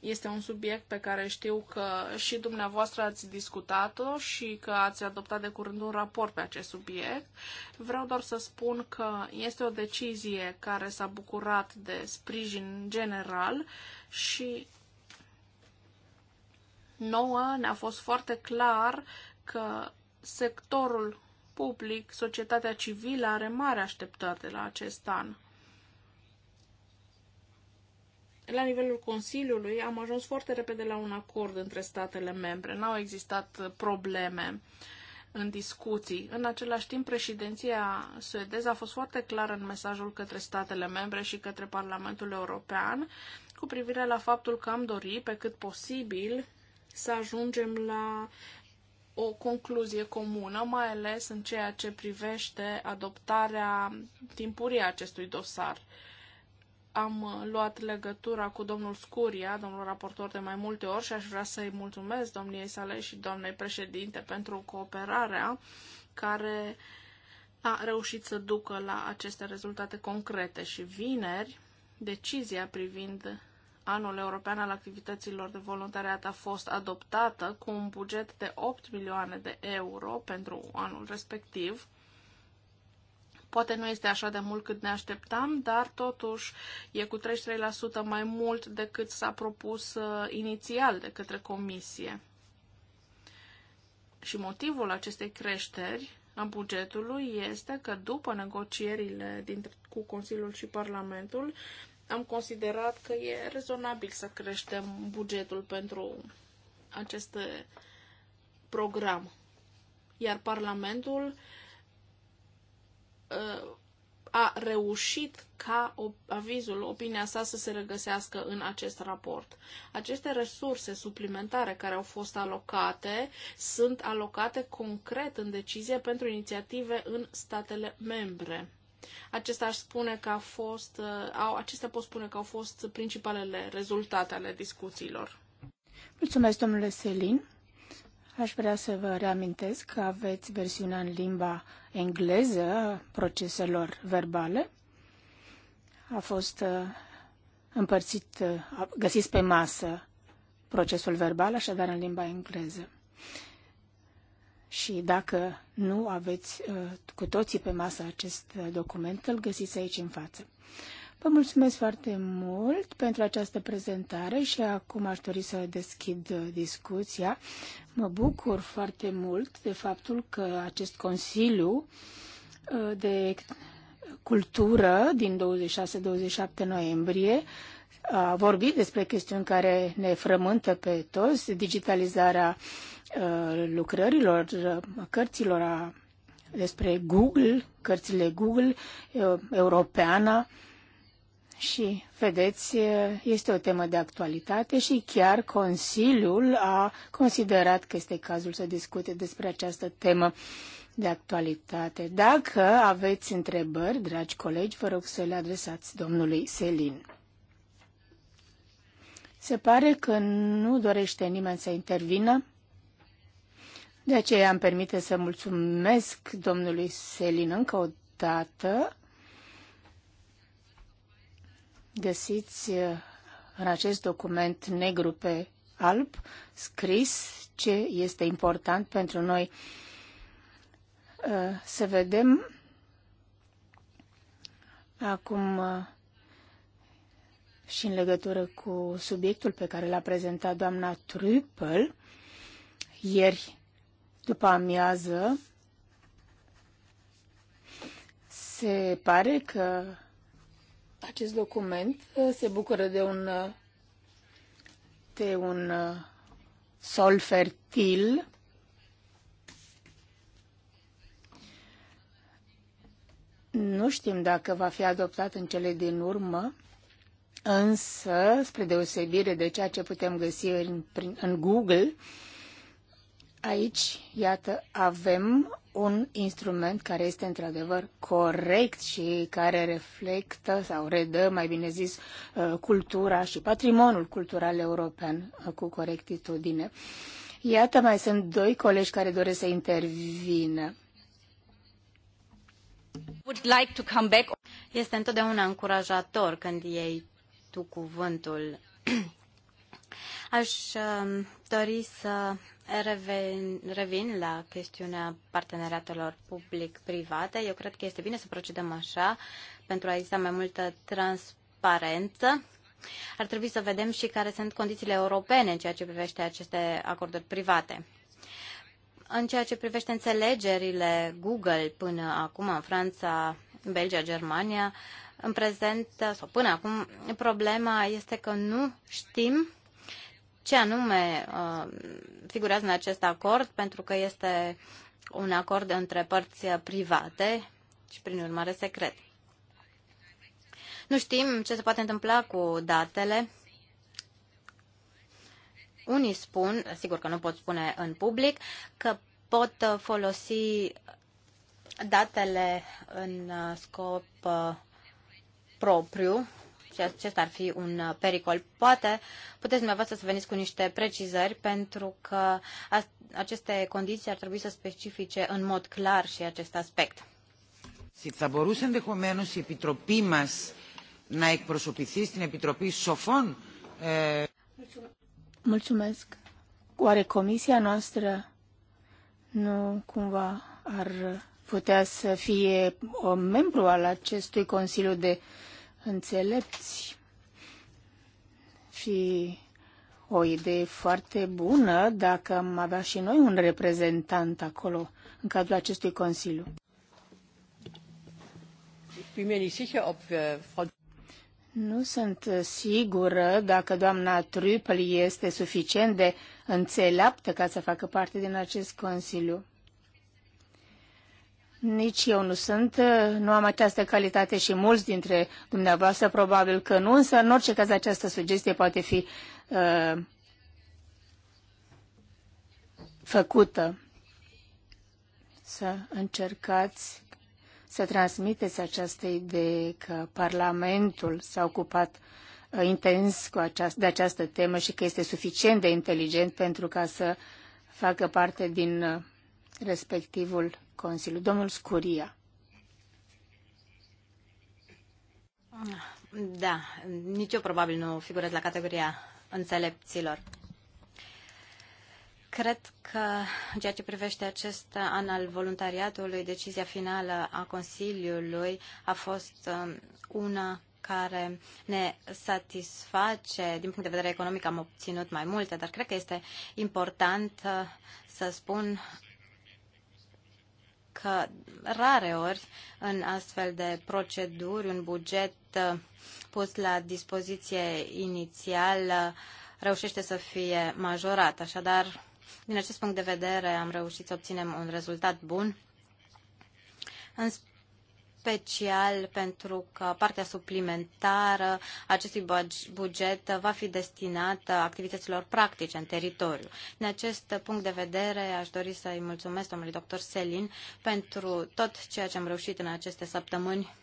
Este un subiect pe care știu că și dumneavoastră ați discutat-o și că ați adoptat de curând un raport pe acest subiect. Vreau doar să spun că este o decizie care s-a bucurat de sprijin general și nouă ne-a fost foarte clar că sectorul public, societatea civilă are mari așteptări de la acest an. La nivelul Consiliului am ajuns foarte repede la un acord între statele membre. N-au existat probleme în discuții. În același timp, președinția suedeză a fost foarte clară în mesajul către statele membre și către Parlamentul European cu privire la faptul că am dorit, pe cât posibil, să ajungem la o concluzie comună, mai ales în ceea ce privește adoptarea timpurie a acestui dosar. Am uh, luat legătura cu domnul Scuria, domnul raportor, de mai multe ori și aș vrea să-i mulțumesc domniei sale și doamnei președinte pentru cooperarea care a reușit să ducă la aceste rezultate concrete și vineri decizia privind anul european al activităților de voluntariat a fost adoptată cu un buget de 8 milioane de euro pentru anul respectiv. Poate nu este așa de mult cât ne așteptam, dar totuși e cu 33% mai mult decât s-a propus uh, inițial de către comisie. Și motivul acestei creșteri a bugetului este că după negocierile dintre, cu Consiliul și Parlamentul am considerat că e rezonabil să creștem bugetul pentru acest program. Iar Parlamentul ă, a reușit ca avizul, opinia sa să se regăsească în acest raport. Aceste resurse suplimentare care au fost alocate sunt alocate concret în decizie pentru inițiative în statele membre. Acesta aș spune că a fost, uh, au, acestea pot spune că au fost principalele rezultate ale discuțiilor. Mulțumesc, domnule Selin. Aș vrea să vă reamintesc că aveți versiunea în limba engleză proceselor verbale. A fost uh, împărțit, uh, găsit pe masă procesul verbal, așadar în limba engleză și dacă nu aveți uh, cu toții pe masă acest uh, document, îl găsiți aici în față. Vă mulțumesc foarte mult pentru această prezentare și acum aș dori să deschid uh, discuția. Mă bucur foarte mult de faptul că acest Consiliu de Cultură din 26-27 noiembrie a vorbit despre chestiuni care ne frământă pe toți, digitalizarea uh, lucrărilor, uh, cărților a, despre Google, cărțile Google, uh, Europeana, și, vedeți, este o temă de actualitate și chiar Consiliul a considerat că este cazul să discute despre această temă de actualitate. Dacă aveți întrebări, dragi colegi, vă rog să le adresați domnului Selin. Se pare că nu dorește nimeni să intervină. De aceea îmi permite să mulțumesc domnului Selin încă o dată. Găsiți uh, în acest document negru pe alb scris ce este important pentru noi uh, să vedem acum uh, și în legătură cu subiectul pe care l-a prezentat doamna Trupel ieri după amiază, se pare că acest document uh, se bucură de un, uh, de un uh, sol fertil Nu știm dacă va fi adoptat în cele din urmă Însă, spre deosebire de ceea ce putem găsi în, prin, în Google, aici, iată, avem un instrument care este într-adevăr corect și care reflectă sau redă, mai bine zis, uh, cultura și patrimoniul cultural european uh, cu corectitudine. Iată, mai sunt doi colegi care doresc să intervină. Este întotdeauna încurajator când ei tu cuvântul. Aș um, dori să revin, revin la chestiunea parteneriatelor public-private. Eu cred că este bine să procedăm așa pentru a exista mai multă transparență. Ar trebui să vedem și care sunt condițiile europene în ceea ce privește aceste acorduri private. În ceea ce privește înțelegerile Google până acum în Franța, Belgia, Germania, uh, în prezent, uh, sau până acum, problema este că nu știm ce anume uh, figurează în acest acord, pentru că este un acord între părți uh, private și, prin urmare, secret. Nu știm ce se poate întâmpla cu datele. Unii spun, sigur că nu pot spune în public, că pot folosi datele în scop propriu și acesta ar fi un uh, pericol. Poate puteți dumneavoastră să veniți cu niște precizări pentru că aceste condiții ar trebui să specifice în mod clar și acest aspect. Θα μπορούσε ενδεχομένω η Επιτροπή μα να εκπροσωπηθεί στην Επιτροπή Σοφών. Mulțumesc. Oare comisia noastră nu cumva ar putea să fie un membru al acestui Consiliu de Înțelepți. Și o idee foarte bună dacă am avea și noi un reprezentant acolo în cadrul acestui Consiliu. Nu sunt sigură dacă doamna Trupel este suficient de înțeleaptă ca să facă parte din acest Consiliu. Nici eu nu sunt, nu am această calitate și mulți dintre dumneavoastră probabil că nu, însă în orice caz această sugestie poate fi uh, făcută. Să încercați să transmiteți această idee că Parlamentul s-a ocupat uh, intens cu această de această temă și că este suficient de inteligent pentru ca să facă parte din uh, respectivul Consiliu. Domnul Scuria. Da, nici eu probabil nu figurez la categoria înțelepților. Cred că, în ceea ce privește acest an al voluntariatului, decizia finală a Consiliului a fost um, una care ne satisface. Din punct de vedere economic am obținut mai multe, dar cred că este important uh, să spun că rare ori în astfel de proceduri un buget uh, pus la dispoziție inițial uh, reușește să fie majorat. Așadar, din acest punct de vedere am reușit să obținem un rezultat bun. În special pentru că partea suplimentară acestui buget va fi destinată activităților practice în teritoriu. În acest punct de vedere, aș dori să-i mulțumesc domnului dr. Selin pentru tot ceea ce am reușit în aceste săptămâni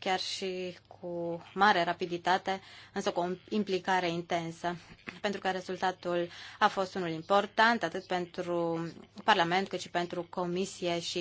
chiar și cu mare rapiditate, însă cu o implicare intensă, pentru că rezultatul a fost unul important, atât pentru Parlament, cât și pentru Comisie și